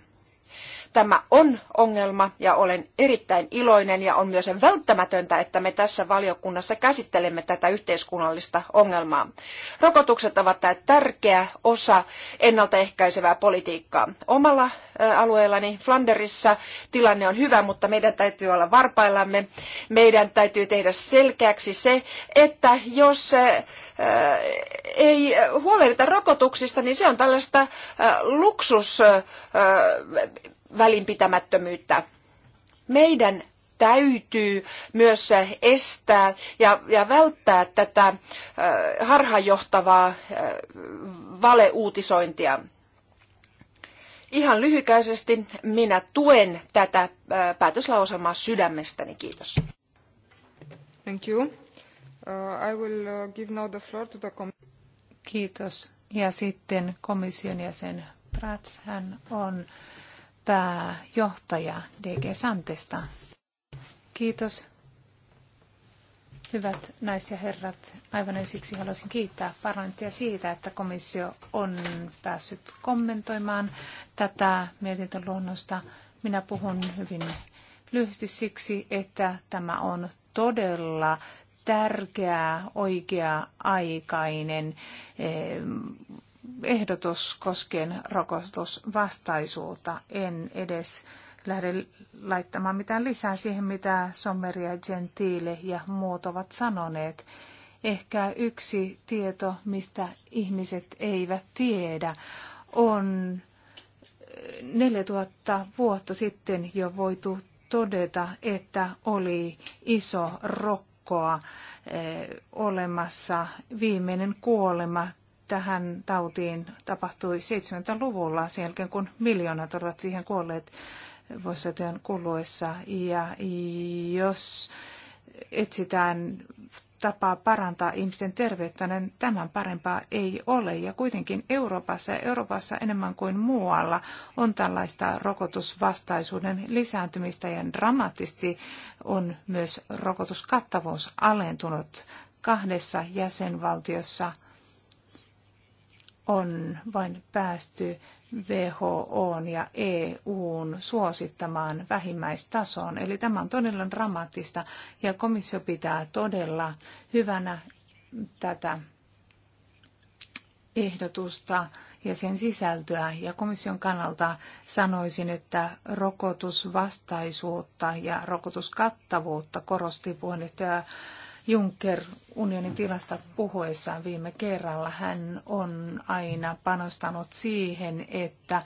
Tämä on ongelma ja olen erittäin iloinen ja on myös välttämätöntä, että me tässä valiokunnassa käsittelemme tätä yhteiskunnallista ongelmaa. Rokotukset ovat tärkeä osa ennaltaehkäisevää politiikkaa. Omalla alueellani Flanderissa tilanne on hyvä, mutta meidän täytyy olla varpaillamme. Meidän täytyy tehdä selkeäksi se, että jos ei huolehdita rokotuksista, niin se on tällaista luksus välinpitämättömyyttä. Meidän täytyy myös estää ja, ja välttää tätä äh, harhaanjohtavaa äh, valeuutisointia. Ihan lyhykäisesti minä tuen tätä äh, päätöslauselmaa sydämestäni. Kiitos.
Thank you. Uh, I will uh, give now the floor to the Kiitos. Ja sitten komission jäsen Prats, hän on pääjohtaja DG Santesta. Kiitos. Hyvät naiset ja herrat, aivan ensiksi haluaisin kiittää parlamenttia siitä, että komissio on päässyt kommentoimaan tätä mietintöluonnosta. Minä puhun hyvin lyhyesti siksi, että tämä on todella tärkeä, oikea-aikainen eh, ehdotus koskien rokotusvastaisuutta. En edes lähde laittamaan mitään lisää siihen, mitä Sommeria, Gentile ja muut ovat sanoneet. Ehkä yksi tieto, mistä ihmiset eivät tiedä, on 4000 eh, vuotta sitten jo voitu todeta, että oli iso rokkoa eh, olemassa. Viimeinen kuolema tähän tautiin tapahtui 70-luvulla sen jälkeen, kun miljoonat olivat siihen kuolleet vuosisatojen kuluessa. Ja jos etsitään tapaa parantaa ihmisten terveyttä, niin tämän parempaa ei ole. Ja kuitenkin Euroopassa ja Euroopassa enemmän kuin muualla on tällaista rokotusvastaisuuden lisääntymistä ja dramaattisesti on myös rokotuskattavuus alentunut kahdessa jäsenvaltiossa – on vain päästy n ja EUn suosittamaan vähimmäistasoon. Eli tämä on todella dramaattista ja komissio pitää todella hyvänä tätä ehdotusta ja sen sisältöä. Ja komission kannalta sanoisin, että rokotusvastaisuutta ja rokotuskattavuutta korosti puheenjohtaja Juncker unionin tilasta puhuessaan viime kerralla hän on aina panostanut siihen, että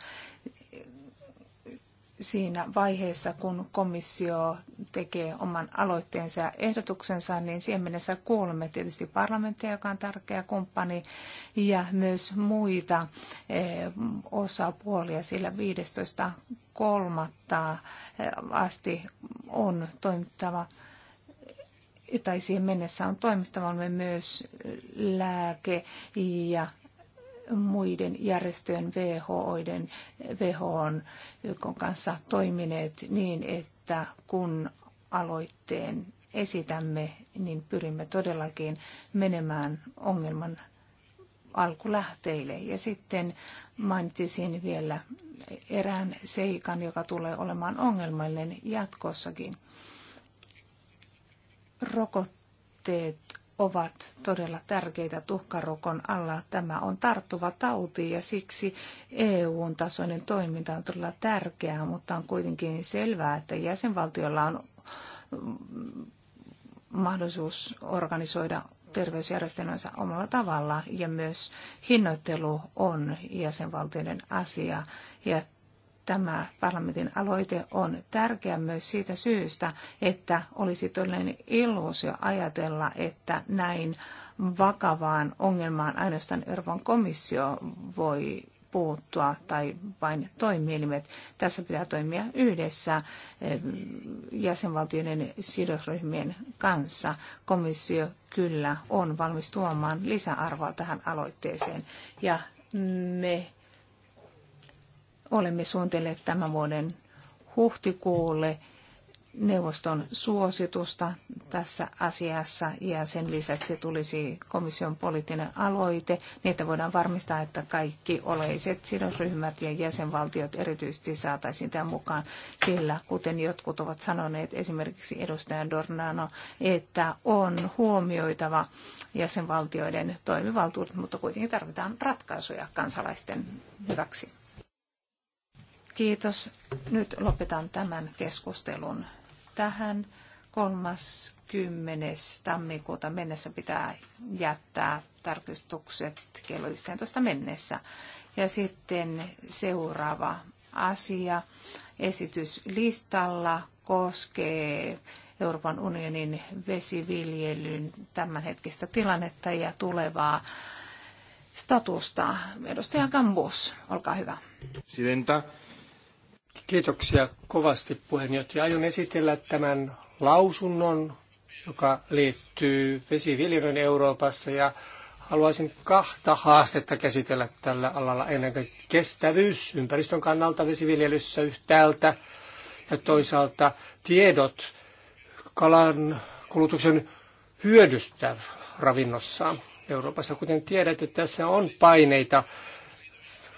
siinä vaiheessa, kun komissio tekee oman aloitteensa ja ehdotuksensa, niin siihen mennessä kuulemme tietysti parlamenttia, joka on tärkeä kumppani, ja myös muita eh, osapuolia, sillä 15.3. Eh, asti on toimittava tai siihen mennessä on toimittavamme myös lääke- ja muiden järjestöjen WHO, WHOn kanssa toimineet niin, että kun aloitteen esitämme, niin pyrimme todellakin menemään ongelman alkulähteille. Ja sitten mainitsin vielä erään seikan, joka tulee olemaan ongelmallinen jatkossakin. Rokotteet ovat todella tärkeitä tuhkarokon alla. Tämä on tarttuva tauti ja siksi EU-tasoinen toiminta on todella tärkeää, mutta on kuitenkin selvää, että jäsenvaltiolla on mm, mahdollisuus organisoida terveysjärjestelmänsä omalla tavalla ja myös hinnoittelu on jäsenvaltioiden asia ja Tämä parlamentin aloite on tärkeä myös siitä syystä, että olisi todellinen illuusio ajatella, että näin vakavaan ongelmaan ainoastaan Euroopan komissio voi puuttua tai vain toimielimet. Tässä pitää toimia yhdessä eh, jäsenvaltioiden sidosryhmien kanssa. Komissio kyllä on valmis tuomaan lisäarvoa tähän aloitteeseen ja me olemme suunnitelleet tämän vuoden huhtikuulle neuvoston suositusta tässä asiassa ja sen lisäksi tulisi komission poliittinen aloite, niin että voidaan varmistaa, että kaikki oleiset sidosryhmät ja jäsenvaltiot erityisesti saataisiin tämän mukaan, sillä kuten jotkut ovat sanoneet, esimerkiksi edustaja Dornano, että on huomioitava jäsenvaltioiden toimivaltuudet, mutta kuitenkin tarvitaan ratkaisuja kansalaisten hyväksi. Kiitos. Nyt lopetan tämän keskustelun tähän. 30. tammikuuta mennessä pitää jättää tarkistukset kello 11 mennessä. Ja sitten seuraava asia esityslistalla koskee Euroopan unionin vesiviljelyn tämänhetkistä tilannetta ja tulevaa statusta. Edustaja Gambus, olkaa hyvä.
Presidenta. Kiitoksia kovasti puheenjohtaja. Aion esitellä tämän lausunnon, joka liittyy vesiviljelyyn Euroopassa ja haluaisin kahta haastetta käsitellä tällä alalla ennen kaikkea kestävyys ympäristön kannalta vesiviljelyssä yhtäältä ja toisaalta tiedot kalan kulutuksen hyödystä ravinnossa Euroopassa. Kuten tiedätte, tässä on paineita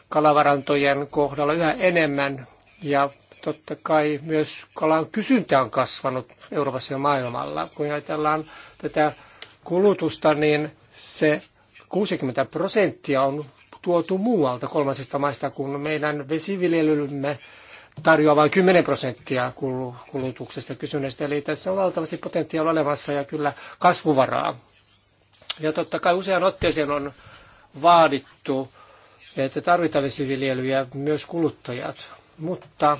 kalavarantojen kohdalla yhä enemmän ja totta kai myös kalan kysyntä on kasvanut Euroopassa ja maailmalla. Kun ajatellaan tätä kulutusta, niin se 60 prosenttia on tuotu muualta kolmansista maista, kun meidän vesiviljelymme tarjoaa vain 10 prosenttia kulutuksesta kysynnästä. Eli tässä on valtavasti potentiaalia olemassa ja kyllä kasvuvaraa. Ja totta kai usean otteeseen on vaadittu, että tarvitaan vesiviljelyjä myös kuluttajat. Mutta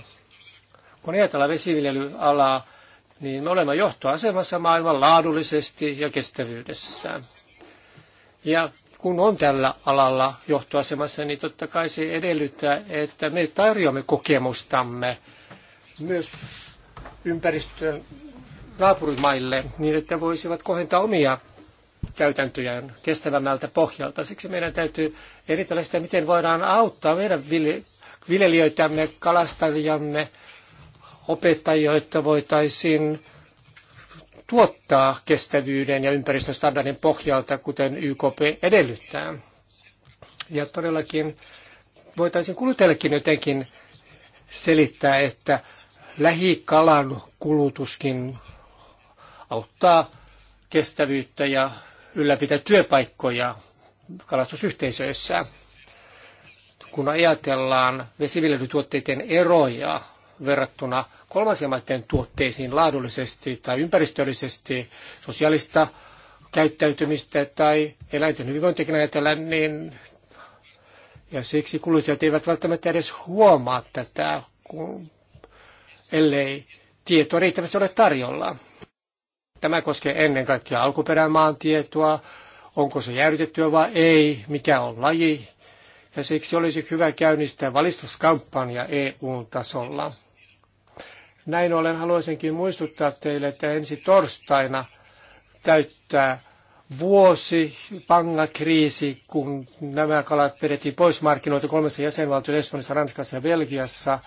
kun ajatellaan vesiviljelyalaa, niin me olemme johtoasemassa maailman laadullisesti ja kestävyydessä. Ja kun on tällä alalla johtoasemassa, niin totta kai se edellyttää, että me tarjoamme kokemustamme myös ympäristön naapurimaille, niin että voisivat kohentaa omia käytäntöjään kestävämmältä pohjalta. Siksi meidän täytyy eritellä sitä, miten voidaan auttaa meidän viljelijöitämme, kalastajiamme, opettajia, jotta voitaisiin tuottaa kestävyyden ja ympäristöstandardin pohjalta, kuten YKP edellyttää. Ja todellakin voitaisiin kuluttajillekin jotenkin selittää, että lähikalan kulutuskin auttaa kestävyyttä ja ylläpitää työpaikkoja kalastusyhteisöissä kun ajatellaan vesiviljelytuotteiden eroja verrattuna kolmansien maiden tuotteisiin laadullisesti tai ympäristöllisesti, sosiaalista käyttäytymistä tai eläinten hyvinvointikin ajatellen, niin ja siksi kuluttajat eivät välttämättä edes huomaa tätä, kun, ellei tietoa riittävästi ole tarjolla. Tämä koskee ennen kaikkea alkuperämaan tietoa, onko se jäädytettyä vai ei, mikä on laji ja siksi olisi hyvä käynnistää valistuskampanja EU-tasolla. Näin ollen haluaisinkin muistuttaa teille, että ensi torstaina täyttää vuosi pangakriisi, kun nämä kalat vedettiin pois markkinoilta kolmessa jäsenvaltiossa, Espanjassa, Ranskassa ja Belgiassa,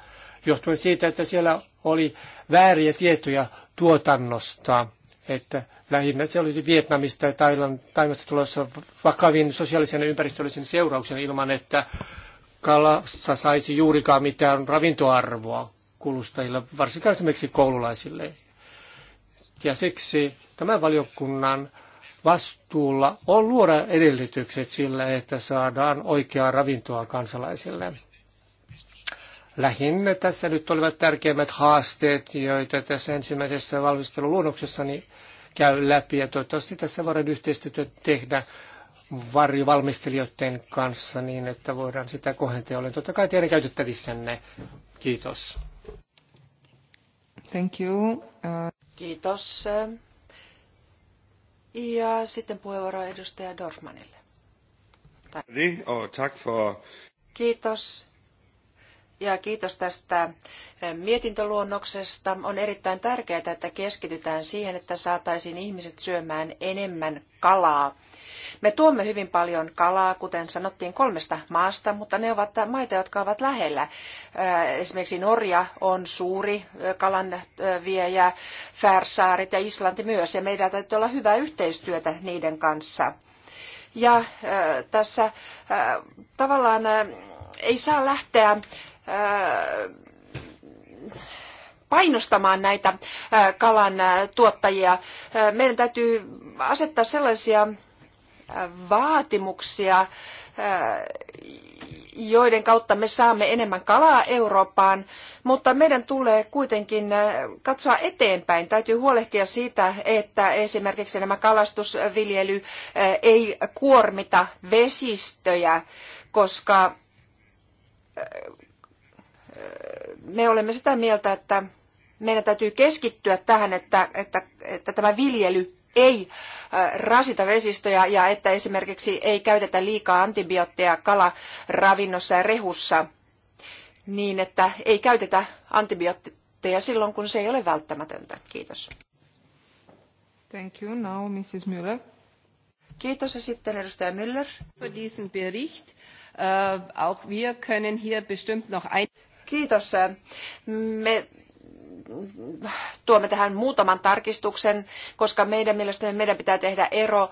johtuen siitä, että siellä oli vääriä tietoja tuotannosta, että lähinnä se oli Vietnamista ja Taimasta tulossa vakavin sosiaalisen ja ympäristöllisen seurauksen ilman, että kalassa saisi juurikaan mitään ravintoarvoa kulustajille, varsinkaan esimerkiksi koululaisille. Ja siksi tämän valiokunnan vastuulla on luoda edellytykset sille, että saadaan oikeaa ravintoa kansalaisille. Lähinnä tässä nyt olivat tärkeimmät haasteet, joita tässä ensimmäisessä valmisteluluonnoksessani käy läpi ja toivottavasti tässä voidaan yhteistyötä tehdä varjovalmistelijoiden kanssa niin, että voidaan sitä kohentaa. Olen totta kai teidän käytettävissänne. Kiitos.
Thank you. Uh,
Kiitos.
Ja sitten puheenvuoro edustaja Dorfmanille.
Tack. Oh,
Kiitos ja kiitos tästä eh, mietintöluonnoksesta. On erittäin tärkeää, että keskitytään siihen, että saataisiin ihmiset syömään enemmän kalaa. Me tuomme hyvin paljon kalaa, kuten sanottiin, kolmesta maasta, mutta ne ovat maita, jotka ovat lähellä. Eh, esimerkiksi Norja on suuri eh, kalan viejä, Färsaarit ja Islanti myös, ja meidän täytyy olla hyvää yhteistyötä niiden kanssa. Ja tässä tavallaan ei saa lähteä painostamaan näitä kalan tuottajia. Meidän täytyy asettaa sellaisia vaatimuksia, joiden kautta me saamme enemmän kalaa Eurooppaan, mutta meidän tulee kuitenkin katsoa eteenpäin. Täytyy huolehtia siitä, että esimerkiksi nämä kalastusviljely ei kuormita vesistöjä, koska me olemme sitä mieltä, että meidän täytyy keskittyä tähän, että, että, että tämä viljely ei äh, rasita vesistöjä ja että esimerkiksi ei käytetä liikaa antibiootteja kalaravinnossa ja rehussa niin, että ei käytetä antibiootteja silloin, kun se ei ole välttämätöntä. Kiitos. Thank you. Now Mrs. Müller. Kiitos ja sitten edustaja Müller. Für diesen Bericht. Äh, auch wir können hier bestimmt noch ein... Kiitos. Me tuomme tähän muutaman tarkistuksen, koska meidän mielestämme meidän pitää tehdä ero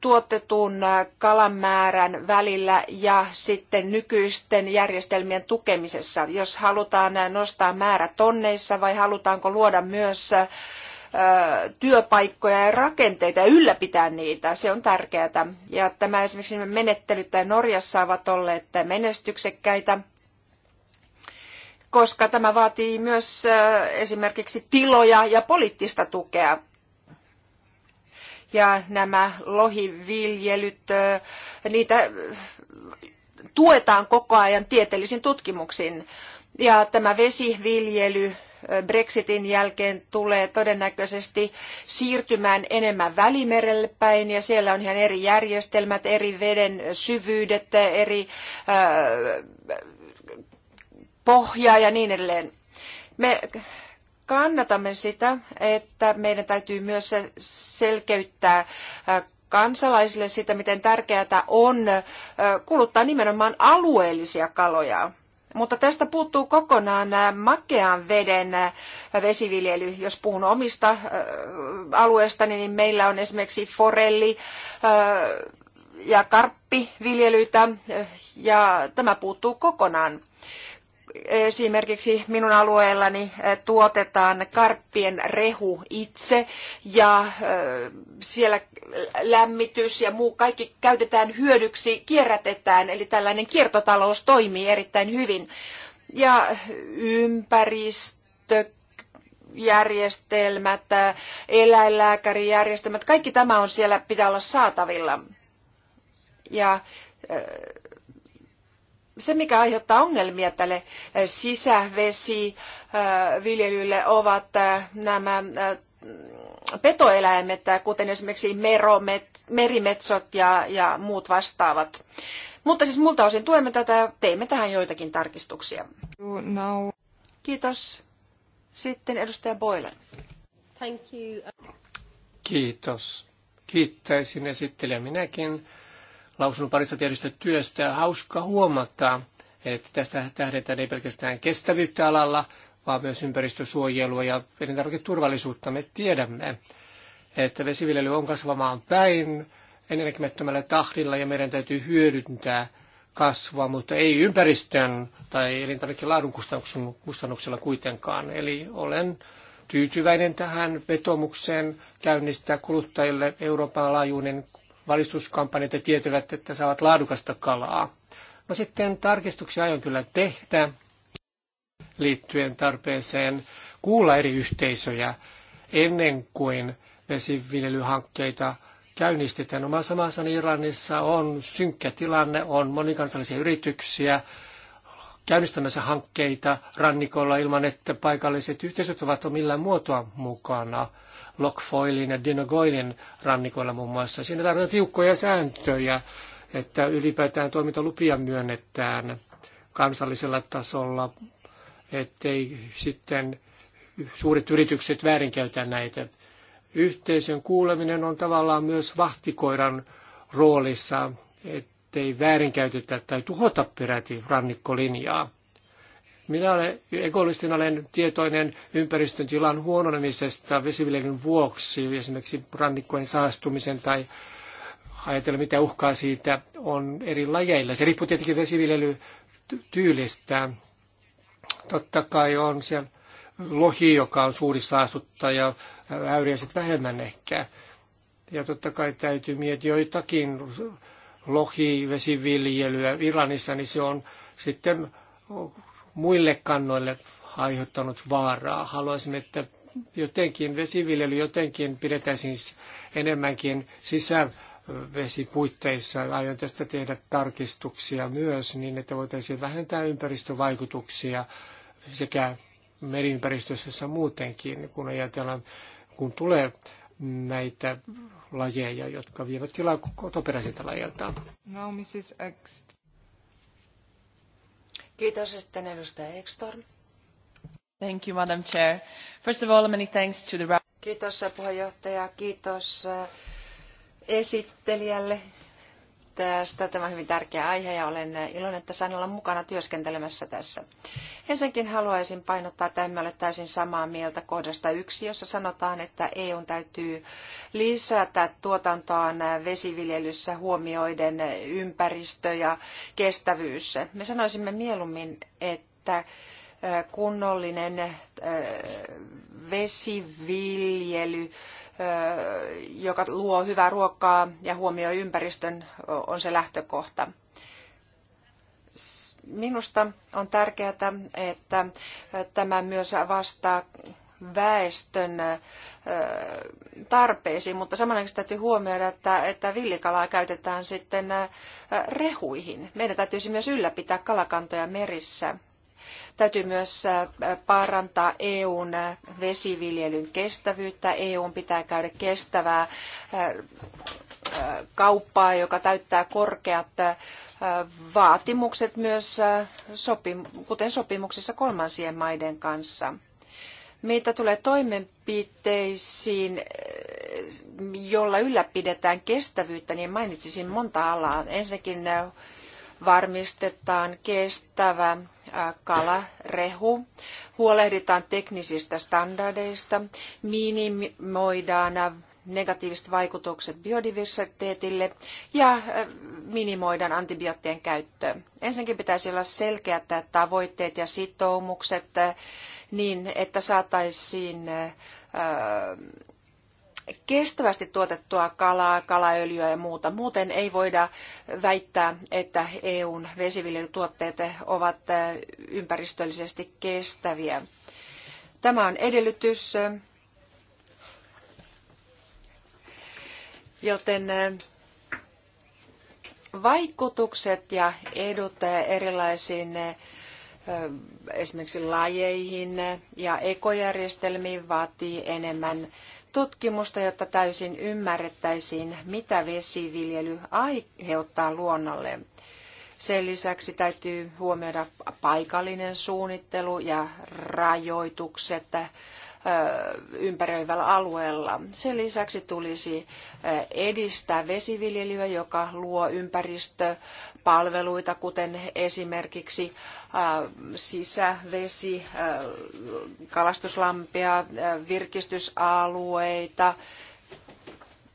tuotetun kalamäärän välillä ja sitten nykyisten järjestelmien tukemisessa. Jos halutaan nostaa määrä tonneissa vai halutaanko luoda myös työpaikkoja ja rakenteita ja ylläpitää niitä. Se on tärkeää. Ja tämä esimerkiksi menettelyt Norjassa ovat olleet menestyksekkäitä koska tämä vaatii myös esimerkiksi tiloja ja poliittista tukea. Ja nämä lohiviljelyt, niitä tuetaan koko ajan tieteellisin tutkimuksin. Ja tämä vesiviljely Brexitin jälkeen tulee todennäköisesti siirtymään enemmän välimerelle päin ja siellä on ihan eri järjestelmät, eri veden syvyydet, eri äh, pohjaa ja niin edelleen. Me kannatamme sitä, että meidän täytyy myös selkeyttää kansalaisille sitä, miten tärkeää on kuluttaa nimenomaan alueellisia kaloja. Mutta tästä puuttuu kokonaan makean veden vesiviljely. Jos puhun omista alueesta, niin meillä on esimerkiksi forelli ja karppiviljelyitä, ja tämä puuttuu kokonaan esimerkiksi minun alueellani eh, tuotetaan karppien rehu itse ja eh, siellä lämmitys ja muu kaikki käytetään hyödyksi, kierrätetään, eli tällainen kiertotalous toimii erittäin hyvin. Ja ympäristö järjestelmät, eh, eläinlääkärijärjestelmät, kaikki tämä on siellä pitää olla saatavilla. Ja se, mikä aiheuttaa ongelmia tälle sisävesiviljelylle, ovat nämä petoeläimet, kuten esimerkiksi meromet, merimetsot ja, ja muut vastaavat. Mutta siis muulta osin tuemme tätä ja teemme tähän joitakin tarkistuksia. Kiitos. Sitten edustaja Boylan. Thank you.
Kiitos. Kiittäisin esittelijä minäkin lausunnon parissa tehdystä työstä. Hauska huomata, että tästä tähdetään ei pelkästään kestävyyttä alalla, vaan myös ympäristösuojelua ja turvallisuutta, Me tiedämme, että vesiviljely on kasvamaan päin ennennäkemättömällä tahdilla ja meidän täytyy hyödyntää kasvua, mutta ei ympäristön tai elintarvikelaadun kustannuksella kuitenkaan. Eli olen tyytyväinen tähän vetomukseen käynnistää kuluttajille Euroopan laajuinen valistuskampanjoita tietävät, että saavat laadukasta kalaa. No sitten tarkistuksia aion kyllä tehdä liittyen tarpeeseen kuulla eri yhteisöjä ennen kuin vesiviljelyhankkeita käynnistetään. Omassa no maassani Iranissa on synkkä tilanne, on monikansallisia yrityksiä käynnistämässä hankkeita rannikolla ilman, että paikalliset yhteisöt ovat millään muotoa mukana – Lockfoilin ja Dinogoilin rannikoilla muun muassa. Siinä tarvitaan tiukkoja sääntöjä, että ylipäätään toimintalupia myönnetään kansallisella tasolla, ettei sitten suuret yritykset väärinkäytä näitä. Yhteisön kuuleminen on tavallaan myös vahtikoiran roolissa, ettei väärinkäytetä tai tuhota peräti rannikkolinjaa. Minä olen egoistin olen tietoinen ympäristön tilan huononemisesta vesiviljelyn vuoksi, esimerkiksi rannikkojen saastumisen tai ajatella, mitä uhkaa siitä on eri lajeilla. Se riippuu tietenkin vesiviljelytyylistä. Totta kai on siellä lohi, joka on suuri saastuttaja, äyriäiset vähemmän ehkä. Ja totta kai täytyy miettiä joitakin vesiviljelyä Irlannissa, niin se on sitten muille kannoille aiheuttanut vaaraa. Haluaisin, että jotenkin vesiviljely jotenkin pidetään siis enemmänkin sisävesipuitteissa. Aion tästä tehdä tarkistuksia myös niin, että voitaisiin vähentää ympäristövaikutuksia sekä meriympäristössä muutenkin, kun ajatellaan, kun tulee näitä lajeja, jotka vievät tilaa kotoperäisiltä lajeiltaan.
No, Mrs. X. Kiitos ja sitten edustaja Ekstorm.
Thank you, Madam Chair. First of all, many thanks to the...
Kiitos puheenjohtaja, kiitos äh, esittelijälle tästä. Tämä on hyvin tärkeä aihe ja olen iloinen, että sain olla mukana työskentelemässä tässä. Ensinnäkin haluaisin painottaa, että emme ole täysin samaa mieltä kohdasta yksi, jossa sanotaan, että EU täytyy lisätä tuotantoaan vesiviljelyssä huomioiden ympäristö ja kestävyys. Me sanoisimme mieluummin, että kunnollinen vesiviljely joka luo hyvää ruokaa ja huomioi ympäristön, on se lähtökohta. Minusta on tärkeää, että tämä myös vastaa väestön tarpeisiin, mutta samanaikaisesti täytyy huomioida, että, että villikalaa käytetään sitten rehuihin. Meidän täytyisi myös ylläpitää kalakantoja merissä. Täytyy myös parantaa EUn vesiviljelyn kestävyyttä. EUn pitää käydä kestävää kauppaa, joka täyttää korkeat vaatimukset myös, kuten sopimuksissa kolmansien maiden kanssa. Mitä tulee toimenpiteisiin, jolla ylläpidetään kestävyyttä, niin mainitsisin monta alaa. Ensinnäkin varmistetaan kestävä kalarehu, huolehditaan teknisistä standardeista, minimoidaan negatiiviset vaikutukset biodiversiteetille ja minimoidaan antibioottien käyttö. Ensinnäkin pitäisi olla selkeät tavoitteet ja sitoumukset niin, että saataisiin kestävästi tuotettua kalaa, kalaöljyä ja muuta. Muuten ei voida väittää, että EUn vesiviljelytuotteet ovat ympäristöllisesti kestäviä. Tämä on edellytys, joten vaikutukset ja edut erilaisiin esimerkiksi lajeihin ja ekojärjestelmiin vaatii enemmän tutkimusta, jotta täysin ymmärrettäisiin, mitä vesiviljely aiheuttaa luonnolle. Sen lisäksi täytyy huomioida paikallinen suunnittelu ja rajoitukset ympäröivällä alueella. Sen lisäksi tulisi edistää vesiviljelyä, joka luo ympäristöpalveluita, kuten esimerkiksi sisävesi, kalastuslampia, virkistysalueita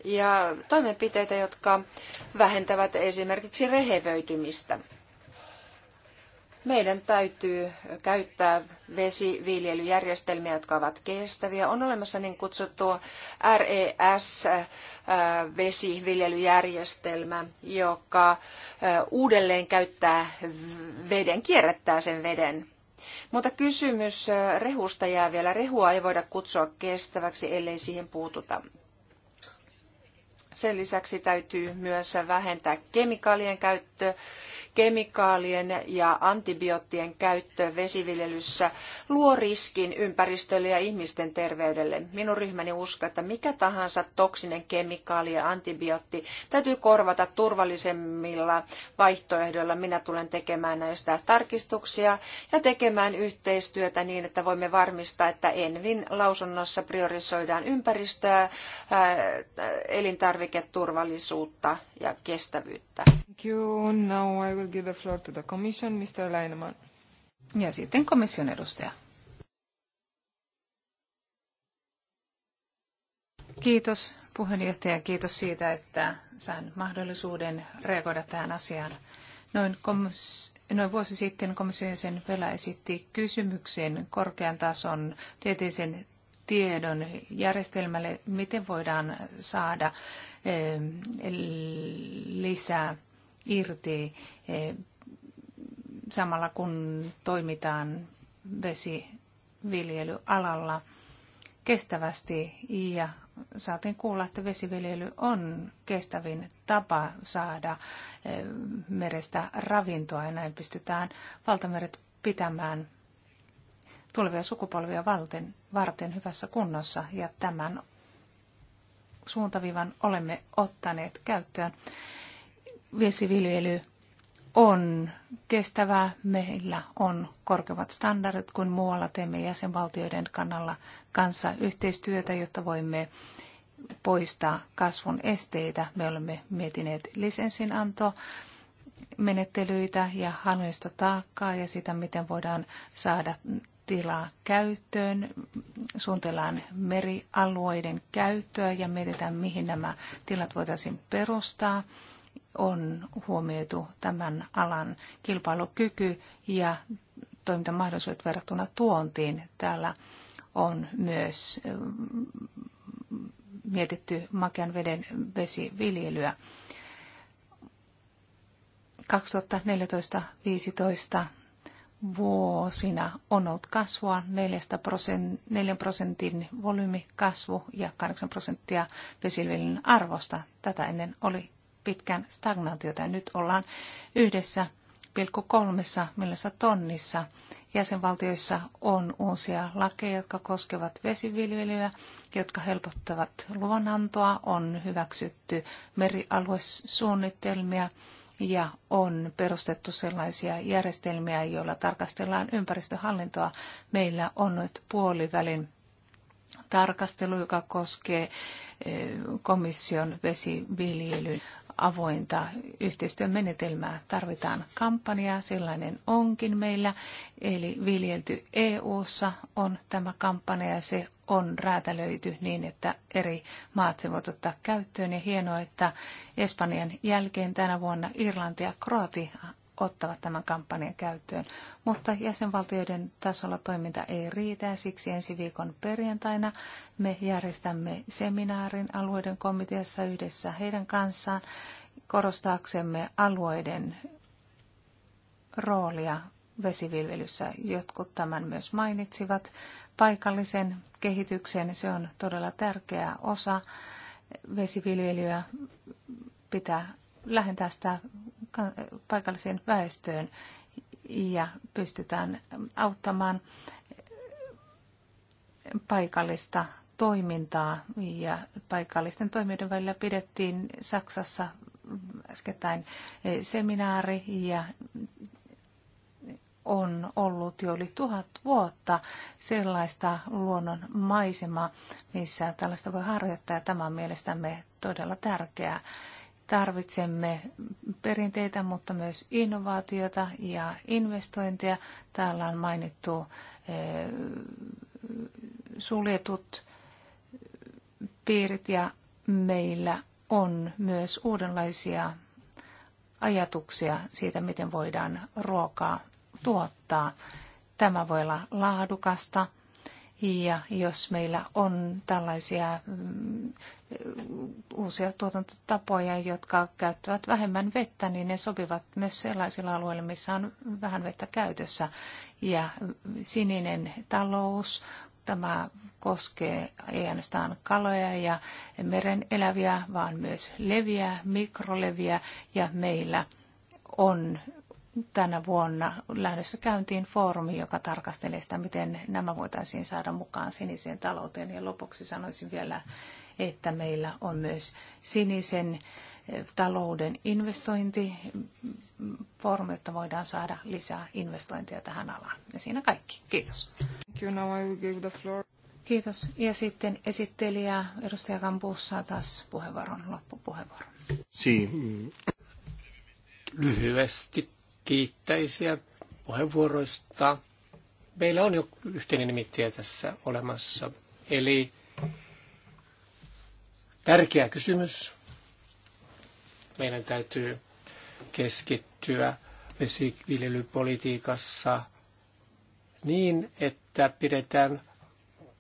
ja toimenpiteitä, jotka vähentävät esimerkiksi rehevöitymistä. Meidän täytyy käyttää vesiviljelyjärjestelmiä, jotka ovat kestäviä. On olemassa niin kutsuttua RES-vesiviljelyjärjestelmä, äh, joka äh, uudelleen käyttää veden, kierrättää sen veden. Mutta kysymys äh, rehusta jää vielä. Rehua ei voida kutsua kestäväksi, ellei siihen puututa. Sen lisäksi täytyy myös vähentää kemikaalien käyttöä kemikaalien ja antibioottien käyttö vesiviljelyssä luo riskin ympäristölle ja ihmisten terveydelle. Minun ryhmäni uskoo, että mikä tahansa toksinen kemikaali ja antibiootti täytyy korvata turvallisemmilla vaihtoehdoilla. Minä tulen tekemään näistä tarkistuksia ja tekemään yhteistyötä niin, että voimme varmistaa, että Envin lausunnossa priorisoidaan ympäristöä, elintarviketurvallisuutta ja kestävyyttä.
Thank you.
Now I will give the floor to the commission, Mr. Leinemann.
Ja sitten komission edustaja. Kiitos puheenjohtaja, kiitos siitä, että sain mahdollisuuden reagoida tähän asiaan. Noin, komis, noin vuosi sitten komission sen vielä esitti kysymyksen korkean tason tieteisen tiedon järjestelmälle, miten voidaan saada Eh, lisää irti eh, samalla kun toimitaan vesiviljelyalalla kestävästi ja saatiin kuulla, että vesiviljely on kestävin tapa saada eh, merestä ravintoa ja näin pystytään valtameret pitämään tulevia sukupolvia varten hyvässä kunnossa ja tämän suuntaviivan olemme ottaneet käyttöön. Vesiviljely on kestävää. Meillä on korkeammat standardit kuin muualla. Teemme jäsenvaltioiden kannalla kanssa yhteistyötä, jotta voimme poistaa kasvun esteitä. Me olemme mietineet lisenssinantoa menettelyitä ja hallinnollista taakkaa ja sitä, miten voidaan saada tilaa käyttöön, suunnitellaan merialueiden käyttöä ja mietitään, mihin nämä tilat voitaisiin perustaa. On huomioitu tämän alan kilpailukyky ja toimintamahdollisuudet verrattuna tuontiin. Täällä on myös mm, mietitty makean veden vesiviljelyä. 2014 vuosina on ollut kasvua, 4 prosentin, volyymikasvu ja 8 prosenttia vesiviljelyn arvosta. Tätä ennen oli pitkään stagnaatiota ja nyt ollaan yhdessä 1,3 millässä tonnissa. Jäsenvaltioissa on uusia lakeja, jotka koskevat vesiviljelyä, jotka helpottavat luonantoa, on hyväksytty merialuesuunnitelmia, ja on perustettu sellaisia järjestelmiä, joilla tarkastellaan ympäristöhallintoa. Meillä on nyt puolivälin tarkastelu, joka koskee eh, komission vesiviljelyn avointa yhteistyön menetelmää. Tarvitaan kampanjaa, sellainen onkin meillä. Eli viljelty EU-ssa on tämä kampanja ja se on räätälöity niin, että eri maat se voivat ottaa käyttöön. Ja hienoa, että Espanjan jälkeen tänä vuonna Irlanti ja Kroati ottavat tämän kampanjan käyttöön. Mutta jäsenvaltioiden tasolla toiminta ei riitä ja siksi ensi viikon perjantaina me järjestämme seminaarin alueiden komiteassa yhdessä heidän kanssaan korostaaksemme alueiden roolia vesiviljelyssä. Jotkut tämän myös mainitsivat paikallisen kehityksen. Se on todella tärkeä osa vesiviljelyä pitää lähentää sitä paikalliseen väestöön ja pystytään auttamaan paikallista toimintaa ja paikallisten toimijoiden välillä pidettiin Saksassa äskettäin seminaari ja on ollut jo yli tuhat vuotta sellaista luonnon maisemaa, missä tällaista voi harjoittaa. Ja tämä on mielestämme todella tärkeää. Tarvitsemme perinteitä, mutta myös innovaatiota ja investointeja. Täällä on mainittu eh, suljetut piirit ja meillä on myös uudenlaisia ajatuksia siitä, miten voidaan ruokaa tuottaa. Tämä voi olla laadukasta ja jos meillä on tällaisia mm, uusia tuotantotapoja, jotka käyttävät vähemmän vettä, niin ne sopivat myös sellaisilla alueilla, missä on vähän vettä käytössä. Ja sininen talous, tämä koskee ei ainoastaan kaloja ja meren eläviä, vaan myös leviä, mikroleviä ja meillä on tänä vuonna lähdössä käyntiin foorumi, joka tarkastelee sitä, miten nämä voitaisiin saada mukaan siniseen talouteen. Ja lopuksi sanoisin vielä, että meillä on myös sinisen eh, talouden investointifoorumi, jotta voidaan saada lisää investointia tähän alaan. Ja siinä kaikki. Kiitos. Kiitos. Ja sitten esittelijä edustaja Kampus saa taas puheenvuoron, loppupuheenvuoron.
Mm. Lyhyesti kiittäisiä puheenvuoroista. Meillä on jo yhteinen nimittäjä tässä olemassa. Eli tärkeä kysymys. Meidän täytyy keskittyä vesiviljelypolitiikassa niin, että pidetään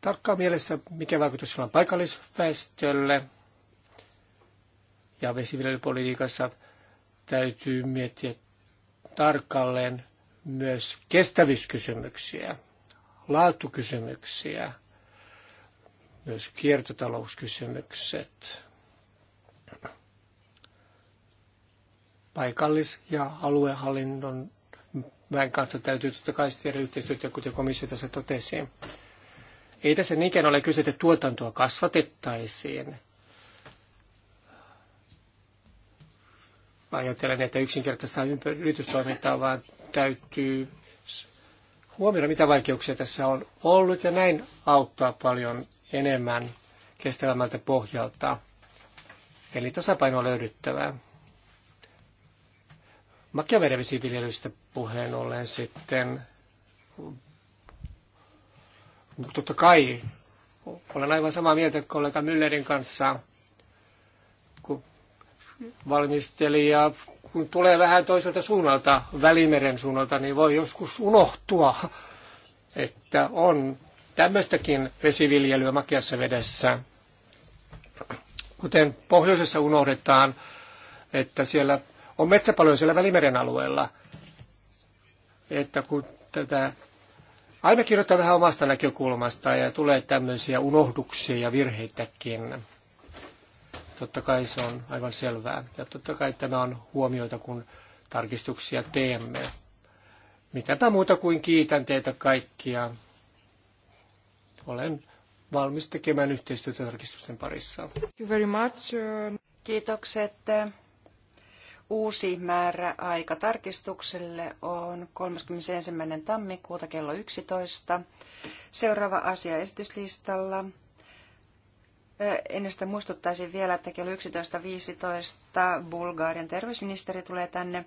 tarkkaan mielessä, mikä vaikutus on paikallisväestölle. Ja vesiviljelypolitiikassa täytyy miettiä tarkalleen myös kestävyyskysymyksiä, laatukysymyksiä, myös kiertotalouskysymykset, paikallis- ja aluehallinnon väen kanssa täytyy totta kai tehdä yhteistyötä, kuten komissio tässä totesi. Ei tässä niinkään ole kyse, että tuotantoa kasvatettaisiin, ajattelen, että yksinkertaista yritystoimintaa, vaan täytyy huomioida, mitä vaikeuksia tässä on ollut ja näin auttaa paljon enemmän kestävämmältä pohjalta. Eli tasapaino on löydyttävää. Makiaverenvesiviljelystä puheen ollen sitten, totta kai olen aivan samaa mieltä kollega Müllerin kanssa – valmistelija, kun tulee vähän toiselta suunnalta, Välimeren suunnalta, niin voi joskus unohtua, että on tämmöistäkin vesiviljelyä makeassa vedessä. Kuten pohjoisessa unohdetaan, että siellä on metsäpaloja siellä Välimeren alueella, että kun tätä aina kirjoittaa vähän omasta näkökulmasta ja tulee tämmöisiä unohduksia ja virheitäkin. Totta kai se on aivan selvää. Ja totta kai tämä on huomioita, kun tarkistuksia teemme. Mitäpä muuta kuin kiitän teitä kaikkia. Olen valmis tekemään yhteistyötä tarkistusten parissa. Thank
you very much. Uh, Kiitokset. Uusi määrä aika tarkistukselle on 31. tammikuuta kello 11. Seuraava asia esityslistalla Ennen sitä muistuttaisin vielä, että kello 11.15 Bulgarian terveysministeri tulee tänne.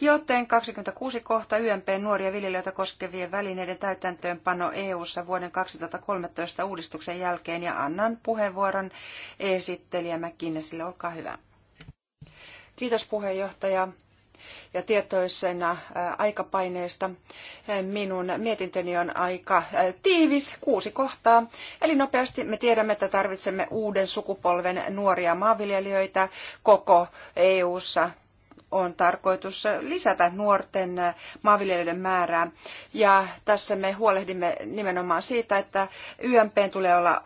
Joten 26 kohta YMP nuoria viljelijöitä koskevien välineiden täytäntöönpano EU-ssa vuoden 2013 uudistuksen jälkeen ja annan puheenvuoron esittelijä McKinnesille. Olkaa hyvä. Kiitos puheenjohtaja ja tietoisena aikapaineesta minun mietintöni on aika tiivis, kuusi kohtaa. Eli nopeasti me tiedämme, että tarvitsemme uuden sukupolven nuoria maanviljelijöitä koko EU-ssa on tarkoitus lisätä nuorten äh, maanviljelijöiden määrää. Ja tässä me huolehdimme nimenomaan siitä, että YMP tulee olla äh,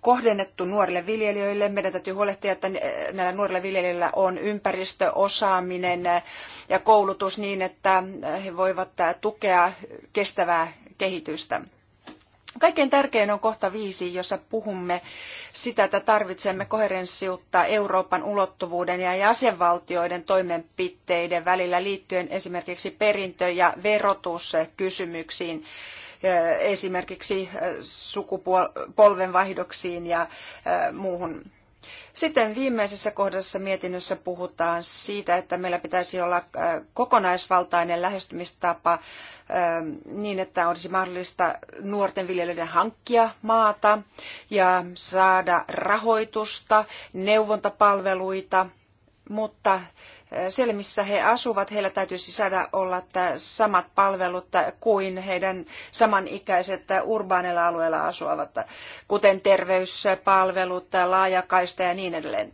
kohdennettu nuorille viljelijöille. Meidän täytyy huolehtia, että äh, näillä nuorilla viljelijöillä on ympäristöosaaminen ja koulutus niin, että he voivat tukea kestävää kehitystä. Kaikkein tärkein on kohta viisi, jossa puhumme sitä, että tarvitsemme koherenssiutta Euroopan ulottuvuuden ja jäsenvaltioiden toimenpiteiden välillä liittyen esimerkiksi perintö- ja verotuskysymyksiin esimerkiksi sukupolvenvaihdoksiin ja muuhun sitten viimeisessä kohdassa mietinnössä puhutaan siitä, että meillä pitäisi olla äh, kokonaisvaltainen lähestymistapa äh, niin, että olisi mahdollista nuorten viljelijöiden hankkia maata ja saada rahoitusta, neuvontapalveluita, mutta siellä, missä he asuvat, heillä täytyisi saada olla samat palvelut kuin heidän samanikäiset urbaanilla alueella asuvat, kuten terveyspalvelut, laajakaista ja niin edelleen.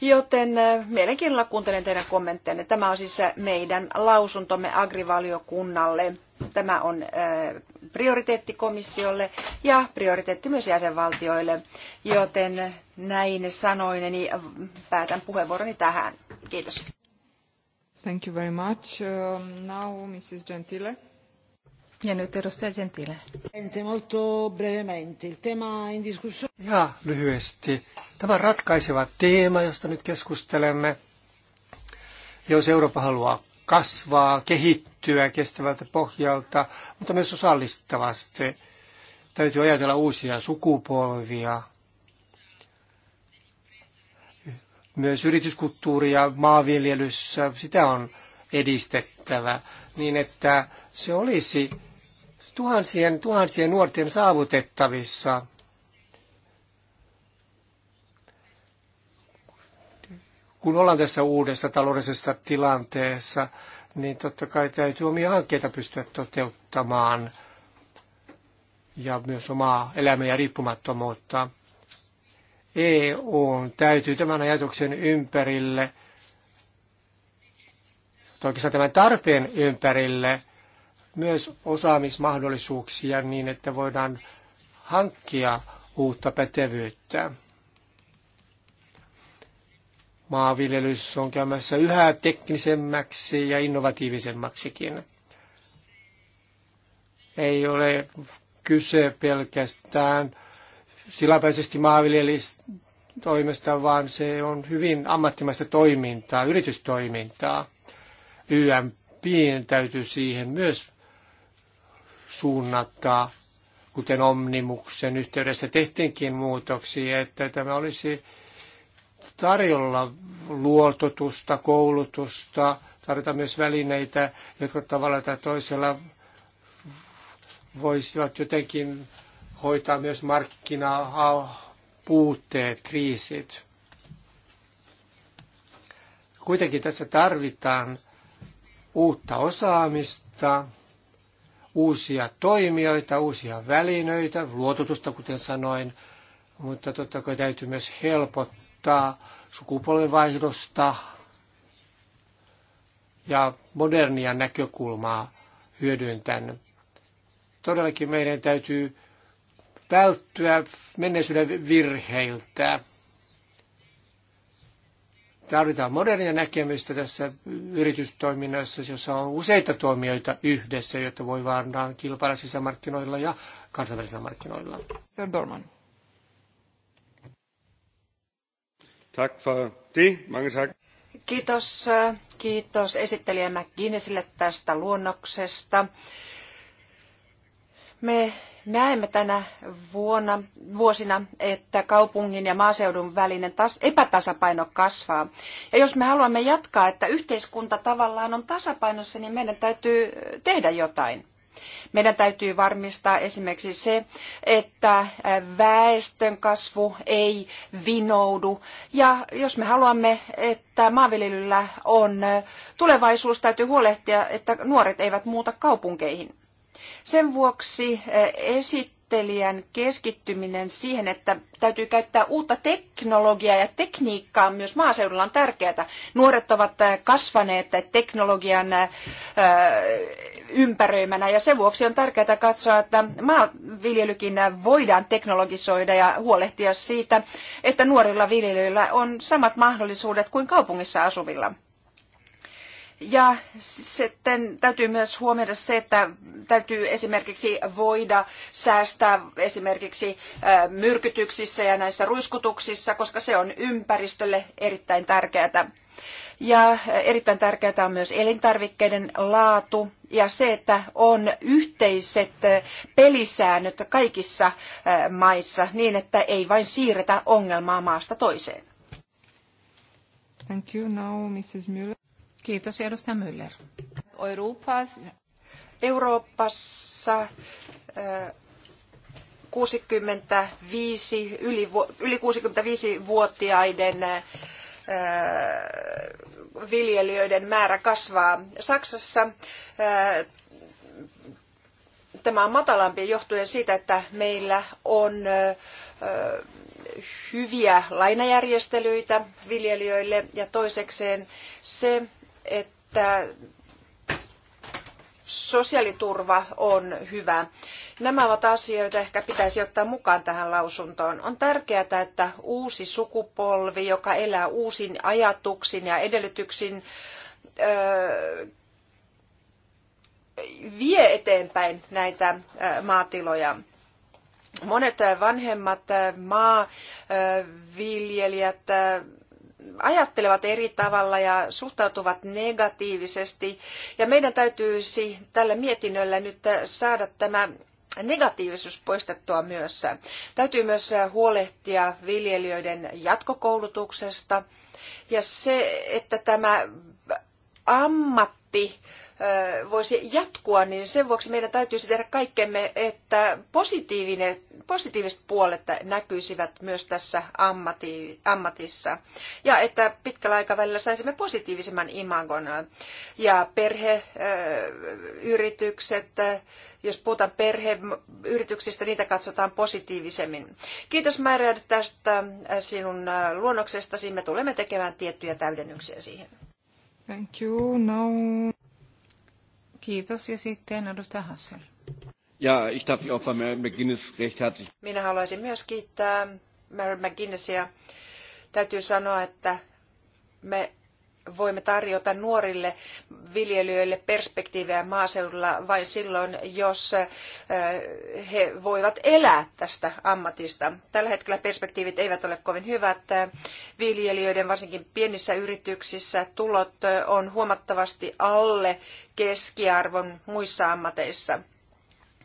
Joten äh, mielenkiinnolla kuuntelen teidän kommenttejanne. Tämä on siis meidän lausuntomme agrivaliokunnalle. Tämä on prioriteetti komissiolle ja prioriteetti myös jäsenvaltioille, joten näin sanoineni päätän puheenvuoroni tähän. Kiitos.
Thank you very
much. Um, now Mrs. Gentile. Ja nyt edustaja Gentile. Molto brevemente. Il tema in discussione...
Ja lyhyesti. Tämä ratkaiseva teema, josta nyt keskustelemme. Jos Eurooppa haluaa kasvaa, kehittyä, kehittyä kestävältä pohjalta, mutta myös osallistavasti. Täytyy ajatella uusia sukupolvia, myös yrityskulttuuria maanviljelyssä, sitä on edistettävä niin, että se olisi tuhansien, tuhansien nuorten saavutettavissa. Kun ollaan tässä uudessa taloudellisessa tilanteessa, niin totta kai täytyy omia hankkeita pystyä toteuttamaan ja myös omaa elämää ja riippumattomuutta. EU täytyy tämän ajatuksen ympärille, tai oikeastaan tämän tarpeen ympärille, myös osaamismahdollisuuksia niin, että voidaan hankkia uutta pätevyyttä maanviljelys on käymässä yhä teknisemmäksi ja innovatiivisemmaksikin. Ei ole kyse pelkästään tilapäisesti maanviljelistoimesta, vaan se on hyvin ammattimaista toimintaa, yritystoimintaa. YMP täytyy siihen myös suunnata, kuten Omnimuksen yhteydessä tehtiinkin muutoksia, että tämä olisi tarjolla luototusta, koulutusta, tarjota myös välineitä, jotka tavalla tai toisella voisivat jotenkin hoitaa myös markkinapuutteet, kriisit. Kuitenkin tässä tarvitaan uutta osaamista, uusia toimijoita, uusia välineitä, luototusta kuten sanoin, mutta totta kai täytyy myös helpottaa puhuttaa sukupolvenvaihdosta ja modernia näkökulmaa hyödyntäen. Todellakin meidän täytyy välttyä menneisyyden virheiltä. Tarvitaan modernia näkemystä tässä yritystoiminnassa, jossa on useita toimijoita yhdessä, jotta voi vaan kilpailla sisämarkkinoilla ja kansainvälisillä markkinoilla. Dorman. Tack för det. tack.
Kiitos, kiitos esittelijä McGuinnessille tästä luonnoksesta. Me näemme tänä vuonna, vuosina, että kaupungin ja maaseudun välinen tas, epätasapaino kasvaa. Ja jos me haluamme jatkaa, että yhteiskunta tavallaan on tasapainossa, niin meidän täytyy tehdä jotain. Meidän täytyy varmistaa esimerkiksi se, että väestön kasvu ei vinoudu. Ja jos me haluamme, että maanviljelyllä on tulevaisuus, täytyy huolehtia, että nuoret eivät muuta kaupunkeihin. Sen vuoksi esittää ajattelijan keskittyminen siihen, että täytyy käyttää uutta teknologiaa ja tekniikkaa myös maaseudulla on tärkeää. Nuoret ovat äh, kasvaneet teknologian äh, ympäröimänä ja sen vuoksi on tärkeää katsoa, että maanviljelykin äh, voidaan teknologisoida ja huolehtia siitä, että nuorilla viljelijöillä on samat mahdollisuudet kuin kaupungissa asuvilla. Ja sitten täytyy myös huomioida se, että täytyy esimerkiksi voida säästää esimerkiksi myrkytyksissä ja näissä ruiskutuksissa, koska se on ympäristölle erittäin tärkeää. Ja erittäin tärkeää on myös elintarvikkeiden laatu ja se, että on yhteiset pelisäännöt kaikissa maissa niin, että ei vain siirretä ongelmaa maasta toiseen.
Thank you. Now, Mrs. Müller. Kiitos, edustaja Müller.
Euroopassa 65, yli, 65-vuotiaiden viljelijöiden määrä kasvaa. Saksassa tämä on matalampi johtuen siitä, että meillä on hyviä lainajärjestelyitä viljelijöille ja toisekseen se, että sosiaaliturva on hyvä. Nämä ovat asioita, ehkä pitäisi ottaa mukaan tähän lausuntoon. On tärkeää, että uusi sukupolvi, joka elää uusin ajatuksin ja edellytyksin, öö, vie eteenpäin näitä maatiloja. Monet vanhemmat maaviljelijät ajattelevat eri tavalla ja suhtautuvat negatiivisesti. Ja meidän täytyisi tällä mietinnöllä nyt saada tämä negatiivisuus poistettua myös. Täytyy myös huolehtia viljelijöiden jatkokoulutuksesta ja se, että tämä ammatti voisi jatkua, niin sen vuoksi meidän täytyisi tehdä kaikkemme, että positiivinen, positiiviset puolet näkyisivät myös tässä ammati, ammatissa. Ja että pitkällä aikavälillä saisimme positiivisemman imagon. Ja perheyritykset, jos puhutaan perheyrityksistä, niitä katsotaan positiivisemmin. Kiitos Määrä tästä sinun luonnoksestasi. Me tulemme tekemään tiettyjä täydennyksiä siihen. Thank you. Now... Kiitos ja sitten edustaja Hassel.
Ja, ich darf auch bei Mary
McGuinness recht herzlich.
Minä haluaisin myös kiittää Mary McGuinnessia. Täytyy sanoa, että me voimme tarjota nuorille viljelijöille perspektiivejä maaseudulla vain silloin, jos he voivat elää tästä ammatista. Tällä hetkellä perspektiivit eivät ole kovin hyvät. Viljelijöiden, varsinkin pienissä yrityksissä, tulot on huomattavasti alle keskiarvon muissa ammateissa.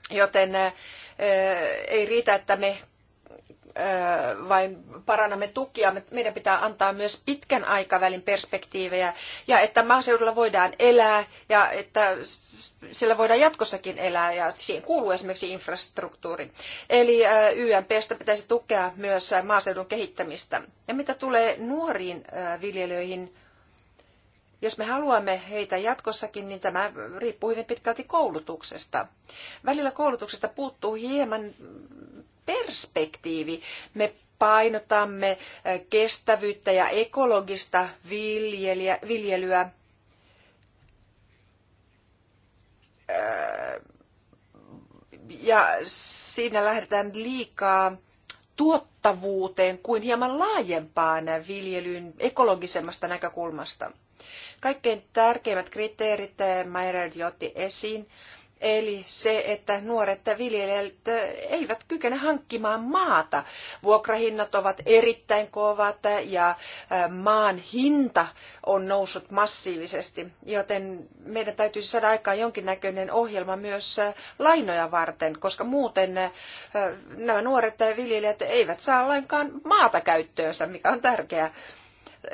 Joten ei riitä, että me vain parannamme tukia, meidän pitää antaa myös pitkän aikavälin perspektiivejä ja että maaseudulla voidaan elää ja että sillä voidaan jatkossakin elää ja siihen kuuluu esimerkiksi infrastruktuuri. Eli YMPstä pitäisi tukea myös maaseudun kehittämistä. Ja mitä tulee nuoriin viljelijöihin, jos me haluamme heitä jatkossakin, niin tämä riippuu hyvin pitkälti koulutuksesta. Välillä koulutuksesta puuttuu hieman perspektiivi. Me painotamme äh, kestävyyttä ja ekologista viljelyä äh, ja siinä lähdetään liikaa tuottavuuteen kuin hieman laajempaan viljelyyn ekologisemmasta näkökulmasta. Kaikkein tärkeimmät kriteerit äh, Mayer jotti esiin Eli se, että nuoret viljelijät eivät kykene hankkimaan maata. Vuokrahinnat ovat erittäin kovat ja maan hinta on noussut massiivisesti, joten meidän täytyisi saada aikaan jonkinnäköinen ohjelma myös lainoja varten, koska muuten nämä nuoret viljelijät eivät saa lainkaan maata käyttöönsä, mikä on tärkeää.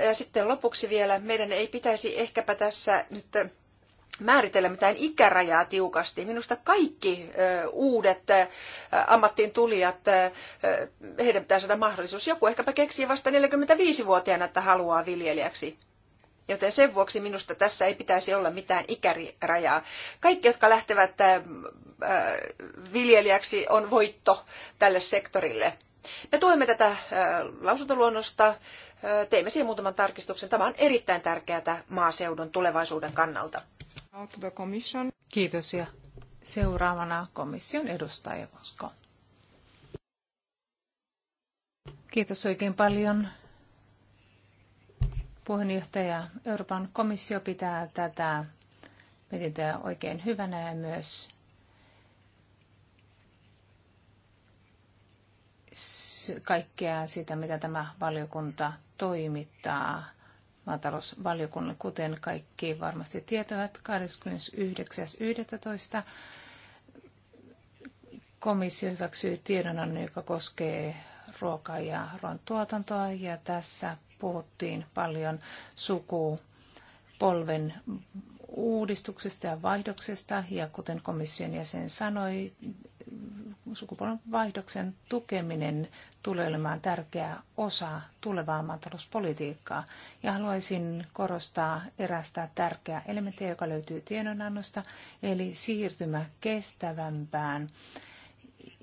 Ja sitten lopuksi vielä, meidän ei pitäisi ehkäpä tässä nyt määritellä mitään ikärajaa tiukasti. Minusta kaikki uudet ammattiin tulijat, heidän pitää saada mahdollisuus. Joku ehkäpä keksii vasta 45-vuotiaana, että haluaa viljelijäksi. Joten sen vuoksi minusta tässä ei pitäisi olla mitään ikärajaa. Kaikki, jotka lähtevät viljelijäksi, on voitto tälle sektorille. Me tuemme tätä lausuntoluonnosta, teimme siihen muutaman tarkistuksen. Tämä on erittäin tärkeää maaseudun tulevaisuuden kannalta.
Kiitos ja seuraavana komission edustaja Vosko. Kiitos oikein paljon puheenjohtaja. Euroopan komissio pitää tätä mietintöä oikein hyvänä ja myös kaikkea sitä, mitä tämä valiokunta toimittaa maatalousvaliokunnalle, kuten kaikki varmasti tietävät, 29.11. komissio hyväksyy tiedonannon, joka koskee ruoka- ja ruoantuotantoa, ja tässä puhuttiin paljon sukupolven uudistuksesta ja vaihdoksesta, ja kuten komission jäsen sanoi, sukupuolen vaihdoksen tukeminen tulee olemaan tärkeä osa tulevaa maatalouspolitiikkaa. Ja haluaisin korostaa erästä tärkeää elementtiä, joka löytyy tiedonannosta, eli siirtymä kestävämpään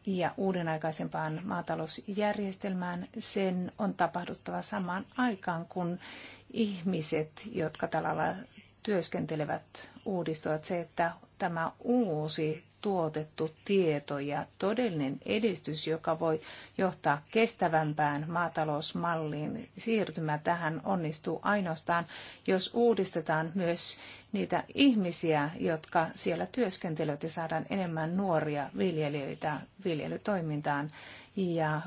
ja uudenaikaisempaan maatalousjärjestelmään. Sen on tapahduttava samaan aikaan, kun ihmiset, jotka tällä työskentelevät, uudistuvat. Se, että tämä uusi tuotettu tieto ja todellinen edistys, joka voi johtaa kestävämpään maatalousmalliin. Siirtymä tähän onnistuu ainoastaan, jos uudistetaan myös niitä ihmisiä, jotka siellä työskentelevät ja saadaan enemmän nuoria viljelijöitä viljelytoimintaan. Ja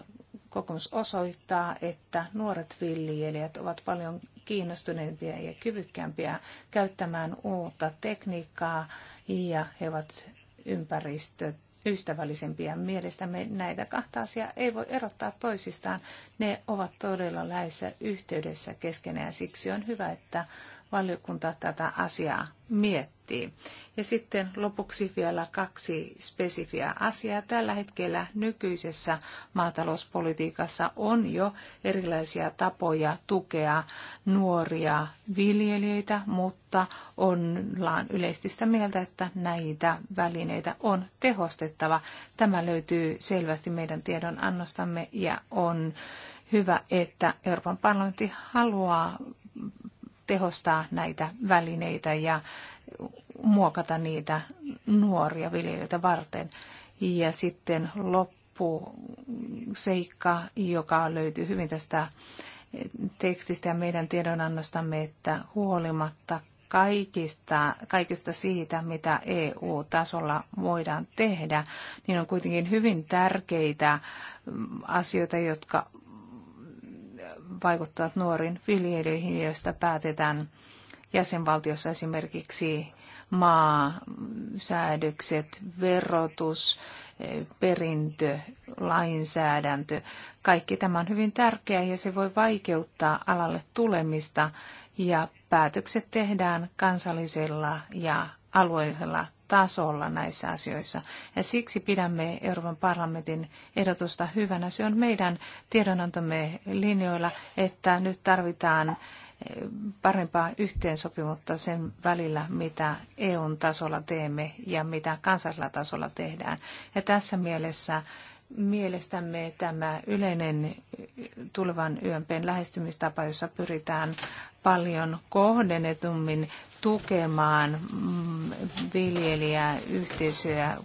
kokemus osoittaa, että nuoret viljelijät ovat paljon kiinnostuneempia ja kyvykkäämpiä käyttämään uutta tekniikkaa ja he ovat ympäristö ystävällisempiä. Mielestämme näitä kahta asiaa ei voi erottaa toisistaan. Ne ovat todella läheisessä yhteydessä keskenään ja siksi on hyvä, että valiokunta tätä asiaa miettii miettii. Ja sitten lopuksi vielä kaksi spesifiä asiaa. Tällä hetkellä nykyisessä maatalouspolitiikassa on jo erilaisia tapoja tukea nuoria viljelijöitä, mutta ollaan yleisesti sitä mieltä, että näitä välineitä on tehostettava. Tämä löytyy selvästi meidän tiedonannostamme ja on hyvä, että Euroopan parlamentti haluaa tehostaa näitä välineitä ja muokata niitä nuoria viljelijöitä varten. Ja sitten loppu seikka, joka löytyy hyvin tästä tekstistä ja meidän tiedonannostamme, että huolimatta kaikista, kaikista siitä, mitä EU-tasolla voidaan tehdä, niin on kuitenkin hyvin tärkeitä asioita, jotka vaikuttavat nuoriin viljelijöihin, joista päätetään jäsenvaltiossa esimerkiksi säädökset, verotus, perintö, lainsäädäntö. Kaikki tämä on hyvin tärkeää ja se voi vaikeuttaa alalle tulemista ja päätökset tehdään kansallisella ja alueellisella tasolla näissä asioissa. Ja siksi pidämme Euroopan parlamentin ehdotusta hyvänä. Se on meidän tiedonantomme linjoilla, että nyt tarvitaan eh, parempaa yhteensopimutta sen välillä, mitä EUn tasolla teemme ja mitä kansallisella tasolla tehdään. Ja tässä mielessä Mielestämme tämä yleinen tulevan YMPn lähestymistapa, jossa pyritään paljon kohdennetummin tukemaan mm, viljelijää, yhteisöä,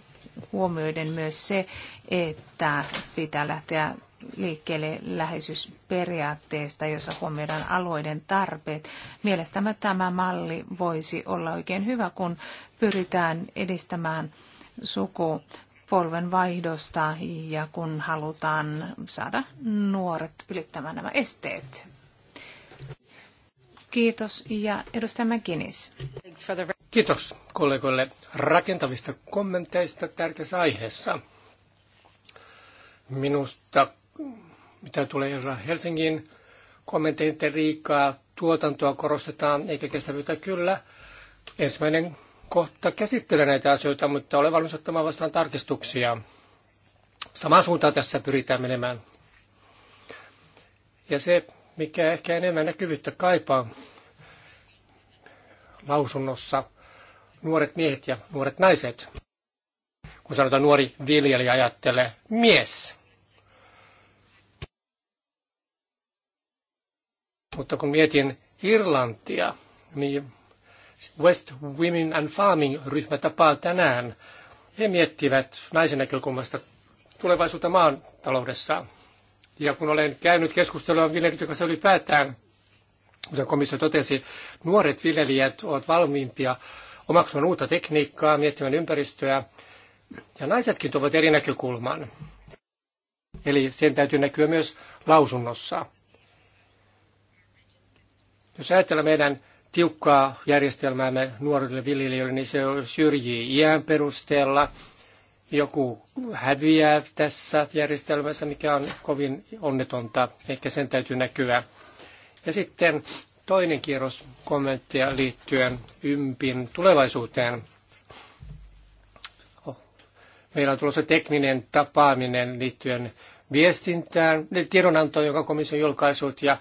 huomioiden myös se, että pitää lähteä liikkeelle läheisyysperiaatteesta, jossa huomioidaan alueiden tarpeet. Mielestäni tämä malli voisi olla oikein hyvä, kun pyritään edistämään suku- polven vaihdosta ja kun halutaan saada nuoret ylittämään nämä esteet. Kiitos ja edustaja McGinnis.
Kiitos kollegoille rakentavista kommenteista tärkeässä aiheessa. Minusta, mitä tulee Helsingin kommentteihin, riikaa tuotantoa korostetaan, eikä kestävyyttä kyllä. Ensimmäinen kohta käsittelee näitä asioita, mutta olen valmis ottamaan vastaan tarkistuksia. Samaan suuntaan tässä pyritään menemään. Ja se, mikä ehkä enemmän näkyvyyttä kaipaa lausunnossa, nuoret miehet ja nuoret naiset. Kun sanotaan nuori viljelijä, ajattelee mies. Mutta kun mietin Irlantia, niin West Women and Farming-ryhmä tapaa tänään. He miettivät naisen näkökulmasta tulevaisuutta maantaloudessa. Ja kun olen käynyt keskustelua viljelijöiden kanssa ylipäätään, kuten komissio totesi, nuoret viljelijät ovat valmiimpia omaksumaan uutta tekniikkaa, miettimään ympäristöä. Ja naisetkin tuovat eri näkökulman. Eli sen täytyy näkyä myös lausunnossa. Jos ajatellaan meidän tiukkaa järjestelmäämme nuorille viljelijöille, niin se syrjii iän perusteella. Joku häviää tässä järjestelmässä, mikä on kovin onnetonta. Ehkä sen täytyy näkyä. Ja sitten toinen kierros kommenttia liittyen ympin tulevaisuuteen. Oh, meillä on tulossa tekninen tapaaminen liittyen viestintään, tiedonantoon, jonka komissio julkaisut, ja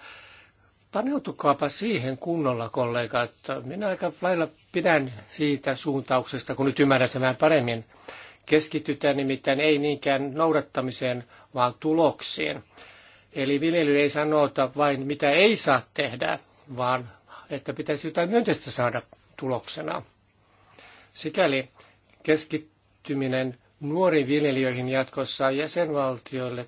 paneutukaapa siihen kunnolla, kollega, että Minä aika lailla pidän siitä suuntauksesta, kun nyt ymmärrän sen vähän paremmin. Keskitytään nimittäin ei niinkään noudattamiseen, vaan tuloksiin. Eli viljely ei sanota vain, mitä ei saa tehdä, vaan että pitäisi jotain myönteistä saada tuloksena. Sikäli keskittyminen nuoriin viljelijöihin jatkossa jäsenvaltioille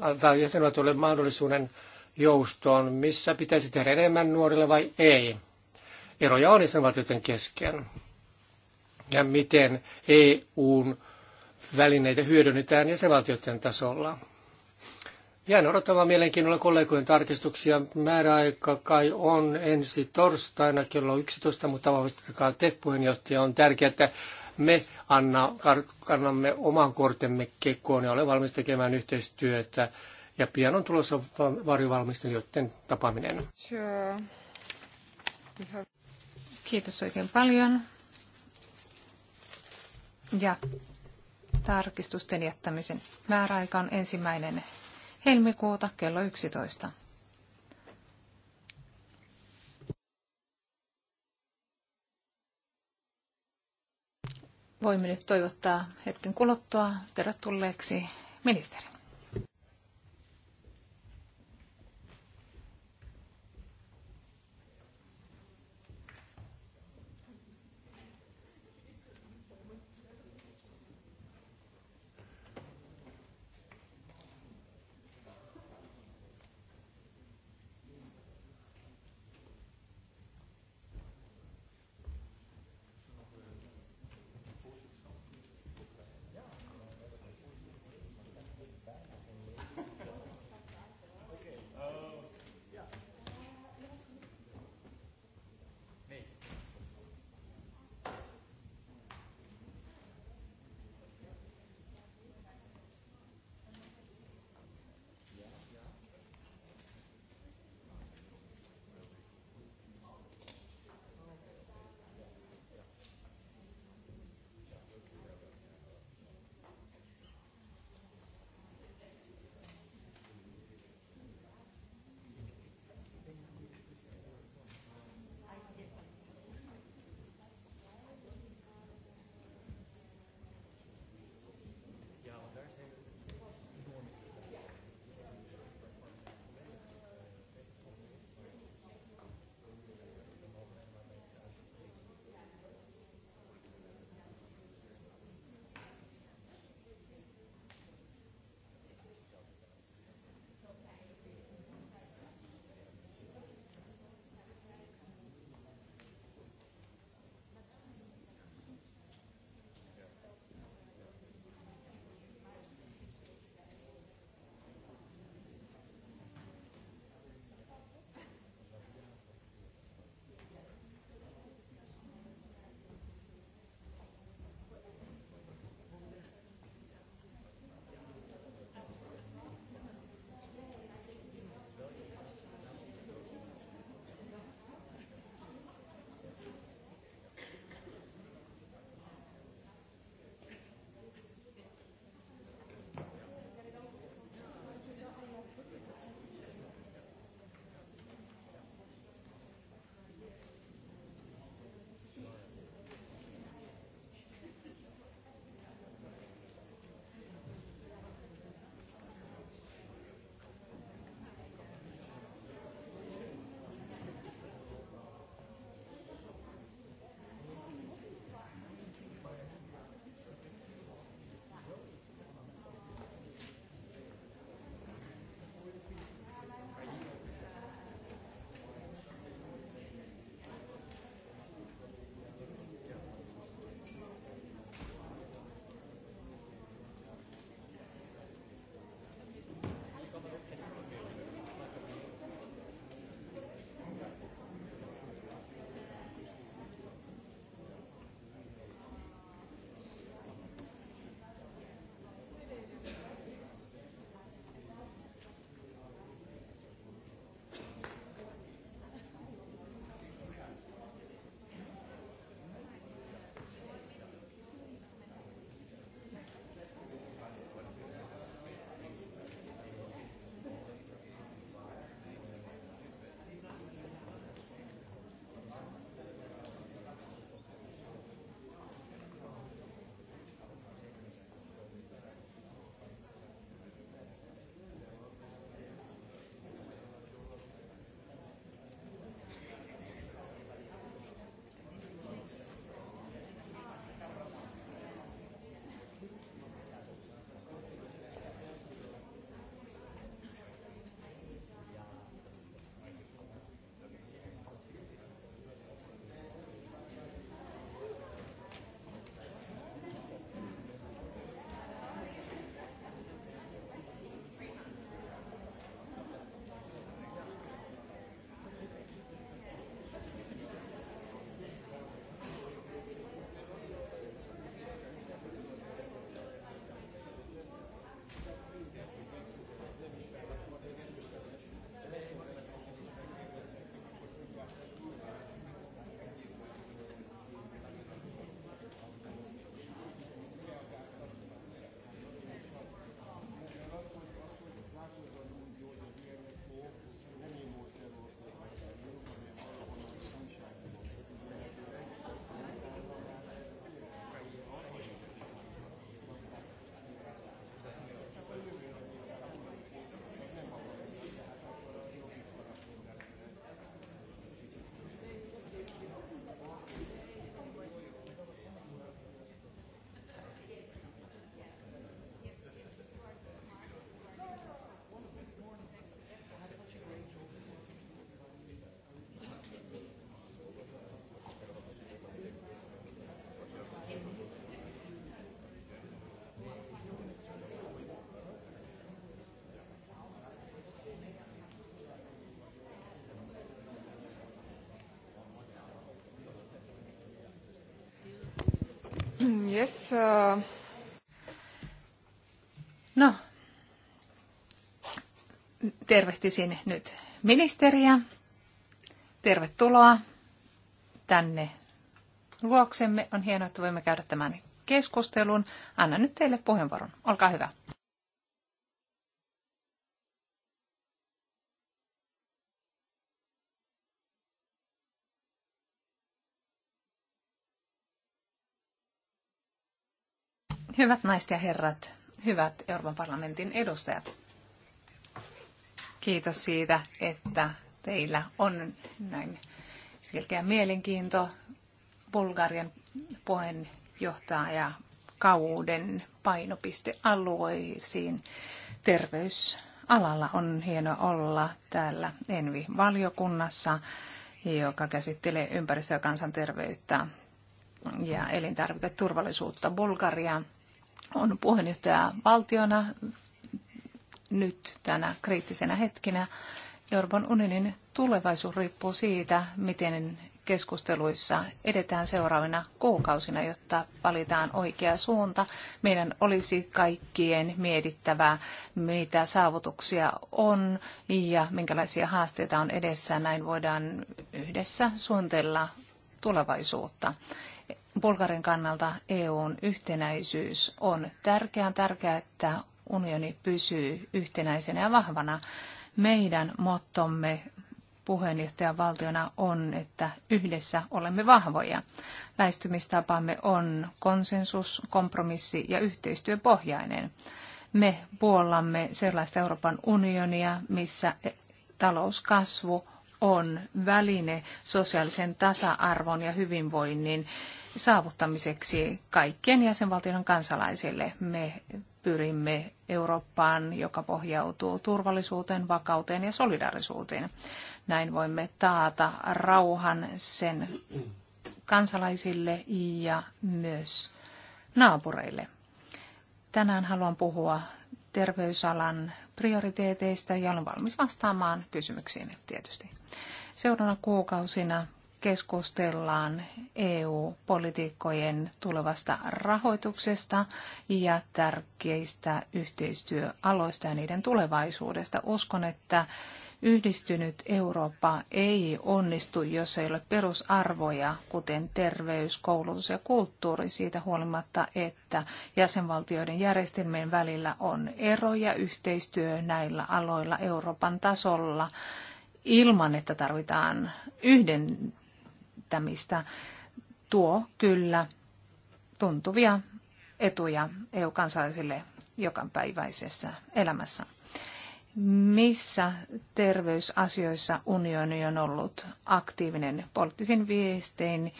antaa jäsenvaltioille mahdollisuuden joustoon, missä pitäisi tehdä enemmän nuorille vai ei. Eroja on jäsenvaltioiden kesken. Ja miten EUn välineitä hyödynnetään jäsenvaltioiden tasolla. Jään odottamaan mielenkiinnolla kollegojen tarkistuksia. Määräaika kai on ensi torstaina kello 11, mutta vahvistakaa te puheenjohtaja. On tärkeää, että me anna, kannamme oman kortemme kekoon ja ole valmis tekemään yhteistyötä ja pian on tulossa varjovalmistelijoiden tapaaminen.
Kiitos oikein paljon. Ja tarkistusten jättämisen määräaika on ensimmäinen helmikuuta kello 11. Voimme nyt toivottaa hetken kuluttua tervetulleeksi ministeri.
Mm, yes. Uh, no,
tervehtisin nyt ministeriä. Tervetuloa tänne luoksemme. On hienoa, että voimme käydä tämän keskustelun. Anna nyt teille puheenvuoron. Olkaa hyvä. Hyvät naiset ja herrat, hyvät Euroopan parlamentin edustajat. Kiitos siitä, että teillä on näin selkeä mielenkiinto Bulgarian puheenjohtaja kauden painopistealueisiin. Terveysalalla on hieno olla täällä Envi-valiokunnassa, joka käsittelee ympäristö- ja kansanterveyttä ja elintarviketurvallisuutta. Bulgariaan on puheenjohtaja valtiona nyt tänä kriittisenä hetkenä. Euroopan unionin tulevaisuus riippuu siitä, miten keskusteluissa edetään seuraavina kuukausina, jotta valitaan oikea suunta. Meidän olisi kaikkien mietittävää, mitä saavutuksia on ja minkälaisia haasteita on edessä. Näin voidaan yhdessä suunnitella tulevaisuutta. Bulgarin kannalta EUn yhtenäisyys on tärkeää. On tärkeää, että unioni pysyy yhtenäisenä ja vahvana. Meidän mottomme valtiona on, että yhdessä olemme vahvoja. Lähestymistapamme on konsensus, kompromissi ja yhteistyöpohjainen. Me puollamme sellaista Euroopan unionia, missä talouskasvu on väline sosiaalisen tasa-arvon ja hyvinvoinnin saavuttamiseksi kaikkien jäsenvaltioiden kansalaisille. Me pyrimme Eurooppaan, joka pohjautuu turvallisuuteen, vakauteen ja solidarisuuteen. Näin voimme taata rauhan sen kansalaisille ja myös naapureille. Tänään haluan puhua terveysalan prioriteeteista ja olen valmis vastaamaan kysymyksiin tietysti. Seuraavana kuukausina keskustellaan EU-politiikkojen tulevasta rahoituksesta ja tärkeistä yhteistyöaloista ja niiden tulevaisuudesta. Uskon, että yhdistynyt Eurooppa ei onnistu, jos ei ole perusarvoja, kuten terveys, koulutus ja kulttuuri, siitä huolimatta, että jäsenvaltioiden järjestelmien välillä on eroja yhteistyö näillä aloilla Euroopan tasolla ilman, että tarvitaan yhden kehittämistä tuo kyllä tuntuvia etuja EU-kansalaisille jokapäiväisessä elämässä. Missä terveysasioissa unioni on ollut aktiivinen poliittisin viestein,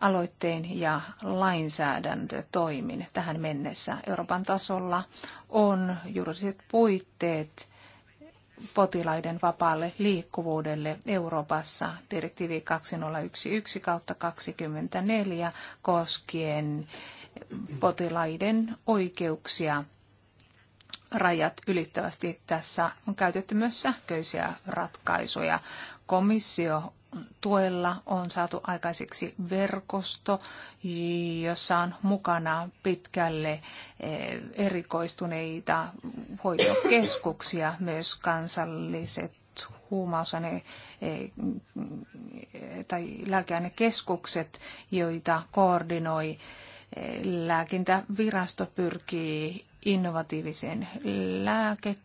aloittein ja lainsäädäntötoimin tähän mennessä Euroopan tasolla on juridiset puitteet potilaiden vapaalle liikkuvuudelle Euroopassa direktiivi 2011 24 koskien potilaiden oikeuksia rajat ylittävästi. Tässä on käytetty myös sähköisiä ratkaisuja. Komissio tuella on saatu aikaiseksi verkosto, jossa on mukana pitkälle eh, erikoistuneita hoitokeskuksia, myös kansalliset huumausaine- eh, tai lääkeainekeskukset, joita koordinoi eh, lääkintävirasto pyrkii innovatiiviseen lääketieteeseen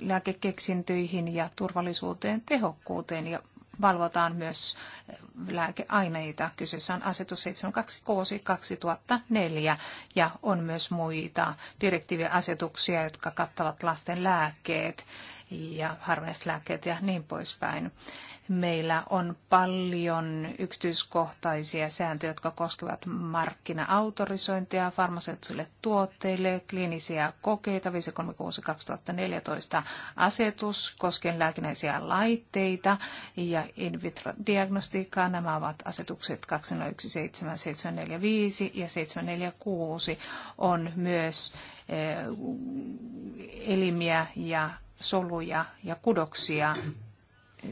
lääkekeksintöihin ja turvallisuuteen, tehokkuuteen ja valvotaan myös lääkeaineita. Kyseessä on asetus 726-2004 ja on myös muita direktiiviasetuksia, jotka kattavat lasten lääkkeet ja harvinaiset lääkkeet ja niin poispäin meillä on paljon yksityiskohtaisia sääntöjä, jotka koskevat markkina-autorisointia farmaseuttisille tuotteille, kliinisiä kokeita 536 2014 asetus koskien lääkinnäisiä laitteita ja in vitro-diagnostiikkaa. Nämä ovat asetukset 2017-745 ja 746 on myös eh, elimiä ja soluja ja kudoksia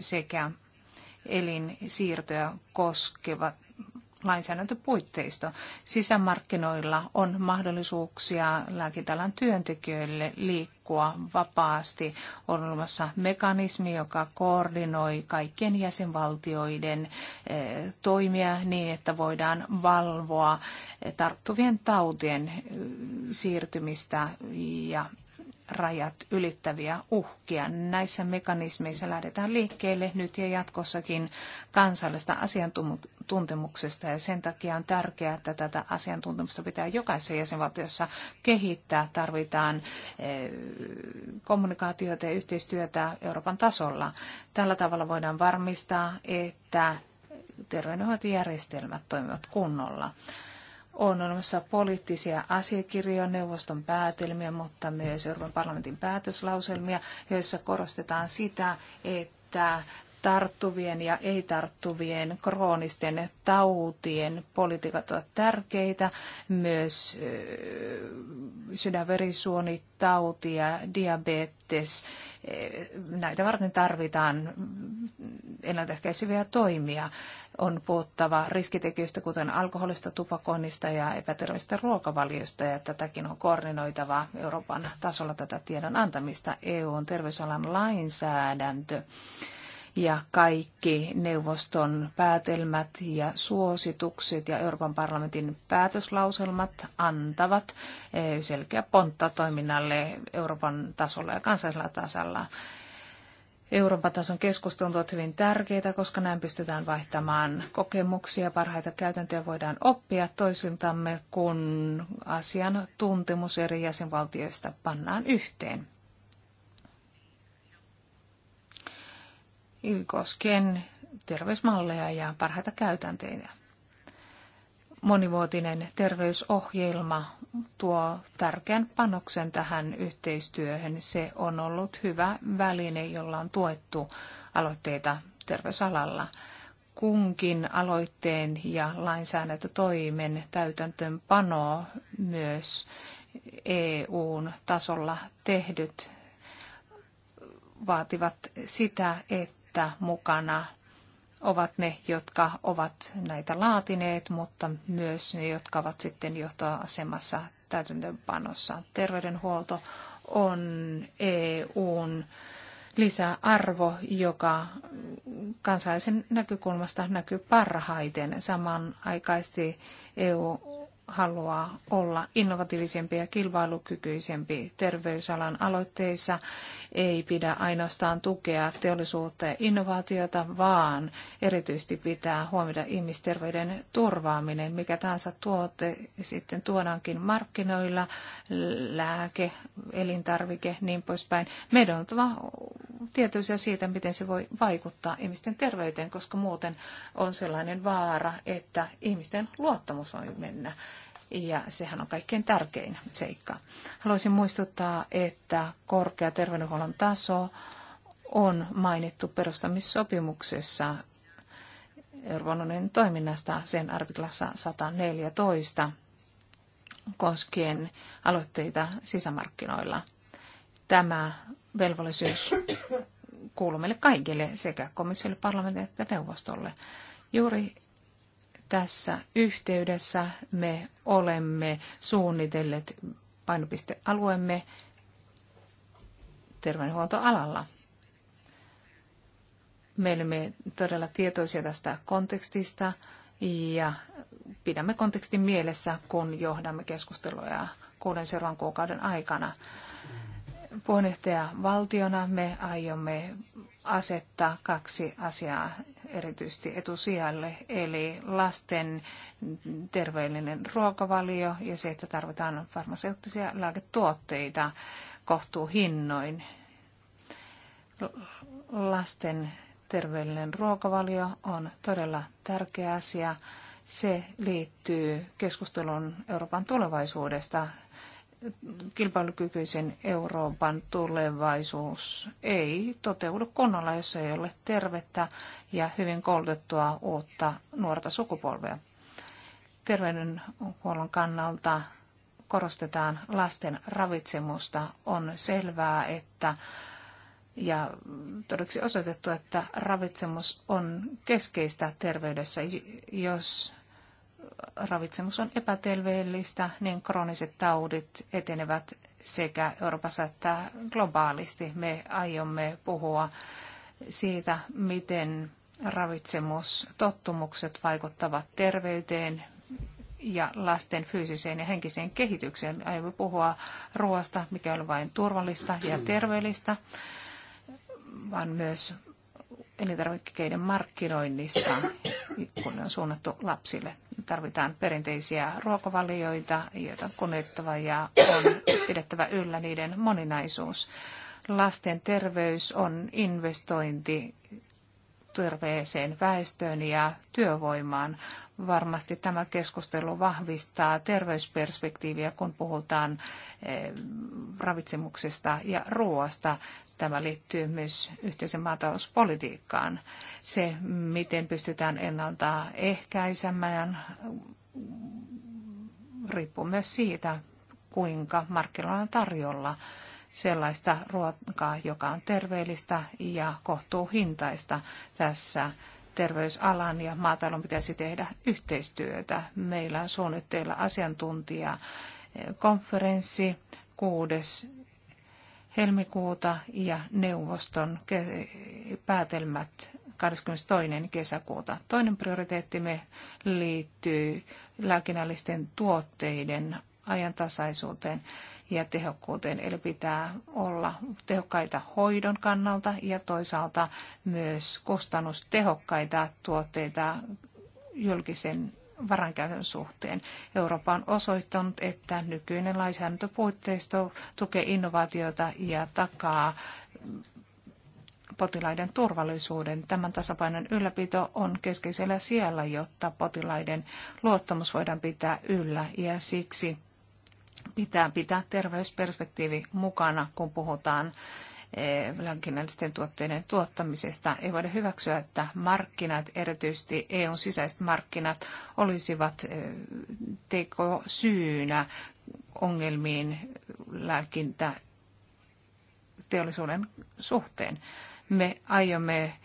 sekä elinsiirtoja koskeva lainsäädäntöpuitteisto. Sisämarkkinoilla on mahdollisuuksia lääkintäalan työntekijöille liikkua vapaasti. On olemassa mekanismi, joka koordinoi kaikkien jäsenvaltioiden eh, toimia niin, että voidaan valvoa tarttuvien tautien eh, siirtymistä ja rajat ylittäviä uhkia. Näissä mekanismeissa lähdetään liikkeelle nyt ja jatkossakin kansallista asiantuntemuksesta ja sen takia on tärkeää, että tätä asiantuntemusta pitää jokaisessa jäsenvaltiossa kehittää. Tarvitaan eh, kommunikaatiota ja yhteistyötä Euroopan tasolla. Tällä tavalla voidaan varmistaa, että terveydenhoitojärjestelmät toimivat kunnolla on olemassa poliittisia asiakirjoja, neuvoston päätelmiä, mutta myös Euroopan parlamentin päätöslauselmia, joissa korostetaan sitä, että tarttuvien ja ei-tarttuvien kroonisten tautien politiikat ovat tärkeitä, myös sydänverisuonitauti ja diabetes. Näitä varten tarvitaan ennaltaehkäiseviä toimia on puhuttava riskitekijöistä, kuten alkoholista, tupakoinnista ja epäterveellisestä ruokavaliosta, ja tätäkin on koordinoitava Euroopan tasolla tätä tiedon antamista. EU on terveysalan lainsäädäntö ja kaikki neuvoston päätelmät ja suositukset ja Euroopan parlamentin päätöslauselmat antavat eh, selkeä pontta toiminnalle Euroopan tasolla ja kansallisella tasolla. Euroopan tason keskustelut ovat hyvin tärkeitä, koska näin pystytään vaihtamaan kokemuksia, parhaita käytäntöjä voidaan oppia toisiltamme, kun asian tuntemus eri jäsenvaltioista pannaan yhteen. Koskien terveysmalleja ja parhaita käytänteitä monivuotinen terveysohjelma tuo tärkeän panoksen tähän yhteistyöhön. Se on ollut hyvä väline, jolla on tuettu aloitteita terveysalalla. Kunkin aloitteen ja lainsäädäntötoimen täytäntöönpano myös EUn tasolla tehdyt vaativat sitä, että mukana ovat ne, jotka ovat näitä laatineet, mutta myös ne, jotka ovat sitten johtoasemassa täytäntöönpanossa. Terveydenhuolto on EUn lisäarvo, joka kansalaisen näkökulmasta näkyy parhaiten. Samanaikaisesti EU haluaa olla innovatiivisempi ja kilpailukykyisempi terveysalan aloitteissa ei pidä ainoastaan tukea teollisuutta ja innovaatiota, vaan erityisesti pitää huomioida ihmisterveyden turvaaminen, mikä tahansa tuote sitten tuodaankin markkinoilla, lääke, elintarvike, niin poispäin. Meidän on oltava tietoisia siitä, miten se voi vaikuttaa ihmisten terveyteen, koska muuten on sellainen vaara, että ihmisten luottamus voi mennä ja sehän on kaikkein tärkein seikka. Haluaisin muistuttaa, että korkea terveydenhuollon taso on mainittu perustamissopimuksessa Euroopan toiminnasta sen artiklassa 114 koskien aloitteita sisämarkkinoilla. Tämä velvollisuus kuuluu meille kaikille sekä komissiolle, parlamentille että neuvostolle. Juuri tässä yhteydessä me olemme suunnitelleet painopistealueemme terveydenhuoltoalalla. Me olemme todella tietoisia tästä kontekstista ja pidämme kontekstin mielessä, kun johdamme keskusteluja kuuden seuraavan kuukauden aikana. Puheenjohtaja valtiona me aiomme asettaa kaksi asiaa erityisesti etusijalle, eli lasten terveellinen ruokavalio ja se, että tarvitaan farmaseuttisia lääketuotteita kohtuuhinnoin. Lasten terveellinen ruokavalio on todella tärkeä asia. Se liittyy keskustelun Euroopan tulevaisuudesta kilpailukykyisen Euroopan tulevaisuus ei toteudu kunnolla, jos ei ole tervettä ja hyvin koulutettua uutta nuorta sukupolvea. Terveydenhuollon kannalta korostetaan lasten ravitsemusta. On selvää, että ja todeksi osoitettu, että ravitsemus on keskeistä terveydessä. Jos ravitsemus on epäterveellistä, niin krooniset taudit etenevät sekä Euroopassa että globaalisti. Me aiomme puhua siitä, miten ravitsemustottumukset vaikuttavat terveyteen ja lasten fyysiseen ja henkiseen kehitykseen. Aiomme puhua ruoasta, mikä on vain turvallista ja mm. terveellistä, vaan myös elintarvikkeiden markkinoinnista kun on suunnattu lapsille. Tarvitaan perinteisiä ruokavalioita, joita on kunnioittava ja on pidettävä yllä niiden moninaisuus. Lasten terveys on investointi terveeseen väestöön ja työvoimaan. Varmasti tämä keskustelu vahvistaa terveysperspektiiviä, kun puhutaan eh, ravitsemuksesta ja ruoasta. Tämä liittyy myös yhteisen maatalouspolitiikkaan. Se, miten pystytään ennalta ehkäisemään, riippuu myös siitä, kuinka markkinoilla on tarjolla sellaista ruokaa, joka on terveellistä ja kohtuuhintaista. Tässä terveysalan ja maatalon pitäisi tehdä yhteistyötä. Meillä on suunnitteilla asiantuntijakonferenssi 6 helmikuuta ja neuvoston päätelmät 22. kesäkuuta. Toinen prioriteettimme liittyy lääkinnällisten tuotteiden ajantasaisuuteen ja tehokkuuteen. Eli pitää olla tehokkaita hoidon kannalta ja toisaalta myös kustannustehokkaita tuotteita julkisen varankäytön suhteen. Eurooppa on osoittanut, että nykyinen lainsäädäntöpuitteisto tukee innovaatiota ja takaa potilaiden turvallisuuden. Tämän tasapainon ylläpito on keskeisellä siellä, jotta potilaiden luottamus voidaan pitää yllä ja siksi pitää pitää terveysperspektiivi mukana, kun puhutaan Eh, lääkinnällisten tuotteiden tuottamisesta. Ei voida hyväksyä, että markkinat, erityisesti EUn sisäiset markkinat, olisivat eh, syynä ongelmiin lääkintä teollisuuden suhteen. Me aiomme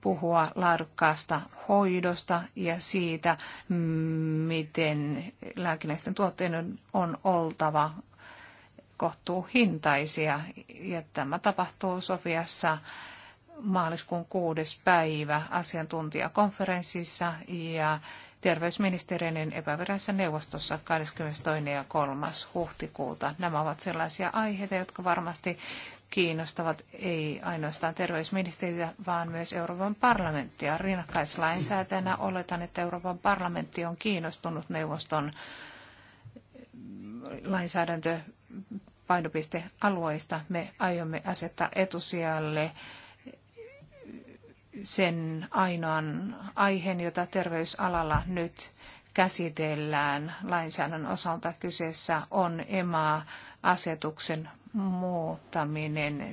puhua laadukkaasta hoidosta ja siitä, mm, miten lääkinnäisten tuotteiden on oltava kohtuuhintaisia. Ja tämä tapahtuu Sofiassa maaliskuun kuudes päivä asiantuntijakonferenssissa ja terveysministeriön epävirallisessa neuvostossa 22. ja 3. huhtikuuta. Nämä ovat sellaisia aiheita, jotka varmasti kiinnostavat ei ainoastaan terveysministeriä, vaan myös Euroopan parlamenttia. Rinnakkaislainsäätäjänä oletan, että Euroopan parlamentti on kiinnostunut neuvoston lainsäädäntö painopistealueista. Me aiomme asettaa etusijalle sen ainoan aiheen, jota terveysalalla nyt käsitellään lainsäädännön osalta. Kyseessä on EMA-asetuksen muuttaminen 726-2004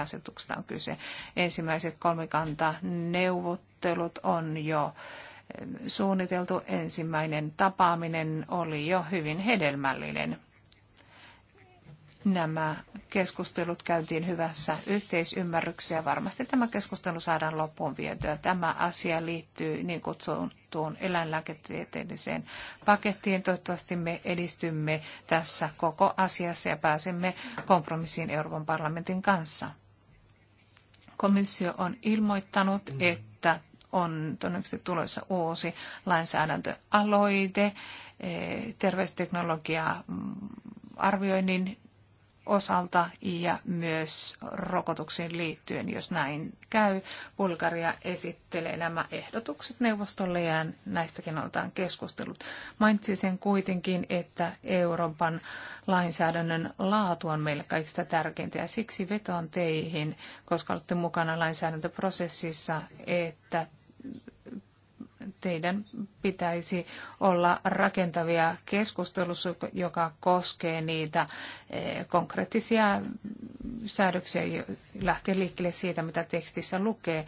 asetuksesta on kyse. Ensimmäiset kolmikanta neuvottelut on jo eh, suunniteltu. Ensimmäinen tapaaminen oli jo hyvin hedelmällinen nämä keskustelut käytiin hyvässä yhteisymmärryksessä. Varmasti tämä keskustelu saadaan loppuun vietyä. Tämä asia liittyy niin kutsuttuun eläinlääketieteelliseen pakettiin. Toivottavasti me edistymme tässä koko asiassa ja pääsemme kompromissiin Euroopan parlamentin kanssa. Komissio on ilmoittanut, että on todennäköisesti tulossa uusi lainsäädäntöaloite eh, terveysteknologiaa arvioinnin osalta ja myös rokotuksiin liittyen, jos näin käy. Bulgaria esittelee nämä ehdotukset neuvostolle ja näistäkin otetaan keskustelut. Mainitsin kuitenkin, että Euroopan lainsäädännön laatu on meille kaikista tärkeintä ja siksi vetoan teihin, koska olette mukana lainsäädäntöprosessissa, että teidän pitäisi olla rakentavia keskustelussa, joka koskee niitä eh, konkreettisia säädöksiä lähtien liikkeelle siitä, mitä tekstissä lukee,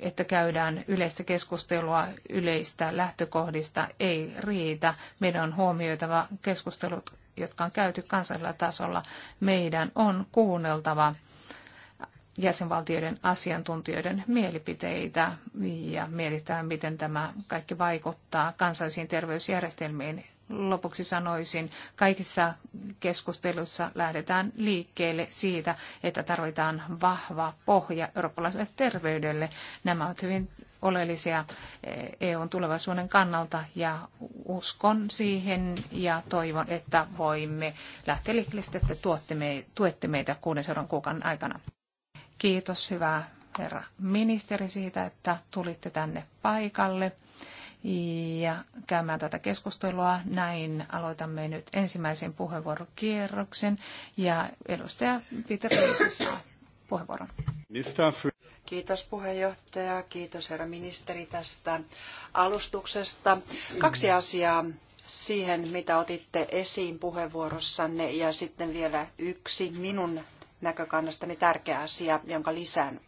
että käydään yleistä keskustelua yleistä lähtökohdista ei riitä. Meidän on huomioitava keskustelut, jotka on käyty kansallisella tasolla. Meidän on kuunneltava jäsenvaltioiden asiantuntijoiden mielipiteitä ja mietitään, miten tämä kaikki vaikuttaa kansallisiin terveysjärjestelmiin. Lopuksi sanoisin, kaikissa keskusteluissa lähdetään liikkeelle siitä, että tarvitaan vahva pohja eurooppalaiselle terveydelle. Nämä ovat hyvin oleellisia eh, EUn tulevaisuuden kannalta ja uskon siihen ja toivon, että voimme lähteä liikkeelle, että tuotte me, tuette meitä kuuden seuraavan kuukauden aikana. Kiitos hyvä herra ministeri siitä, että tulitte tänne paikalle ja käymään tätä keskustelua. Näin aloitamme nyt ensimmäisen puheenvuorokierroksen ja edustaja Peter Liisi saa puheenvuoron.
Kiitos puheenjohtaja, kiitos herra ministeri tästä alustuksesta. Kaksi asiaa siihen, mitä otitte esiin puheenvuorossanne ja sitten vielä yksi minun näkökannastani niin tärkeä asia, jonka lisään.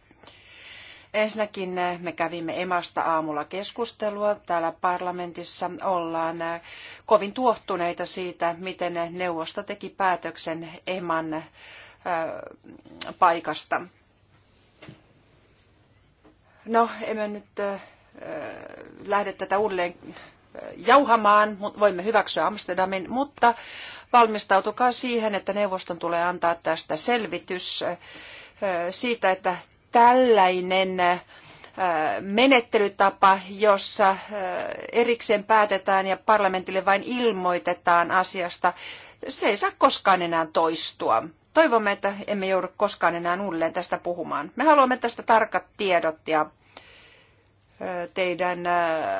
Ensinnäkin eh, me kävimme emasta aamulla keskustelua. Täällä parlamentissa ollaan eh, kovin tuohtuneita siitä, miten neuvosto teki päätöksen eman eh, paikasta. No, emme nyt lähde tätä uudelleen jauhamaan, voimme hyväksyä Amsterdamin, mutta valmistautukaa siihen, että neuvoston tulee antaa tästä selvitys siitä, että tällainen menettelytapa, jossa erikseen päätetään ja parlamentille vain ilmoitetaan asiasta, se ei saa koskaan enää toistua. Toivomme, että emme joudu koskaan enää uudelleen tästä puhumaan. Me haluamme tästä tarkat tiedot ja teidän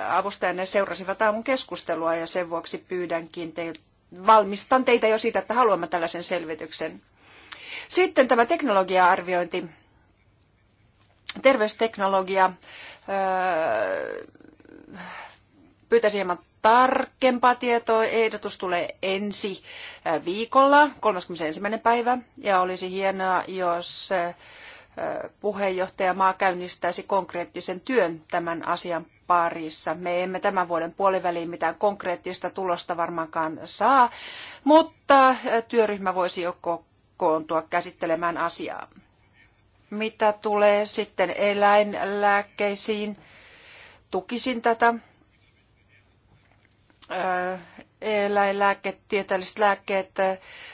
avustajanne seurasivat aamun keskustelua ja sen vuoksi pyydänkin teiltä, valmistan teitä jo siitä, että haluamme tällaisen selvityksen. Sitten tämä teknologia-arviointi, terveysteknologia, pyytäisin hieman tarkempaa tietoa. Ehdotus tulee ensi viikolla, 31. päivä, ja olisi hienoa, jos puheenjohtajamaa käynnistäisi konkreettisen työn tämän asian parissa. Me emme tämän vuoden puoliväliin mitään konkreettista tulosta varmaankaan saa, mutta äh, työryhmä voisi jo kokoontua käsittelemään asiaa. Mitä tulee sitten eläinlääkkeisiin, tukisin tätä äh, eläinlääketieteelliset lääkkeet.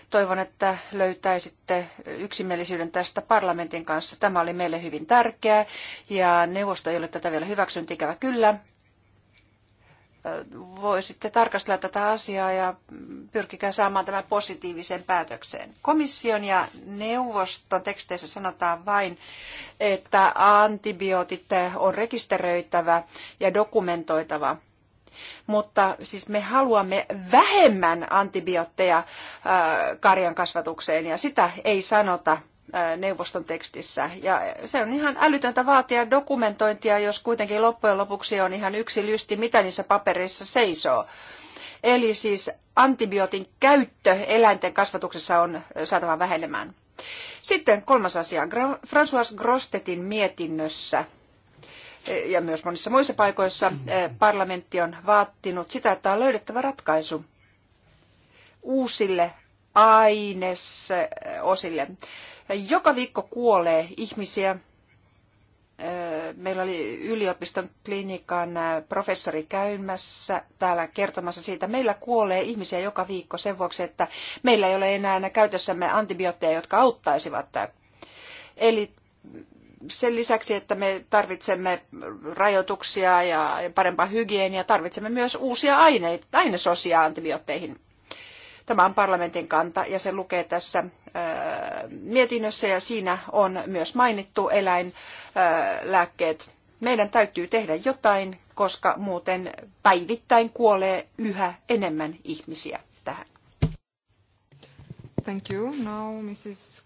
Toivon, että löytäisitte yksimielisyyden tästä parlamentin kanssa. Tämä oli meille hyvin tärkeää ja neuvosto ei ole tätä vielä hyväksynyt ikävä kyllä. Voisitte tarkastella tätä asiaa ja pyrkikää saamaan tämän positiiviseen päätökseen. Komission ja neuvoston teksteissä sanotaan vain, että antibiootit on rekisteröitävä ja dokumentoitava – mutta siis me haluamme vähemmän antibiootteja äh, karjan kasvatukseen ja sitä ei sanota äh, neuvoston tekstissä. Ja se on ihan älytöntä vaatia dokumentointia, jos kuitenkin loppujen lopuksi on ihan yksi lysti, mitä niissä papereissa seisoo. Eli siis antibiootin käyttö eläinten kasvatuksessa on äh, saatava vähenemään. Sitten kolmas asia. François Grostetin mietinnössä ja myös monissa muissa paikoissa eh, parlamentti on vaatinut sitä, että on löydettävä ratkaisu uusille ainesosille. Joka viikko kuolee ihmisiä. Eh, meillä oli yliopiston klinikan eh, professori käymässä täällä kertomassa siitä. Meillä kuolee ihmisiä joka viikko sen vuoksi, että meillä ei ole enää käytössämme antibiootteja, jotka auttaisivat. Eli sen lisäksi, että me tarvitsemme rajoituksia ja parempaa hygieniaa, tarvitsemme myös uusia aineita, ainesosia antibiootteihin. Tämä on parlamentin kanta ja se lukee tässä mietinnössä ja siinä on myös mainittu eläinlääkkeet. Meidän täytyy tehdä jotain, koska muuten päivittäin kuolee yhä enemmän ihmisiä tähän. Thank you.
Now Mrs.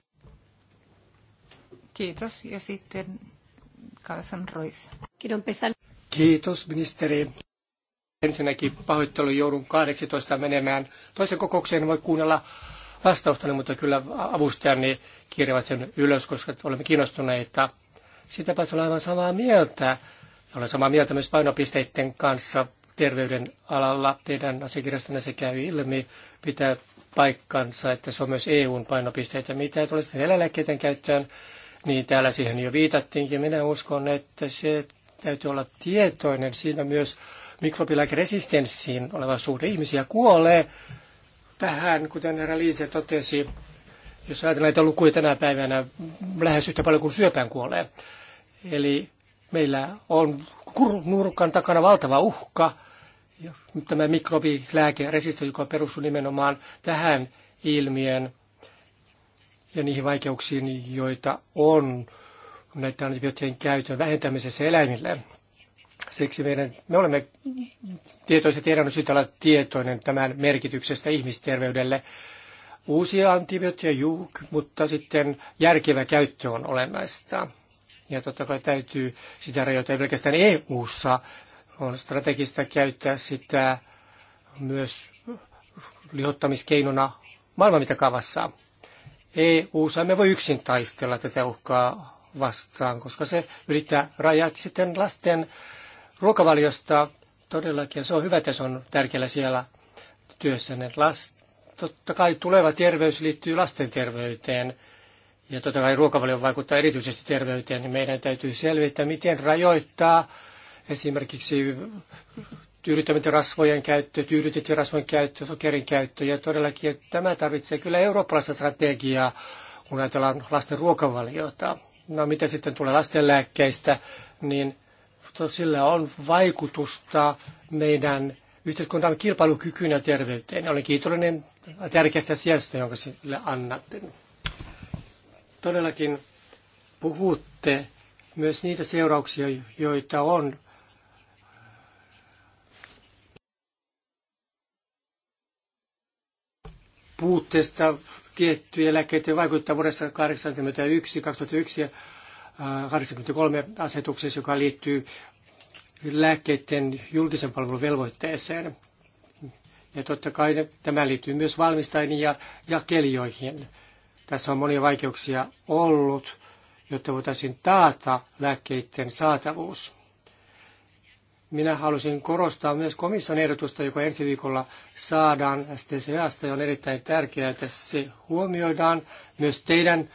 Kiitos. Ja sitten Carlson Ruiz.
Kiitos, ministeri. Ensinnäkin pahoittelu joudun 18 menemään. Toisen kokoukseen en voi kuunnella vastaustani, mutta kyllä avustajani kirjaavat sen ylös, koska olemme kiinnostuneita. Sitä paitsi olen aivan samaa mieltä. Olen samaa mieltä myös painopisteiden kanssa terveyden alalla. Teidän asiakirjastanne se käy ilmi, pitää paikkansa, että se on myös EUn painopisteitä. Mitä tulee sitten eläinlääkkeiden käyttöön, niin täällä siihen jo viitattiinkin. Minä uskon, että se täytyy olla tietoinen siinä myös mikrobilääkeresistenssiin oleva suhde. Ihmisiä kuolee tähän, kuten herra Liise totesi, jos ajatellaan näitä lukuja tänä päivänä, lähes yhtä paljon kuin syöpään kuolee. Eli meillä on nurkan takana valtava uhka, tämä mikrobilääkeresistenssi, joka perustuu nimenomaan tähän ilmiön ja niihin vaikeuksiin, joita on näitä antibioottien käytön vähentämisessä eläimille. Siksi meidän, me olemme tietoisia, tiedon syytä olla tietoinen tämän merkityksestä ihmisterveydelle. Uusia antibiootteja juuk, mutta sitten järkevä käyttö on olennaista. Ja totta kai täytyy sitä ei pelkästään EU-ssa. On strategista käyttää sitä myös lihottamiskeinona maailman mittakaavassa. EU me voi yksin taistella tätä uhkaa vastaan, koska se ylittää rajat sitten lasten ruokavaliosta todellakin. Se on hyvä, että se on tärkeällä siellä Ne Last, totta kai tuleva terveys liittyy lasten terveyteen ja totta kai ruokavalio vaikuttaa erityisesti terveyteen, niin meidän täytyy selvittää, miten rajoittaa esimerkiksi tyydyttävien rasvojen käyttö, tyydytettyjen rasvojen käyttö, sokerin käyttö. Ja todellakin että tämä tarvitsee kyllä eurooppalaista strategiaa, kun ajatellaan lasten ruokavaliota. No mitä sitten tulee lastenlääkkeistä, niin sillä on vaikutusta meidän yhteiskuntamme kilpailukykyyn ja terveyteen. Olen kiitollinen tärkeästä sijasta, jonka sille annatte. Todellakin puhutte myös niitä seurauksia, joita on puutteesta tiettyjä lääkkeitä vaikuttaa vuodessa 1981, 2001 ja 83 asetuksessa, joka liittyy lääkkeiden julkisen palvelun velvoitteeseen. Ja totta kai tämä liittyy myös valmistajiin ja jakelijoihin. Tässä on monia vaikeuksia ollut, jotta voitaisiin taata lääkkeiden saatavuus. Minä halusin korostaa myös komission ehdotusta, joka ensi viikolla saadaan STCAsta, ja on erittäin tärkeää, että se huomioidaan myös teidän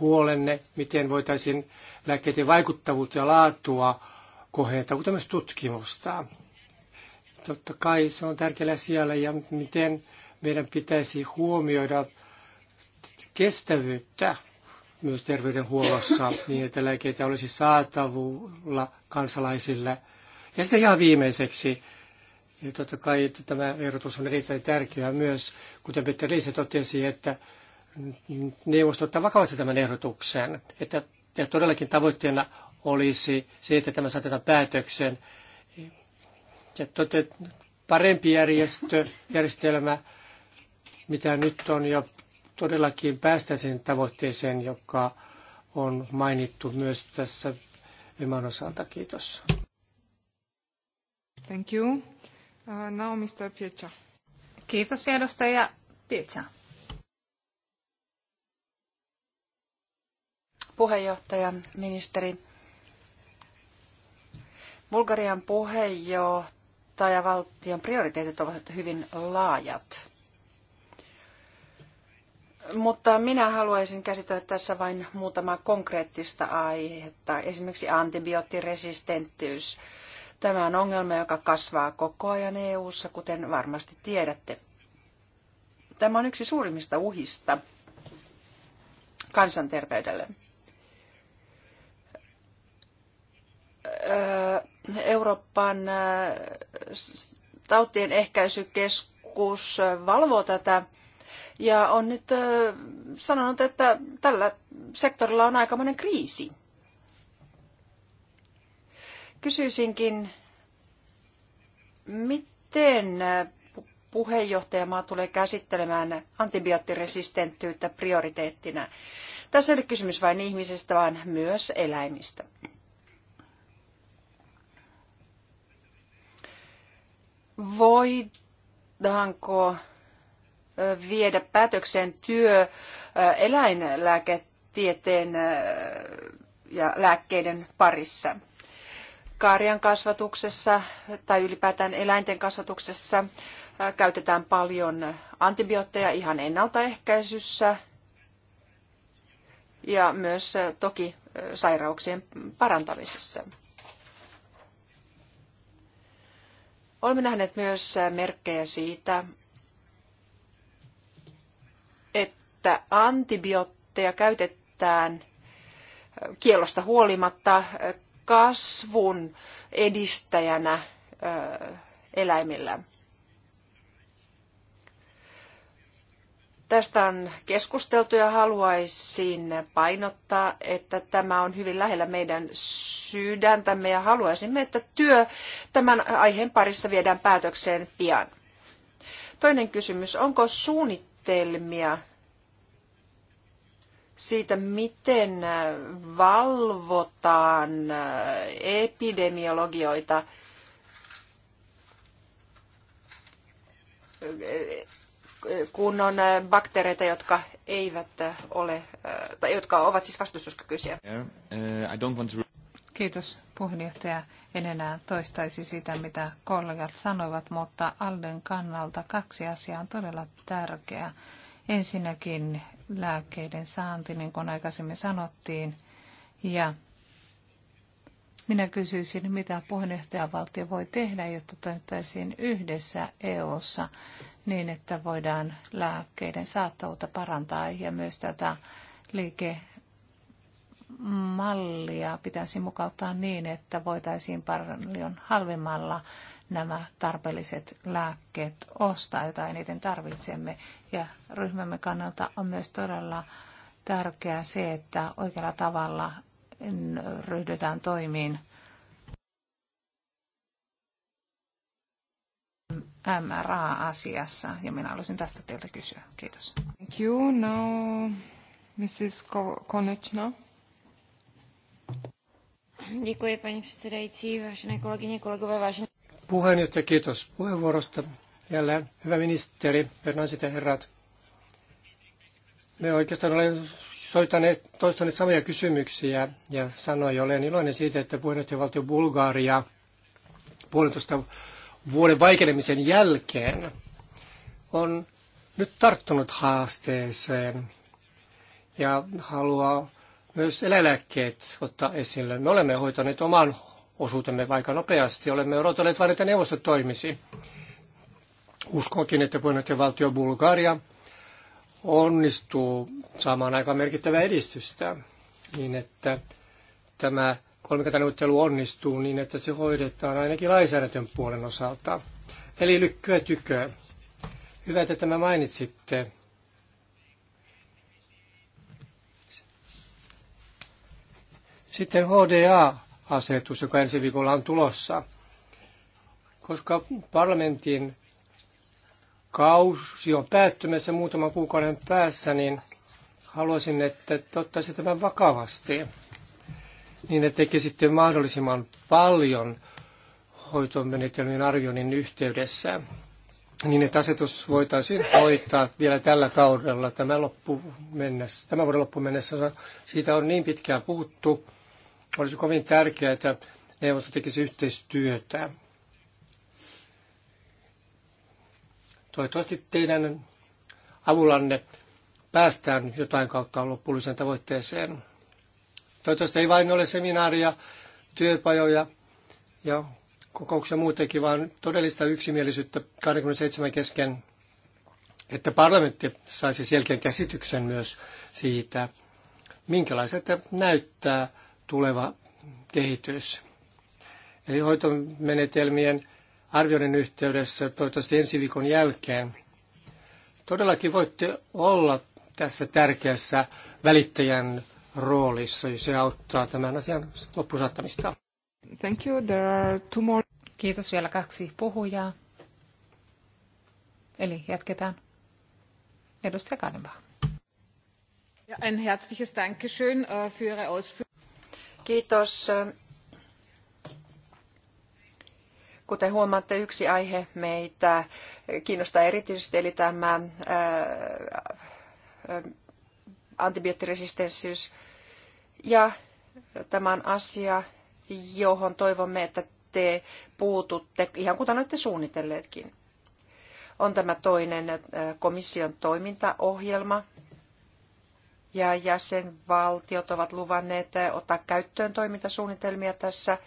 huolenne, miten voitaisiin lääkkeiden vaikuttavuutta ja laatua kohentaa, kuten myös tutkimusta. Totta kai se on tärkeällä siellä ja miten meidän pitäisi huomioida kestävyyttä myös terveydenhuollossa niin, että lääkkeitä olisi saatavulla kansalaisille – ja sitten ihan viimeiseksi, ja niin totta kai että tämä ehdotus on erittäin tärkeä myös, kuten Peter Liise totesi, että neuvosto ottaa vakavasti tämän ehdotuksen, että ja todellakin tavoitteena olisi se, että tämä saatetaan päätöksen. Ja totte, parempi järjestö, järjestelmä, mitä nyt on, ja todellakin sen tavoitteeseen, joka on mainittu myös tässä Yman osalta. Kiitos.
Thank you. Uh, now Mr. Kiitos edustaja Pietcha.
Puheenjohtaja, ministeri. Bulgarian puheenjohtajavaltion prioriteetit ovat hyvin laajat. Mutta minä haluaisin käsitellä tässä vain muutamaa konkreettista aihetta, esimerkiksi antibioottiresistenttiys Tämä on ongelma, joka kasvaa koko ajan EU:ssa, kuten varmasti tiedätte. Tämä on yksi suurimmista uhista kansanterveydelle. Öö, Euroopan öö, tautien ehkäisykeskus valvoo tätä ja on nyt öö, sanonut, että tällä sektorilla on aikamoinen kriisi. Kysyisinkin, miten äh, puheenjohtajamaa tulee käsittelemään antibioottiresistenttyyttä prioriteettina? Tässä ei ole kysymys vain ihmisistä, vaan myös eläimistä. Voidaanko viedä päätökseen työ eläinlääketieteen ja lääkkeiden parissa? karjan kasvatuksessa tai ylipäätään eläinten kasvatuksessa käytetään paljon antibiootteja ihan ennaltaehkäisyssä ja myös toki sairauksien parantamisessa. Olemme nähneet myös merkkejä siitä, että antibiootteja käytetään kielosta huolimatta kasvun edistäjänä eläimillä. Tästä on keskusteltu ja haluaisin painottaa, että tämä on hyvin lähellä meidän sydäntämme ja haluaisimme, että työ tämän aiheen parissa viedään päätökseen pian. Toinen kysymys, onko suunnitelmia siitä, miten valvotaan epidemiologioita kun on bakteereita, jotka eivät ole, tai jotka ovat siis vastustuskykyisiä. Uh,
Kiitos puheenjohtaja. En enää toistaisi sitä, mitä kollegat sanoivat, mutta Alden kannalta kaksi asiaa on todella tärkeää. Ensinnäkin lääkkeiden saanti, niin kuin aikaisemmin sanottiin. Ja minä kysyisin, mitä puheenjohtajavaltio voi tehdä, jotta toimittaisiin yhdessä EU:ssa niin, että voidaan lääkkeiden saattavuutta parantaa ja myös tätä liikemallia pitäisi mukauttaa niin, että voitaisiin paljon halvemmalla nämä tarpeelliset lääkkeet ostaa, joita eniten tarvitsemme. Ja ryhmämme kannalta on myös todella tärkeää se, että oikealla tavalla ryhdytään toimiin MRA-asiassa, ja minä haluaisin tästä teiltä kysyä. Kiitos. Thank you. Now,
Mrs. Konechna.
Děkuji, paní předsedající, vážené kolegyně, kolegové, vážené
puheenjohtaja, kiitos puheenvuorosta. Jälleen hyvä ministeri, hyvät naiset ja herrat. Me oikeastaan olen soittaneet, toistaneet samoja kysymyksiä ja sanoin, olen iloinen siitä, että puheenjohtajavaltio Bulgaria puolentoista vuoden vaikenemisen jälkeen on nyt tarttunut haasteeseen ja haluaa myös eläinlääkkeet ottaa esille. Me olemme hoitaneet oman osuutemme aika nopeasti. Olemme odotelleet vain, että neuvosto toimisi. Uskonkin, että puheenjohtajavaltio Bulgaria onnistuu saamaan aika merkittävää edistystä, niin että tämä kolmikantaneuvottelu onnistuu niin, että se hoidetaan ainakin lainsäädäntön puolen osalta. Eli lykkyä tyköä. Hyvä, että tämä mainitsitte. Sitten HDA asetus, joka ensi viikolla on tulossa. Koska parlamentin kausi on päättymässä muutaman kuukauden päässä, niin haluaisin, että ottaisi tämän vakavasti, niin että tekisitte mahdollisimman paljon hoitomenetelmien arvioinnin yhteydessä, niin että asetus voitaisiin hoitaa vielä tällä kaudella, tämä, loppu mennessä, tämän vuoden loppu mennessä. Siitä on niin pitkään puhuttu, olisi kovin tärkeää, että neuvosto tekisi yhteistyötä. Toivottavasti teidän avullanne päästään jotain kautta lopulliseen tavoitteeseen. Toivottavasti ei vain ole seminaaria, työpajoja ja kokouksia muutenkin, vaan todellista yksimielisyyttä 27 kesken, että parlamentti saisi selkeän käsityksen myös siitä, minkälaiset näyttää tuleva kehitys. Eli hoitomenetelmien arvioinnin yhteydessä toivottavasti ensi viikon jälkeen todellakin voitte olla tässä tärkeässä välittäjän roolissa, jos se auttaa tämän asian loppusaattamista.
Thank you. There are two more. Kiitos vielä kaksi puhujaa. Eli jatketaan. Edustaja Kadenbach.
Ja, ein herzliches Dankeschön äh, für Ihre Ausführungen. Kiitos. Kuten huomaatte, yksi aihe meitä kiinnostaa erityisesti, eli tämä ää, antibioottiresistenssiys. Ja tämä on asia, johon toivomme, että te puututte, ihan kuten olette suunnitelleetkin. On tämä toinen komission toimintaohjelma, ja jäsenvaltiot ovat luvanneet eh, ottaa käyttöön toimintasuunnitelmia tässä,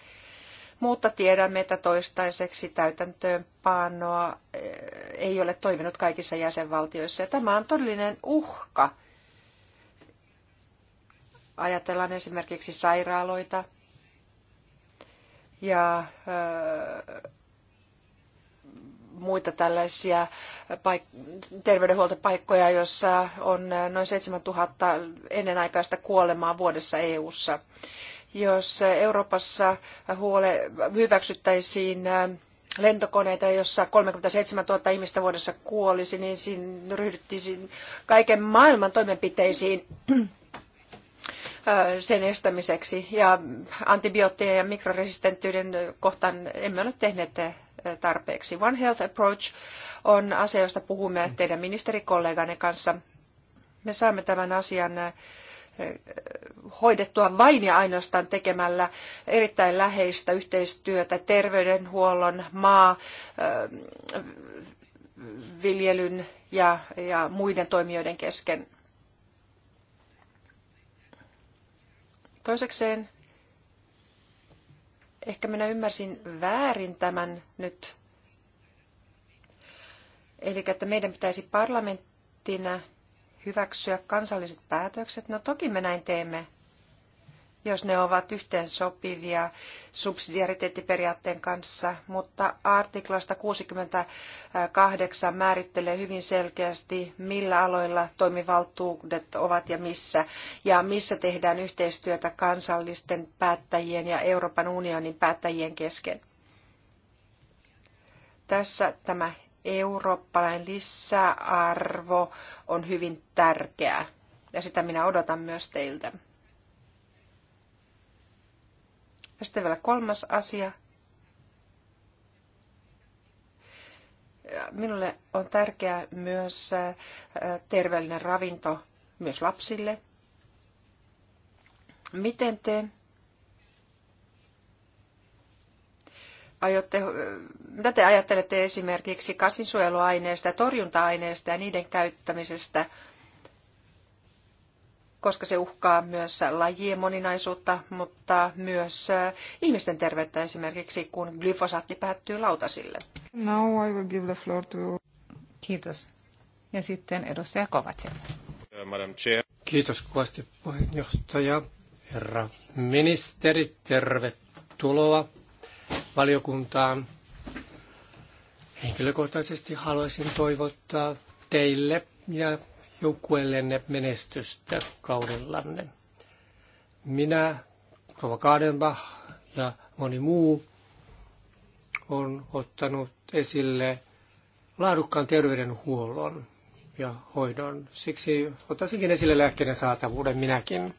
mutta tiedämme, että toistaiseksi täytäntöönpanoa eh, ei ole toiminut kaikissa jäsenvaltioissa. Ja tämä on todellinen uhka. Ajatellaan esimerkiksi sairaaloita ja eh, muita tällaisia paik- terveydenhuoltopaikkoja, joissa on noin 7000 ennenaikaista kuolemaa vuodessa EU:ssa. Jos Euroopassa huole- hyväksyttäisiin äh, lentokoneita, jossa 37 000 ihmistä vuodessa kuolisi, niin siinä ryhdyttiin kaiken maailman toimenpiteisiin äh, sen estämiseksi. Ja antibioottien ja mikroresistenttyyden kohtaan emme ole tehneet tarpeeksi. One Health Approach on asia, josta puhumme teidän ministerikolleganne kanssa. Me saamme tämän asian eh, hoidettua vain ja ainoastaan tekemällä erittäin läheistä yhteistyötä terveydenhuollon, maa, eh, viljelyn ja, ja muiden toimijoiden kesken. Toisekseen ehkä minä ymmärsin väärin tämän nyt. Eli että meidän pitäisi parlamenttina hyväksyä kansalliset päätökset. No toki me näin teemme jos ne ovat yhteensopivia subsidiariteettiperiaatteen kanssa, mutta artiklasta 68 määrittelee hyvin selkeästi, millä aloilla toimivaltuudet ovat ja missä, ja missä tehdään yhteistyötä kansallisten päättäjien ja Euroopan unionin päättäjien kesken. Tässä tämä eurooppalainen lisäarvo on hyvin tärkeä, ja sitä minä odotan myös teiltä. Ja sitten vielä kolmas asia. Minulle on tärkeää myös äh, terveellinen ravinto myös lapsille. Miten te aiotte, äh, mitä te ajattelette esimerkiksi kasvinsuojeluaineista ja torjunta-aineista ja niiden käyttämisestä – koska se uhkaa myös lajien moninaisuutta, mutta myös äh, ihmisten terveyttä esimerkiksi, kun glyfosaatti päättyy lautasille.
Now I will give the floor
to... Kiitos. Ja sitten edustaja Kovatsev.
Kiitos kovasti puheenjohtaja. Herra ministeri, tervetuloa valiokuntaan. Henkilökohtaisesti haluaisin toivottaa teille ja joukkueellenne menestystä kaudellanne. Minä, Rova Kaadenbach ja moni muu on ottanut esille laadukkaan terveydenhuollon ja hoidon. Siksi ottaisinkin esille lääkkeiden saatavuuden minäkin.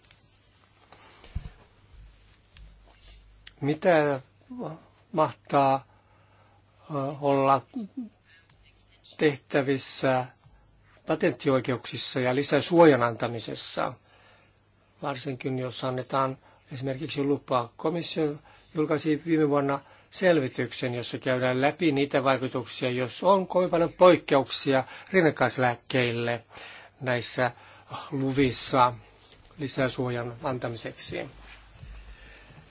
Mitä mahtaa olla tehtävissä patenttioikeuksissa ja lisäsuojan antamisessa, varsinkin jos annetaan esimerkiksi lupaa. Komissio julkaisi viime vuonna selvityksen, jossa käydään läpi niitä vaikutuksia, jos on kovin paljon poikkeuksia rinnakkaislääkkeille näissä luvissa lisäsuojan antamiseksi.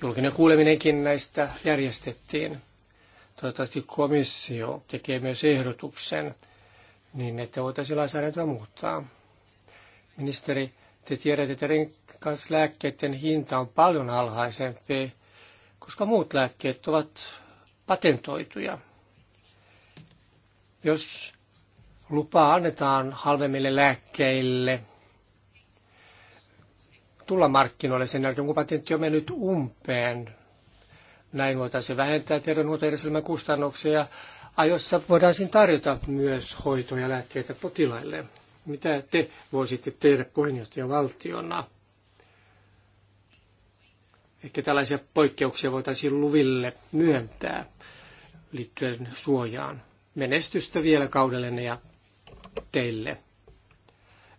Julkinen kuuleminenkin näistä järjestettiin. Toivottavasti komissio tekee myös ehdotuksen niin että voitaisiin lainsäädäntöä muuttaa. Ministeri, te tiedätte, että rinkaslääkkeiden hinta on paljon alhaisempi, koska muut lääkkeet ovat patentoituja. Jos lupaa annetaan halvemmille lääkkeille tulla markkinoille sen jälkeen, kun patentti on mennyt umpeen, näin voitaisiin vähentää terveydenhuoltojärjestelmän kustannuksia ajoissa voidaan tarjota myös hoitoja ja lääkkeitä potilaille. Mitä te voisitte tehdä puheenjohtajavaltiona? Ehkä tällaisia poikkeuksia voitaisiin luville myöntää liittyen suojaan. Menestystä vielä kaudellenne ja teille.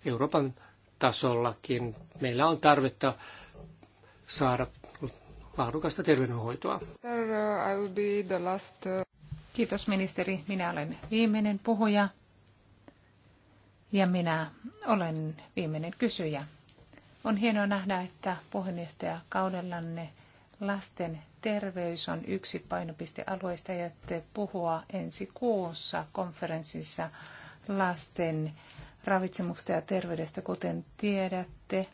Euroopan tasollakin meillä on tarvetta saada laadukasta terveydenhoitoa.
I will be the last, uh, Kiitos ministeri. Minä olen viimeinen puhuja ja minä olen viimeinen kysyjä. On hienoa nähdä, että kaudellanne lasten terveys on yksi painopistealueista ja te puhua ensi kuussa konferenssissa lasten ravitsemuksesta ja terveydestä, kuten tiedätte.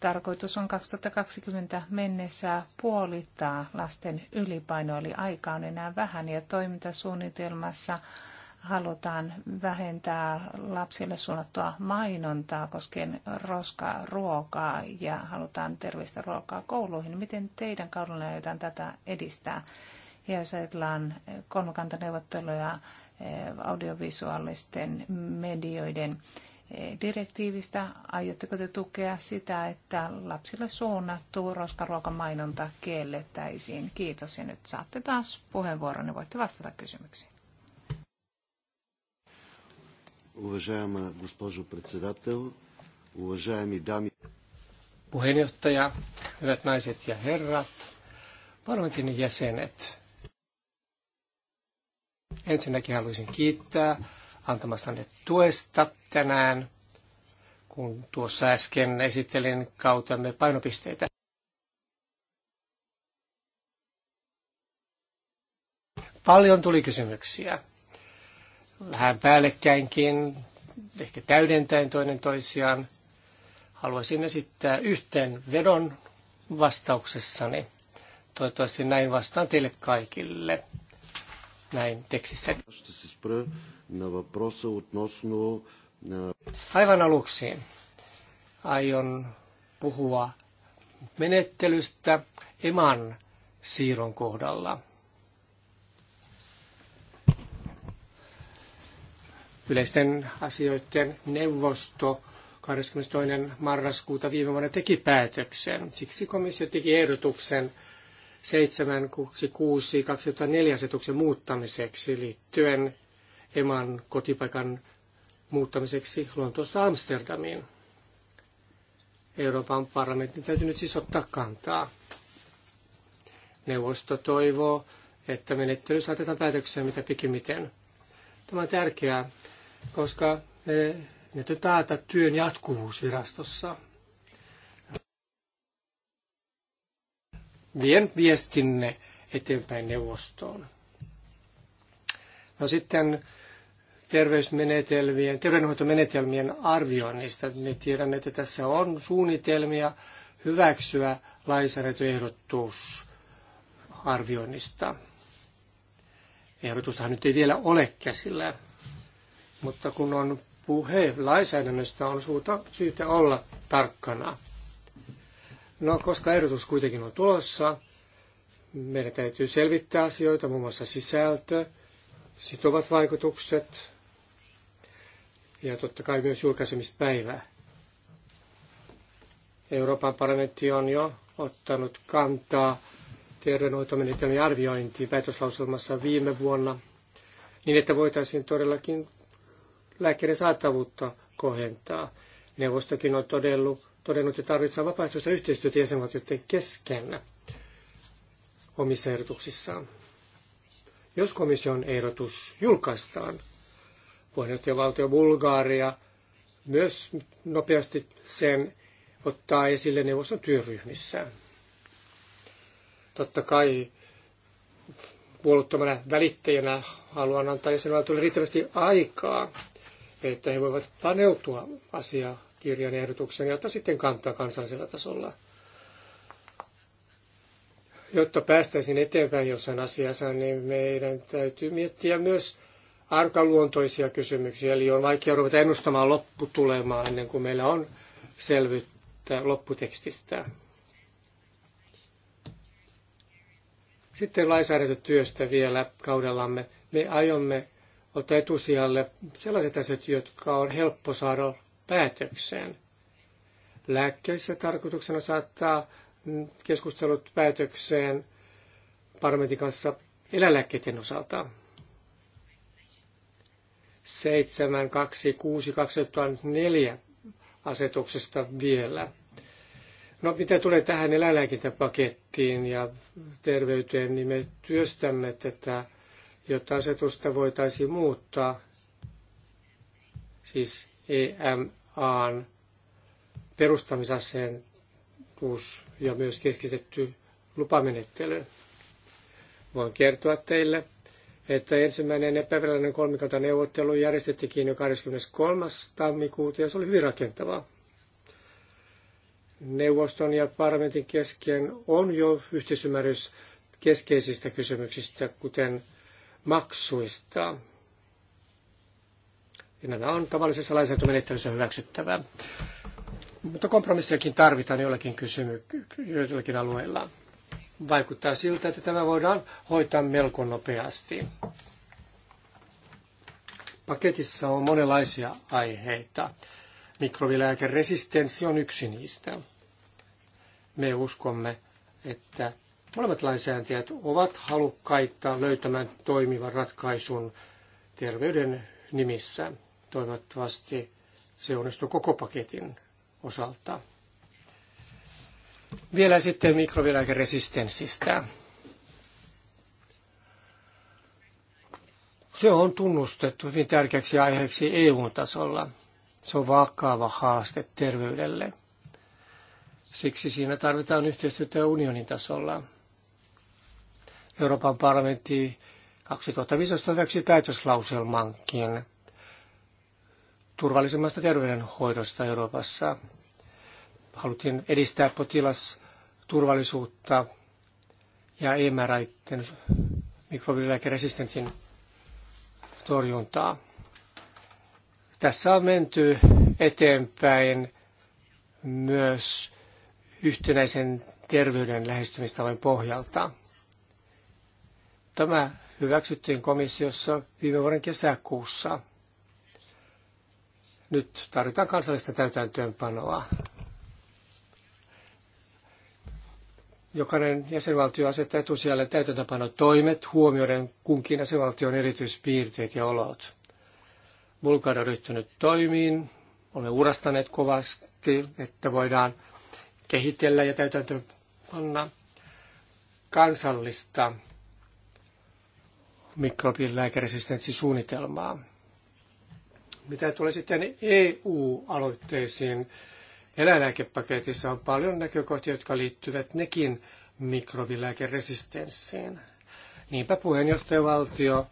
Tarkoitus on 2020 mennessä puolittaa lasten ylipaino, eli aika on enää vähän ja toimintasuunnitelmassa halutaan vähentää lapsille suunnattua mainontaa koskien roskaa ruokaa ja halutaan terveistä ruokaa kouluihin. Miten teidän kaudella aiotaan tätä edistää? Ja jos ajatellaan kolmikantaneuvotteluja eh, audiovisuaalisten medioiden direktiivistä. Aiotteko te tukea sitä, että lapsille suunnattu roskaruokamainonta kiellettäisiin? Kiitos ja nyt saatte taas puheenvuoron, ja niin voitte vastata kysymyksiin.
Puheenjohtaja, hyvät naiset ja herrat, parlamentin jäsenet. Ensinnäkin haluaisin kiittää antamastanne tuesta tänään, kun tuossa äsken esittelin kautemme painopisteitä. Paljon tuli kysymyksiä. Vähän päällekkäinkin, ehkä täydentäen toinen toisiaan. Haluaisin esittää yhteen vedon vastauksessani. Toivottavasti näin vastaan teille kaikille. Näin tekstissä. Aivan aluksi aion puhua menettelystä eman siirron kohdalla. Yleisten asioiden neuvosto 22. marraskuuta viime vuonna teki päätöksen. Siksi komissio teki ehdotuksen 766-2004 asetuksen muuttamiseksi liittyen Eman kotipaikan muuttamiseksi Lontoosta Amsterdamiin. Euroopan parlamentin täytyy nyt siis ottaa kantaa. Neuvosto toivoo, että menettely saatetaan päätökseen mitä pikimmiten. Tämä on tärkeää, koska me, ne taata työn jatkuvuus virastossa. Vien viestinne eteenpäin neuvostoon. No sitten terveysmenetelmien, terveydenhoitomenetelmien arvioinnista. Me tiedämme, että tässä on suunnitelmia hyväksyä lainsäädäntöehdotus arvioinnista. Ehdotustahan nyt ei vielä ole käsillä, mutta kun on puhe lainsäädännöstä, on suuta, syytä olla tarkkana. No, koska ehdotus kuitenkin on tulossa, meidän täytyy selvittää asioita, muun muassa sisältö, sitovat vaikutukset, ja totta kai myös julkaisemispäivää. Euroopan parlamentti on jo ottanut kantaa terveydenhoitomenetelmien arviointiin päätöslauselmassa viime vuonna, niin että voitaisiin todellakin lääkkeiden saatavuutta kohentaa. Neuvostokin on todellut, todennut, että tarvitsee vapaaehtoista yhteistyötä jäsenvaltioiden kesken omissa ehdotuksissaan. Jos komission ehdotus julkaistaan, puheenjohtajavaltio Bulgaaria myös nopeasti sen ottaa esille neuvoston työryhmissä. Totta kai puoluttomana välittäjänä haluan antaa jäsenvaltioille riittävästi aikaa, että he voivat paneutua asiakirjan ehdotuksen ja ottaa sitten kantaa kansallisella tasolla. Jotta päästäisiin eteenpäin jossain asiassa, niin meidän täytyy miettiä myös arkaluontoisia kysymyksiä, eli on vaikea ruveta ennustamaan lopputulemaa ennen kuin meillä on selvyyttä lopputekstistä. Sitten lainsäädäntötyöstä vielä kaudellamme. Me aiomme ottaa etusijalle sellaiset asiat, jotka on helppo saada päätökseen. Lääkkeissä tarkoituksena saattaa keskustelut päätökseen parlamentin kanssa eläinlääkkeiden osalta. 726 2004 asetuksesta vielä. No mitä tulee tähän eläinlääkintäpakettiin ja terveyteen, niin me työstämme tätä, jotta asetusta voitaisiin muuttaa, siis EMAn perustamisasentus ja myös keskitetty lupamenettely. Voin kertoa teille, että ensimmäinen epävirallinen kolmikantaneuvottelu järjestettiin jo 23. tammikuuta ja se oli hyvin rakentavaa. Neuvoston ja parlamentin kesken on jo yhteisymmärrys keskeisistä kysymyksistä, kuten maksuista. Ja nämä on tavallisessa lainsäädäntömenettelyssä hyväksyttävää. Mutta kompromissiakin tarvitaan joillakin kysymyk- joillakin alueilla. Vaikuttaa siltä, että tämä voidaan hoitaa melko nopeasti. Paketissa on monenlaisia aiheita. Mikrobilääkeresistenssi on yksi niistä. Me uskomme, että molemmat lainsäätäjät ovat halukkaita löytämään toimivan ratkaisun terveyden nimissä. Toivottavasti se onnistuu koko paketin osalta. Vielä sitten mikrovilääkeresistenssistä. Se on tunnustettu hyvin tärkeäksi aiheeksi EU-tasolla. Se on vakava haaste terveydelle. Siksi siinä tarvitaan yhteistyötä unionin tasolla. Euroopan parlamentti 2015 hyväksyi päätöslauselmankin turvallisemmasta terveydenhoidosta Euroopassa – Haluttiin edistää potilasturvallisuutta ja EMR-aiden mikrobilääkeresistenssin torjuntaa. Tässä on menty eteenpäin myös yhtenäisen terveyden lähestymistavan pohjalta. Tämä hyväksyttiin komissiossa viime vuoden kesäkuussa. Nyt tarvitaan kansallista täytäntöönpanoa. Jokainen jäsenvaltio asettaa etusijalle täytäntöpano toimet huomioiden kunkin jäsenvaltion erityispiirteet ja olot. Bulgaria on ryhtynyt toimiin, olemme urastaneet kovasti, että voidaan kehitellä ja täytäntöpanna kansallista mikrobilääkeresistenssisuunnitelmaa. Mitä tulee sitten EU-aloitteisiin Eläinlääkepaketissa on paljon näkökohtia, jotka liittyvät nekin mikrobilääkeresistenssiin. Niinpä puheenjohtajavaltio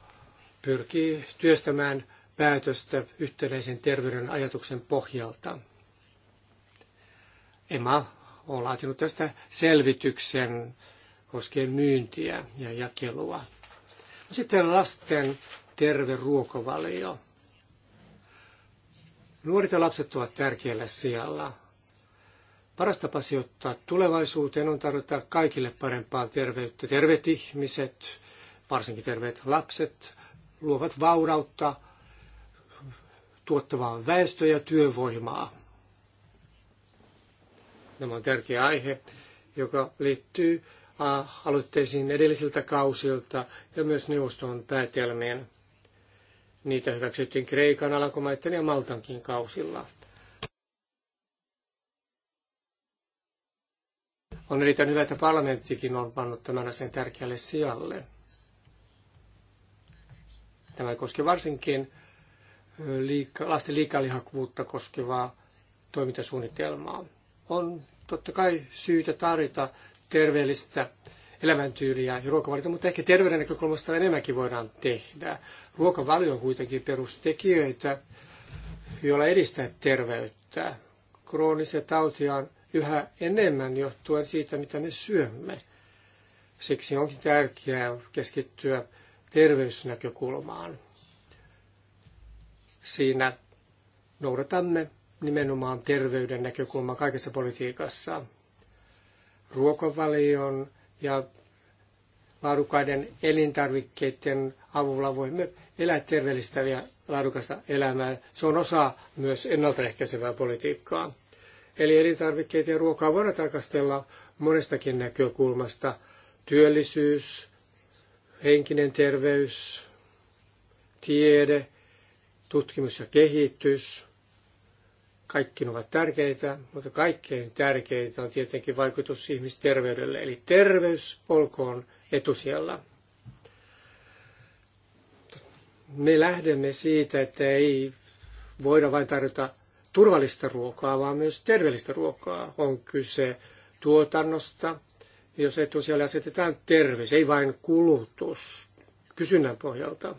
pyrkii työstämään päätöstä yhtenäisen terveyden ajatuksen pohjalta. EMA on laatinut tästä selvityksen koskien myyntiä ja jakelua. Sitten lasten terve ruokavalio. Nuoret ja lapset ovat tärkeällä sijalla. Paras tapa sijoittaa tulevaisuuteen on tarjota kaikille parempaa terveyttä. Terveet ihmiset, varsinkin terveet lapset, luovat vaurautta, tuottavaa väestöä ja työvoimaa. Tämä on tärkeä aihe, joka liittyy aloitteisiin edellisiltä kausilta ja myös neuvoston päätelmiin. Niitä hyväksyttiin Kreikan, Alankomaiden ja Maltankin kausilla. On erittäin hyvä, että parlamenttikin on pannut tämän asian tärkeälle sijalle. Tämä koskee varsinkin liika, lasten liikalihakuvuutta koskevaa toimintasuunnitelmaa. On totta kai syytä tarjota terveellistä elämäntyyliä ja ruokavaliota, mutta ehkä terveyden näkökulmasta enemmänkin voidaan tehdä. Ruokavalio on kuitenkin perustekijöitä, joilla edistää terveyttä. Krooniset tautia on yhä enemmän johtuen siitä, mitä me syömme. Siksi onkin tärkeää keskittyä terveysnäkökulmaan. Siinä noudatamme nimenomaan terveyden näkökulmaa kaikessa politiikassa. Ruokavalion ja laadukkaiden elintarvikkeiden avulla voimme elää terveellistä ja laadukasta elämää. Se on osa myös ennaltaehkäisevää politiikkaa. Eli elintarvikkeita ja ruokaa voidaan tarkastella monestakin näkökulmasta. Työllisyys, henkinen terveys, tiede, tutkimus ja kehitys. Kaikki ovat tärkeitä, mutta kaikkein tärkeintä on tietenkin vaikutus ihmisterveydelle. Eli terveys olkoon etusijalla. Me lähdemme siitä, että ei voida vain tarjota turvallista ruokaa, vaan myös terveellistä ruokaa. On kyse tuotannosta, jos etusijalle asetetaan terveys, ei vain kulutus kysynnän pohjalta.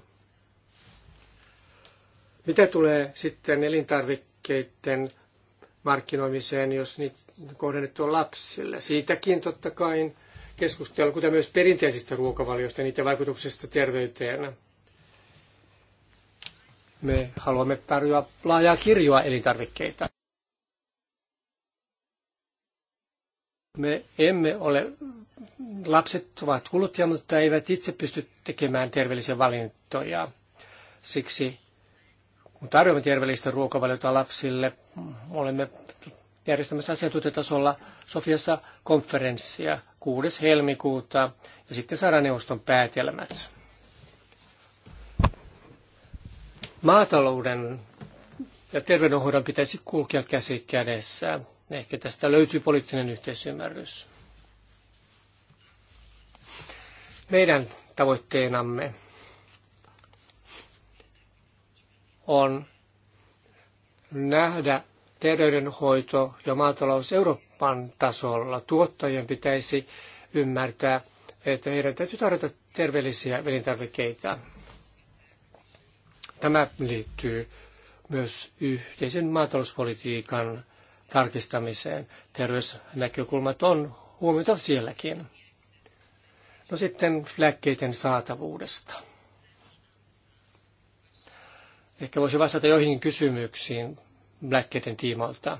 Mitä tulee sitten elintarvikkeiden markkinoimiseen, jos niitä kohdennettu on lapsille? Siitäkin totta kai keskustellaan, kuten myös perinteisistä ruokavalioista, niiden vaikutuksesta terveyteen. Me haluamme tarjoa laajaa kirjoa elintarvikkeita. Me emme ole, lapset ovat kuluttajia, mutta eivät itse pysty tekemään terveellisiä valintoja. Siksi kun tarjoamme terveellistä ruokavaliota lapsille, olemme järjestämässä asiantuntijatasolla Sofiassa konferenssia 6. helmikuuta ja sitten saadaan neuvoston päätelmät. Maatalouden ja terveydenhoidon pitäisi kulkea käsi kädessä. Ehkä tästä löytyy poliittinen yhteisymmärrys. Meidän tavoitteenamme on nähdä terveydenhoito ja maatalous Euroopan tasolla. Tuottajien pitäisi ymmärtää, että heidän täytyy tarjota terveellisiä elintarvikkeita. Tämä liittyy myös yhteisen maatalouspolitiikan tarkistamiseen. Terveysnäkökulmat on huomioitava sielläkin. No sitten lääkkeiden saatavuudesta. Ehkä voisi vastata joihin kysymyksiin lääkkeiden tiimoilta.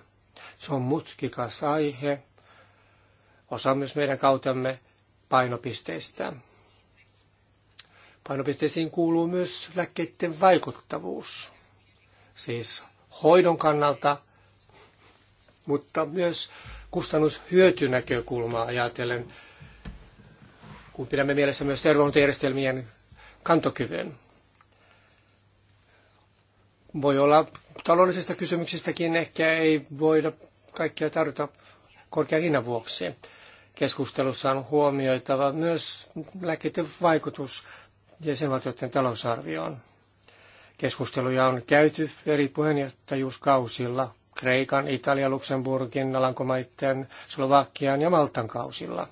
Se on mutkikas aihe, osa myös meidän kautemme painopisteistä. Painopisteisiin kuuluu myös lääkkeiden vaikuttavuus, siis hoidon kannalta, mutta myös kustannushyötynäkökulmaa ajatellen, kun pidämme mielessä myös terveydenhuoltojärjestelmien kantokyvyn. Voi olla taloudellisista kysymyksistäkin ehkä ei voida kaikkia tarjota korkean hinnan vuoksi. Keskustelussa on huomioitava myös lääkkeiden vaikutus jäsenvaltioiden talousarvioon. Keskusteluja on käyty eri puheenjohtajuuskausilla, Kreikan, Italian, Luxemburgin, Alankomaiden, Slovakian ja Maltan kausilla.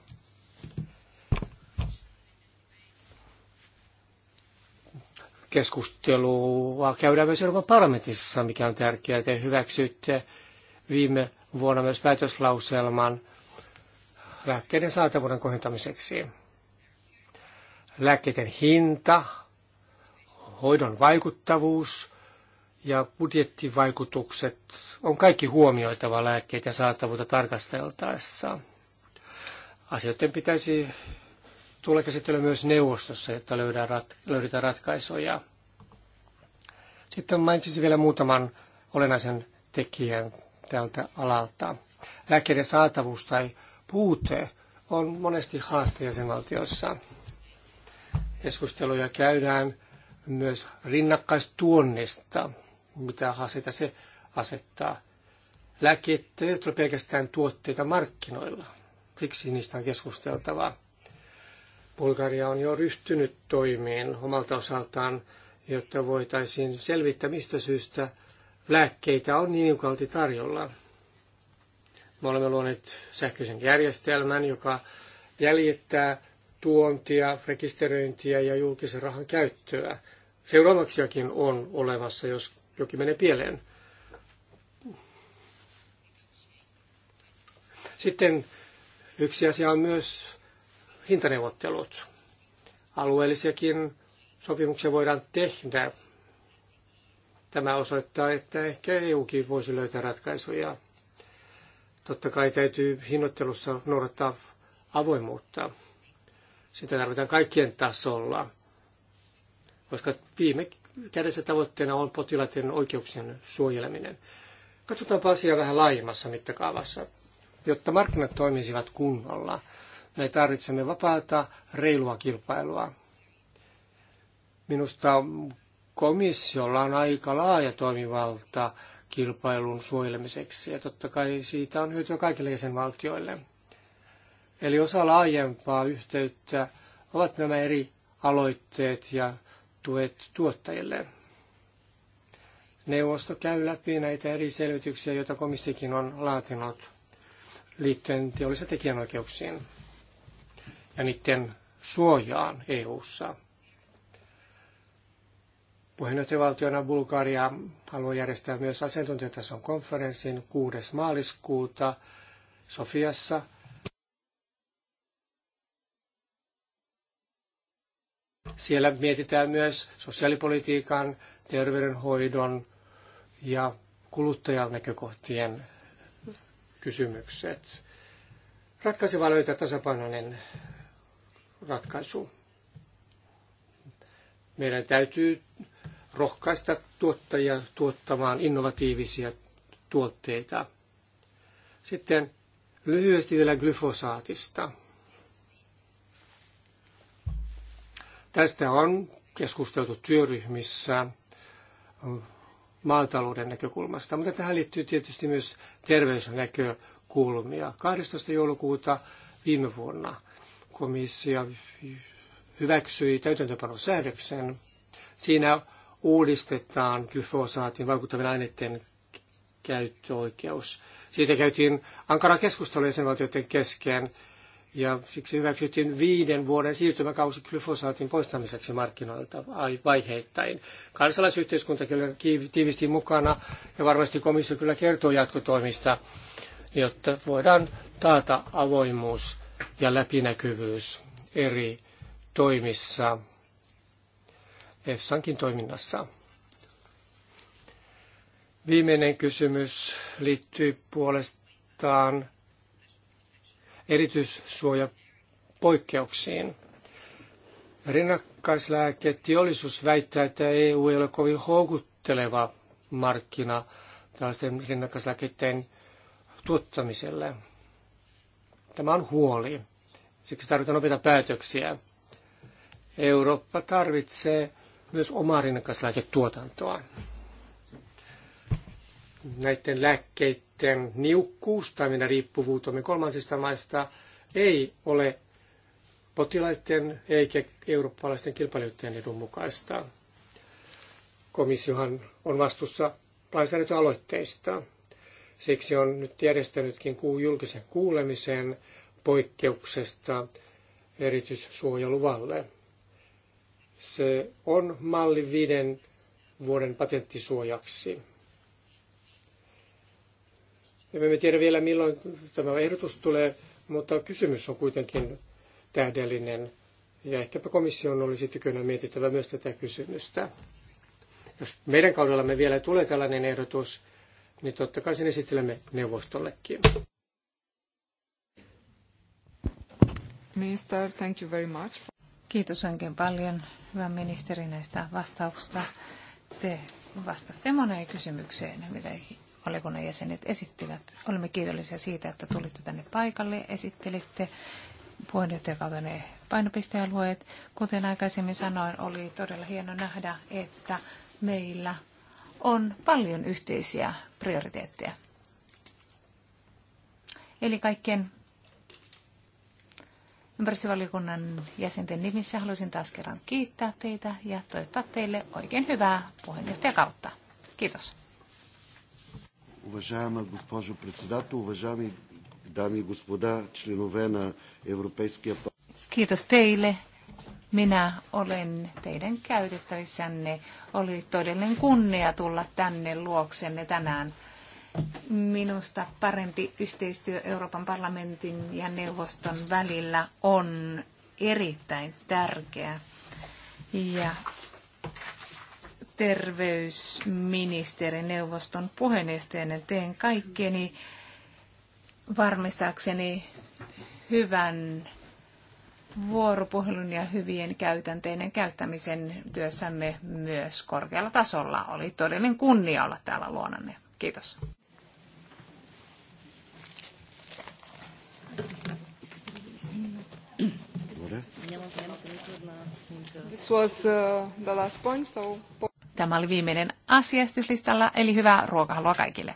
Keskustelua käydään myös Euroopan parlamentissa, mikä on tärkeää. Te hyväksytte viime vuonna myös päätöslauselman lääkkeiden saatavuuden kohentamiseksi lääkkeiden hinta, hoidon vaikuttavuus ja budjettivaikutukset on kaikki huomioitava lääkkeiden saatavuutta tarkasteltaessa. Asioiden pitäisi tulla käsittelyä myös neuvostossa, jotta löydetään ratkaisuja. Sitten mainitsisin vielä muutaman olennaisen tekijän tältä alalta. Lääkkeiden saatavuus tai puute on monesti haaste jäsenvaltioissa. Keskusteluja käydään myös rinnakkaistuonnista, mitä haasteita se asettaa. Lääkkeet eivät ole pelkästään tuotteita markkinoilla. Siksi niistä on keskusteltavaa. Bulgaria on jo ryhtynyt toimiin omalta osaltaan, jotta voitaisiin selvittää, mistä syystä lääkkeitä on niin niukalti tarjolla. Me olemme luoneet sähköisen järjestelmän, joka jäljittää tuontia, rekisteröintiä ja julkisen rahan käyttöä. Seuraavaksiakin on olemassa, jos jokin menee pieleen. Sitten yksi asia on myös hintaneuvottelut. Alueellisiakin sopimuksia voidaan tehdä. Tämä osoittaa, että ehkä EUkin voisi löytää ratkaisuja. Totta kai täytyy hinnoittelussa noudattaa avoimuutta. Sitä tarvitaan kaikkien tasolla, koska viime kädessä tavoitteena on potilaiden oikeuksien suojeleminen. Katsotaanpa asiaa vähän laajemmassa mittakaavassa. Jotta markkinat toimisivat kunnolla, me tarvitsemme vapaata, reilua kilpailua. Minusta komissiolla on aika laaja toimivalta kilpailun suojelemiseksi, ja totta kai siitä on hyötyä kaikille jäsenvaltioille. Eli osa laajempaa yhteyttä ovat nämä eri aloitteet ja tuet tuottajille. Neuvosto käy läpi näitä eri selvityksiä, joita komissiokin on laatinut liittyen teollisen tekijänoikeuksiin ja niiden suojaan EU-ssa. Puheenjohtajavaltiona Bulgaria haluaa järjestää myös asiantuntijatason konferenssin 6. maaliskuuta Sofiassa – Siellä mietitään myös sosiaalipolitiikan, terveydenhoidon ja kuluttajan näkökohtien kysymykset. Ratkaiseva löytää tasapainoinen ratkaisu. Meidän täytyy rohkaista tuottajia tuottamaan innovatiivisia tuotteita. Sitten lyhyesti vielä glyfosaatista. Tästä on keskusteltu työryhmissä maatalouden näkökulmasta, mutta tähän liittyy tietysti myös terveysnäkökulmia. 12. joulukuuta viime vuonna komissio hyväksyi täytäntöpanosäädöksen. Siinä uudistetaan glyfosaatin vaikuttavien aineiden käyttöoikeus. Siitä käytiin ankara keskustelu jäsenvaltioiden kesken ja siksi hyväksyttiin viiden vuoden siirtymäkausi glyfosaatin poistamiseksi markkinoilta vaiheittain. Kansalaisyhteiskunta kyllä tiivisti mukana ja varmasti komissio kyllä kertoo jatkotoimista, jotta voidaan taata avoimuus ja läpinäkyvyys eri toimissa, EFSAnkin toiminnassa. Viimeinen kysymys liittyy puolestaan erityissuojapoikkeuksiin. Rinnakkaislääketeollisuus väittää, että EU ei ole kovin houkutteleva markkina tällaisten rinnakkaislääkkeiden tuottamiselle. Tämä on huoli. Siksi tarvitaan nopeita päätöksiä. Eurooppa tarvitsee myös omaa rinnakkaislääketuotantoa näiden lääkkeiden niukkuus tai meidän riippuvuutemme kolmansista maista ei ole potilaiden eikä eurooppalaisten kilpailijoiden edun mukaista. Komissiohan on vastuussa lainsäädäntöaloitteista. Siksi on nyt järjestänytkin kuu julkisen kuulemisen poikkeuksesta erityissuojeluvalle. Se on malli viiden vuoden patenttisuojaksi. Emme tiedä vielä milloin tämä ehdotus tulee, mutta kysymys on kuitenkin tähdellinen. Ja ehkäpä komission olisi tykönä mietittävä myös tätä kysymystä. Jos meidän kaudellamme vielä tulee tällainen ehdotus, niin totta kai sen esittelemme neuvostollekin.
Minister, thank
you very much. Kiitos oikein paljon, hyvä ministeri, näistä vastauksista. Te vastasitte moneen kysymykseen, mitä valiokunnan jäsenet esittivät. Olemme kiitollisia siitä, että tulitte tänne paikalle, esittelitte ne painopistealueet. Kuten aikaisemmin sanoin, oli todella hieno nähdä, että meillä on paljon yhteisiä prioriteetteja. Eli kaikkien ympäristövaliokunnan jäsenten nimissä haluaisin taas kerran kiittää teitä ja toivottaa teille oikein hyvää puheenjohtajakautta. Kiitos.
Уважаема госпожо председател, уважаеми дами и господа, членове на Европейския
парламент. Minä olen teidän käytettävissänne. Oli todellinen kunnia tulla tänne luoksenne tänään. Minusta parempi yhteistyö Euroopan parlamentin ja neuvoston välillä on erittäin tärkeä. Ja terveysministerineuvoston puheenjohtajana teen kaikkeni varmistaakseni hyvän vuoropuhelun ja hyvien käytänteiden käyttämisen työssämme myös korkealla tasolla. Oli todellinen kunnia olla täällä luonanne. Kiitos. This was uh,
the last point, so...
Tämä oli viimeinen asiaistuslistalla, eli hyvää ruokahalua kaikille.